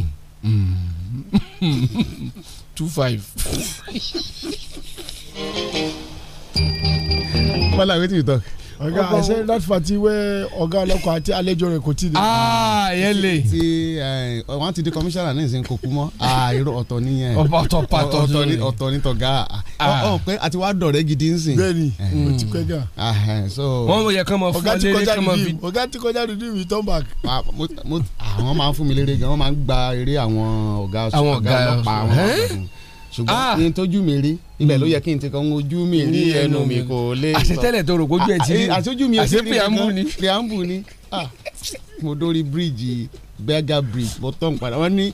two five. Bala, wetin you talk? ọ̀gá àṣẹ láti fàtí wẹ́ ọ̀gá ọlọ́kọ̀ àti àlejò rẹ̀ kò tí ì dé. aa ah, yẹ le. ti eh, wọn ti di kọmíṣánná náà ṣe ń kó kú mọ́ àìró ah, ọ̀tọ̀ nìyẹn ọ̀tọ̀ pàtó ọ̀tọ̀ ní tọ̀gá ah, ọ̀ pé àti wàá dọ̀rẹ́ gidi ń sìn. bẹ́ẹ̀ni o eh. ti kọ ẹgà. wọn yẹ kán mọ fún ọlẹ́lẹ́ kán mọ fi. ọ̀gá ti kọjá rìdí mi turn back. àwọn máa ń fún mi léré gan wọn máa ń gba eré àwọn ọ̀gá ọlọ́pàá àwọn ṣùgbọ́n ní ah! tójú mi rí ibẹ̀ ló yẹ hmm. kí n ti kan ojú mi rí hmm. ẹnu mi kò lè sọ àṣetẹ́lẹ̀ tó rò kójú ẹ̀ ti rí àṣojú mi ò rí kankan preambu ni ah! mo dórí bíríìjì berger bridge mo tọ́ n padà wọ́n ní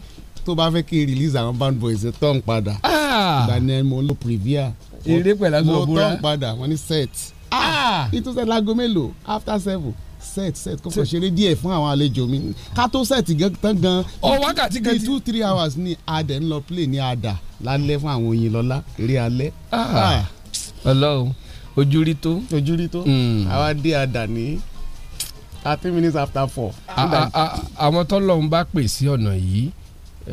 tó bá fẹ́ kí n release àwọn band boys tọ́ n padà ah! ìgbà mo lò previa mo tọ́ n padà wọ́n ní set ìtúsẹ̀ lágo mélòó after seven set set kọ́kọ́ ṣeré díẹ̀ fún àwọn àlejò mi ká tó set gan gan ọ wákàtí gan ti two three hours ni adẹ ń lọ play ní ada lálẹ́ fún àwọn oyin lọ́lá eré alẹ́. Ah, ah. Ọlọ́run ojú rí tó. ojú rí tó hmm. àwa dé ada ní thirty minutes after four. àwọn tọ́lọ́run bá pè sí ọ̀nà yìí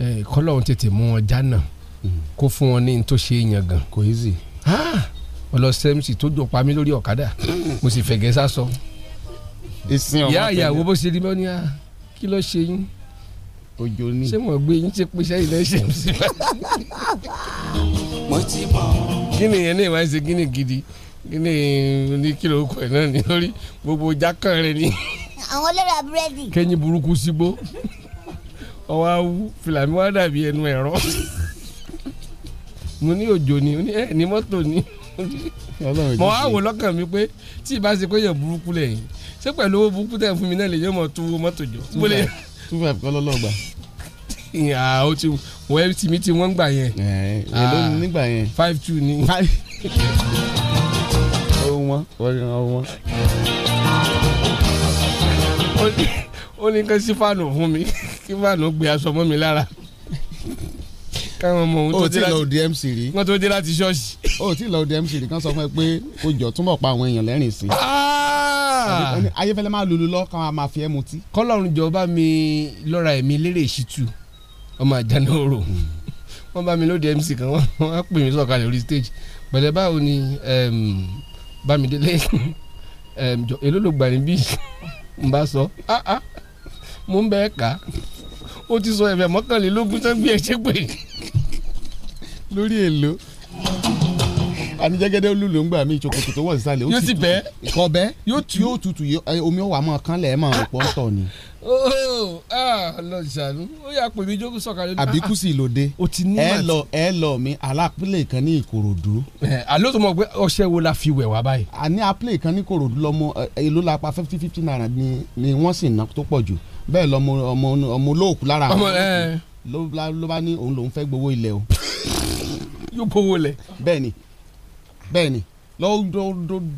eh, kọ́lọ́run tètè mú wọn jánà hmm. kó fún wọn ní n tó ṣe é yan gan. kò easy ọlọsẹmùsì ah, tó jọ pa mí lórí ọ̀kadà hmm. mo sì fẹ̀gẹ́ sá sọ ìsìn ọmọ tẹlẹ ìyá ìyàwó bó ṣe rí mọ́ ni a kí ló ṣe yín ojo ni ṣé mo gbé yín ṣe pé sẹ́yìn lẹ́sẹ̀ mo ti mọ̀. kí ni ìyẹn náà máa ń ṣe kí ni gidi kí ni ní kìlọ̀ ọkọ̀ ẹ̀ náà ní gbogbo jákàn rẹ ni. àwọn olóra búrẹ́dì. kẹ́yìn burúkú sígbó ọwọ́ awú fìlàmì wá dàbí ẹnu ẹ̀rọ mo ní òjò ni ẹ ní mọ́tò ni mo á wò lọ́kàn mi pé tí ì bá ṣe pé yẹn burúkú lẹ́yìn ṣé pẹ̀lú owó burúkú tẹ̀ fún mi náà lè yóò mọ̀ tó owó mọ́tò jọ. two five kọ́ lọ́lọ́gba. ó ti wọ ẹ́ tì mí tí wọ́n gbà yẹn. èló ni ah, nígbà yẹn. five two ni. ohun wọn ohun wọn. ó ní kán sí fún mi kí gbé aṣọ mọ́ mi lára káwọn ọmọ òun tó dé láti o ti lọ òde mc rí wọn tó dé láti ṣọ́ọ̀ṣì. o ti lọ òde mc rí kan sọ fún ẹ pé o jọ túnbọ̀ pa àwọn èèyàn lẹ́rìn sí i. Ah! Ah. ayéfẹ́lẹ́ máa lulu lọ káwọn máa fi ẹ́ mutí. kọ́lọ́run jọ bá mi lọ́ra ẹ̀mí lérè ìṣítù ọmọ àjànà òrò hmm. wọ́n bá mi lóde mc kan wọ́n á pè mí sọ̀kalẹ̀ orí stage pẹ̀lẹ́ báwo ni bámidélé èló ló gbà níbí n bá sọ ah, ah, mo ń bẹ ẹ kà ó ti sọ ẹ̀fẹ̀ mọ́kànlélógún tó ń gbé ẹ ṣépè lórí èlò anijẹgẹdẹ olúlo ń gbà mí ìṣòkòtò tó wọ sísàlẹ̀ o sì bẹ kọ bẹ yóò tutù omi ọwà máa kán lẹ ẹ máa pọ ń tọ ni. ọlọ́sàn-án oh, ah, ó yà pè mí jókòó sọ̀kalẹ̀. àbíkú sì lòde ẹ lọ ẹ lọ mi alápilẹ̀ kan ní ìkòròdú. àló tó mọ̀ pé ọṣẹ wo la fi wẹ̀ wá báyìí. a ní apilẹ̀ kan ní ìkòròdú lọ́mọ èlò la pa fifty fifty naira ni wọ́n sì ná tó pọ̀ jù bẹ́ẹ̀ lọ́mọ ọmọ olóòkú lára ló bá ní òun lòún fẹ́ gbowó ilẹ̀ o. yóò gbowó lẹ̀. bẹ́ẹ̀ ni bẹ́ẹ̀ ni lọ́wọ́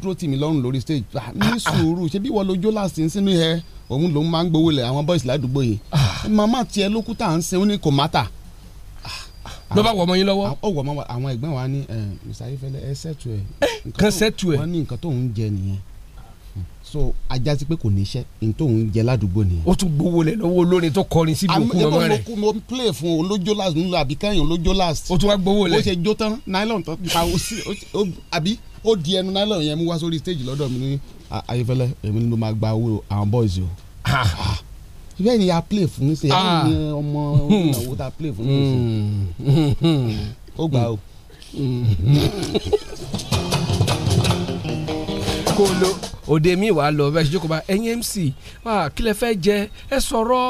dúró tì mí lọ́rùn lórí stage ah, ní ah, ah. sùúrù ṣé bí wọ́n lójó láti ń sínú ẹ òun lòún máa ń gbowó lẹ̀ àwọn boys ládùúgbò yìí màmá tiẹ̀ ló kú tá à ń sin ó ní kò mátà. ló bá wọ ọmọ yín lọ́wọ́. ó wọ ọmọ àwọn ẹ̀gbọ́n wa ní eh, Mr. Ayéfẹ́lẹ́ ẹ sẹ́tù ẹ̀. Eh, kan sẹ́tù ẹ̀. wọ́n ní nǹkan tóun jẹ nìyẹn so ajá sí pé kò ní iṣẹ́ ní tóun jẹ ládùúgbò nìyẹn. ó tún gbowó lẹ lọ́wọ́ olórin tó kọrin síbi òkú ọmọ rẹ̀. àmọ́ mo play fún olójó last nínú àbí kẹ́yìn olójó last. ó tún wá gbowó lẹ. ó ṣe jó tán nylon tó ta ó sí àbí ó di ẹnu nylon yẹn mú wá sórí stage lọ́dọ̀ mi ní ayéfẹ́lẹ́ èmi ni máa gba owó àwọn boys o ah. bẹ́ẹ̀ ni a play fún ṣe ẹ̀ ní ah. ọmọ hmm. ìnáwó ta play fún ṣe hmm. hmm. ó gbà o kó lo òde mi wàá lọ bẹ́ẹ̀ ṣíjókòó bá ẹ̀yin MC kí lẹ fẹ́ jẹ ẹ sọ̀rọ̀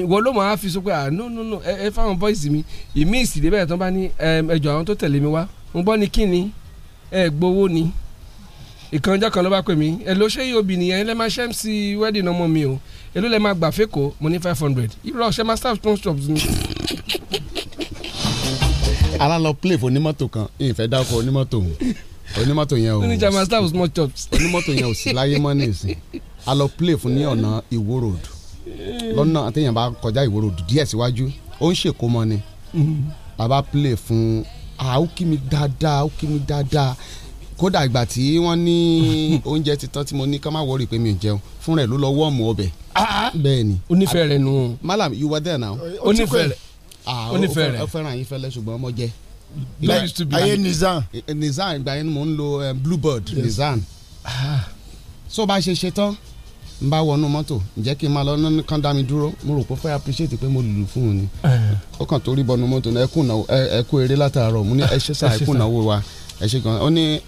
ìwọ ló máa fi sọ pé no no no ẹ fáwọn boys mi ìmí ìsìlẹ̀ bẹ́ẹ̀ tán bá ní ẹjọ́ àwọn tó tẹ̀lé mi wá ń gbọ́ ni kí ni ẹ gbowó ni ìkànjọ́ kan ló bá pè mí ẹ ló ṣe yóò nìyẹn lẹ́ máa ṣe MC wedding ọmọ mi o èló lẹ́ máa gbà fẹ́kọ̀ọ́ mo ní five hundred irọ́ ṣe máa staff strong shops ni ara play fún onímọ́tò kan ìfẹ́ dákọ̀ onímọ́tò òun onímọ́tò yẹn ò ní jama staff small chops. onímọ́tò yẹn ò sí láyé mọ́ ní ìsìn a lọ play fún ní ọ̀nà ìwó road lọ́nà àtẹ̀yìn bá kọjá ìwó road díẹ̀ síwájú ó ń ṣèkó mọ́ ni bàbá play fún a ó mi dáadáa ó mi dáadáa kódà ìgbà tí wọ́n ní oúnjẹ ti tán tí mo ní ká má wọrí pé mi ò jẹun fún rẹ̀ ló lọ wọ́ọ̀mù ọbẹ̀. Ah, ah. bẹ́ẹ̀ ni onífẹ̀ẹ́ rẹ̀ nù. malam you were there now. onífẹ̀ẹ́ rẹ̀ ah, onífẹ̀ẹ́ rẹ̀ ó fẹ́ràn yín fẹ́lẹ́ ṣùgbọ́n ọmọ jẹ́ that used to be ayé nizan nizan eh, eh, ìgbà yẹn mo ń lo eh, bluebird nizan ah. so bá a ṣe ṣe tán n bá wọnú mọ́tò ǹjẹ́ kí n máa lọ ná kán dá mi dúró mo rò pé fẹ́ appreciate pé mo lùlù fún un ni ó kàn torí bọnu mọ́tò náà ẹ kú eré látàárọ̀ mo ní ẹ ṣe sáà ẹ kú náwó wa ẹ ṣe gan ó ní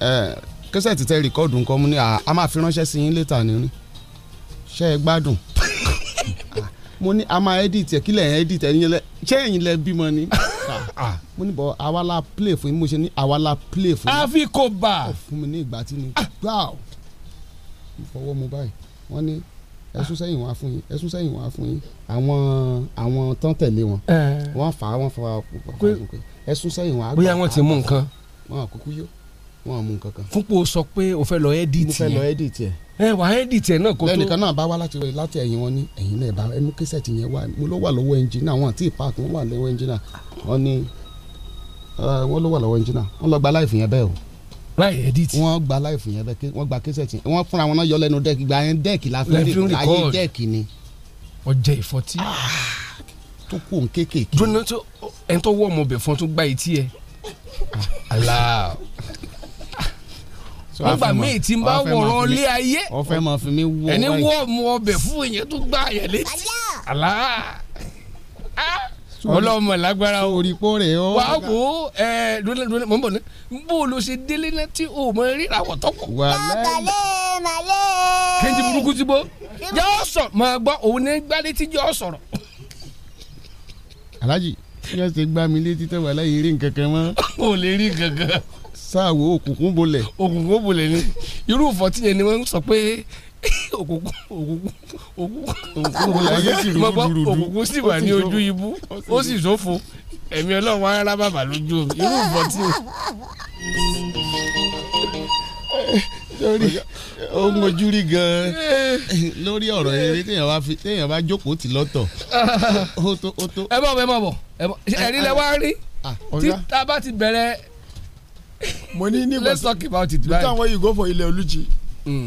kẹsẹ̀ tẹ rìkọ́ọ̀dù nǹkan mu ni a máa fi ránṣẹ́ sí yín létà ní ṣe é gbádùn ah. mo ní a máa edit ẹ kí lẹ́yìn edit ẹ ṣé ẹ̀yin lẹ bímọ ni. Ah, ah. mo ní bọ àwa play fún yín mo ṣe ní àwa play fún yín. àfi kò bá. ọ fún mi ní ìgbà tí ni gbà ó mo fọwọ́ mu báyìí wọ́n ní ẹsùn sẹ́yìn wá fún yín ẹsùn sẹ́yìn wá fún yín àwọn àwọn tán tẹ̀lé wọn eh. wọ́n fà á wọ́n fà á ẹsùn sẹ́yìn wá. bóyá wọ́n ti mú nǹkan. wọn kúkú yó wọn mú nǹkan kan. fúnpọ̀ sọ pé o fẹ́ lọ ẹ́díìtì yẹn. mo fẹ́ lọ ẹ́díìtì yẹn ẹ wà á edit ẹ náà kó tó. lẹ́nìkan náà bá wá láti láti ẹ̀yìn wọn ní ẹ̀yìn náà bá ẹmu kẹsẹ̀ tì yẹn wá mo ló wà lọ́wọ́ ẹnjìnà wọn àti ìpark wọn wà lọ́wọ́ ẹnjìnà wọn ní wọn ló wà lọ́wọ́ ẹnjìnà wọn lọ gba láìfù yẹn bẹ́ẹ̀ o láì edit. wọ́n gba láìfù yẹn bẹ́ẹ̀ wọ́n gba kẹsẹ̀ tì wọ́n fúnra wọn náà yọ lẹ́nu dẹ́ẹ̀kì gba yẹn dẹ́ẹ̀kì la fẹ́ dé ayé dẹ́ẹ̀kì ni. ọjẹ ìfọtí. Ah, tó kù ń kékèké. dúró náà tó ẹni tó wọ́ ọmọ bẹ̀ fún tó gbá etí ẹ. aláà nígbà míì tí n bá wọ̀rọ̀ lé ayé ẹni wọ́ mu ọbẹ̀ fún ìyẹn tó gbá àyẹ̀ létí ọlọ́mọ lágbára o orí kórè o wà á wò ó ẹ dúnlẹ̀ dúnlẹ̀ mọ̀ n bọ̀ ní bó o lọ ṣe délé náà tí o mọ rí àwọ̀ tọ́kọ̀. wà á lẹ́yìn màlẹ́. kẹ́ńtì burúkú ti bó jẹ́ ọ sọ̀rọ̀ mọ̀ gbọ́ òun ní gbálẹ́ tí jẹ́ ọ sọ̀rọ̀. alájì yóò ṣe gbá mi létí tẹ́wọ̀ aláyè rí nǹkan mọ́. o lè rí nǹkan sáàwó òkùnkùn bolẹ̀. òkùnkùn bolẹ̀ ni irú ìfọ̀tí yẹn ni wọ́n sọ pé òkùnkùn òkùnkùn òkùnkùn òkùnkùn sì wà ní ojú ibú ó sì ṣófo ẹ̀mí ọlọ́run á rá bàbà lójú omi irú ìfọ̀tí lórí ohun ojú rí gan eh. lórí ọ̀rọ̀ eh. eré téèyàn bá fi téèyàn bá jókòó tì lọ́tọ̀ ó tó ó tó. ẹ bọ̀ ẹ bọ̀ ẹ bọ̀ ẹ̀rí lẹ ah, wá rí ah, tí tá a bá ti bẹ̀rẹ̀ mo ní ní. let's talk about it. the time wey you go for ilẹ̀ olùjì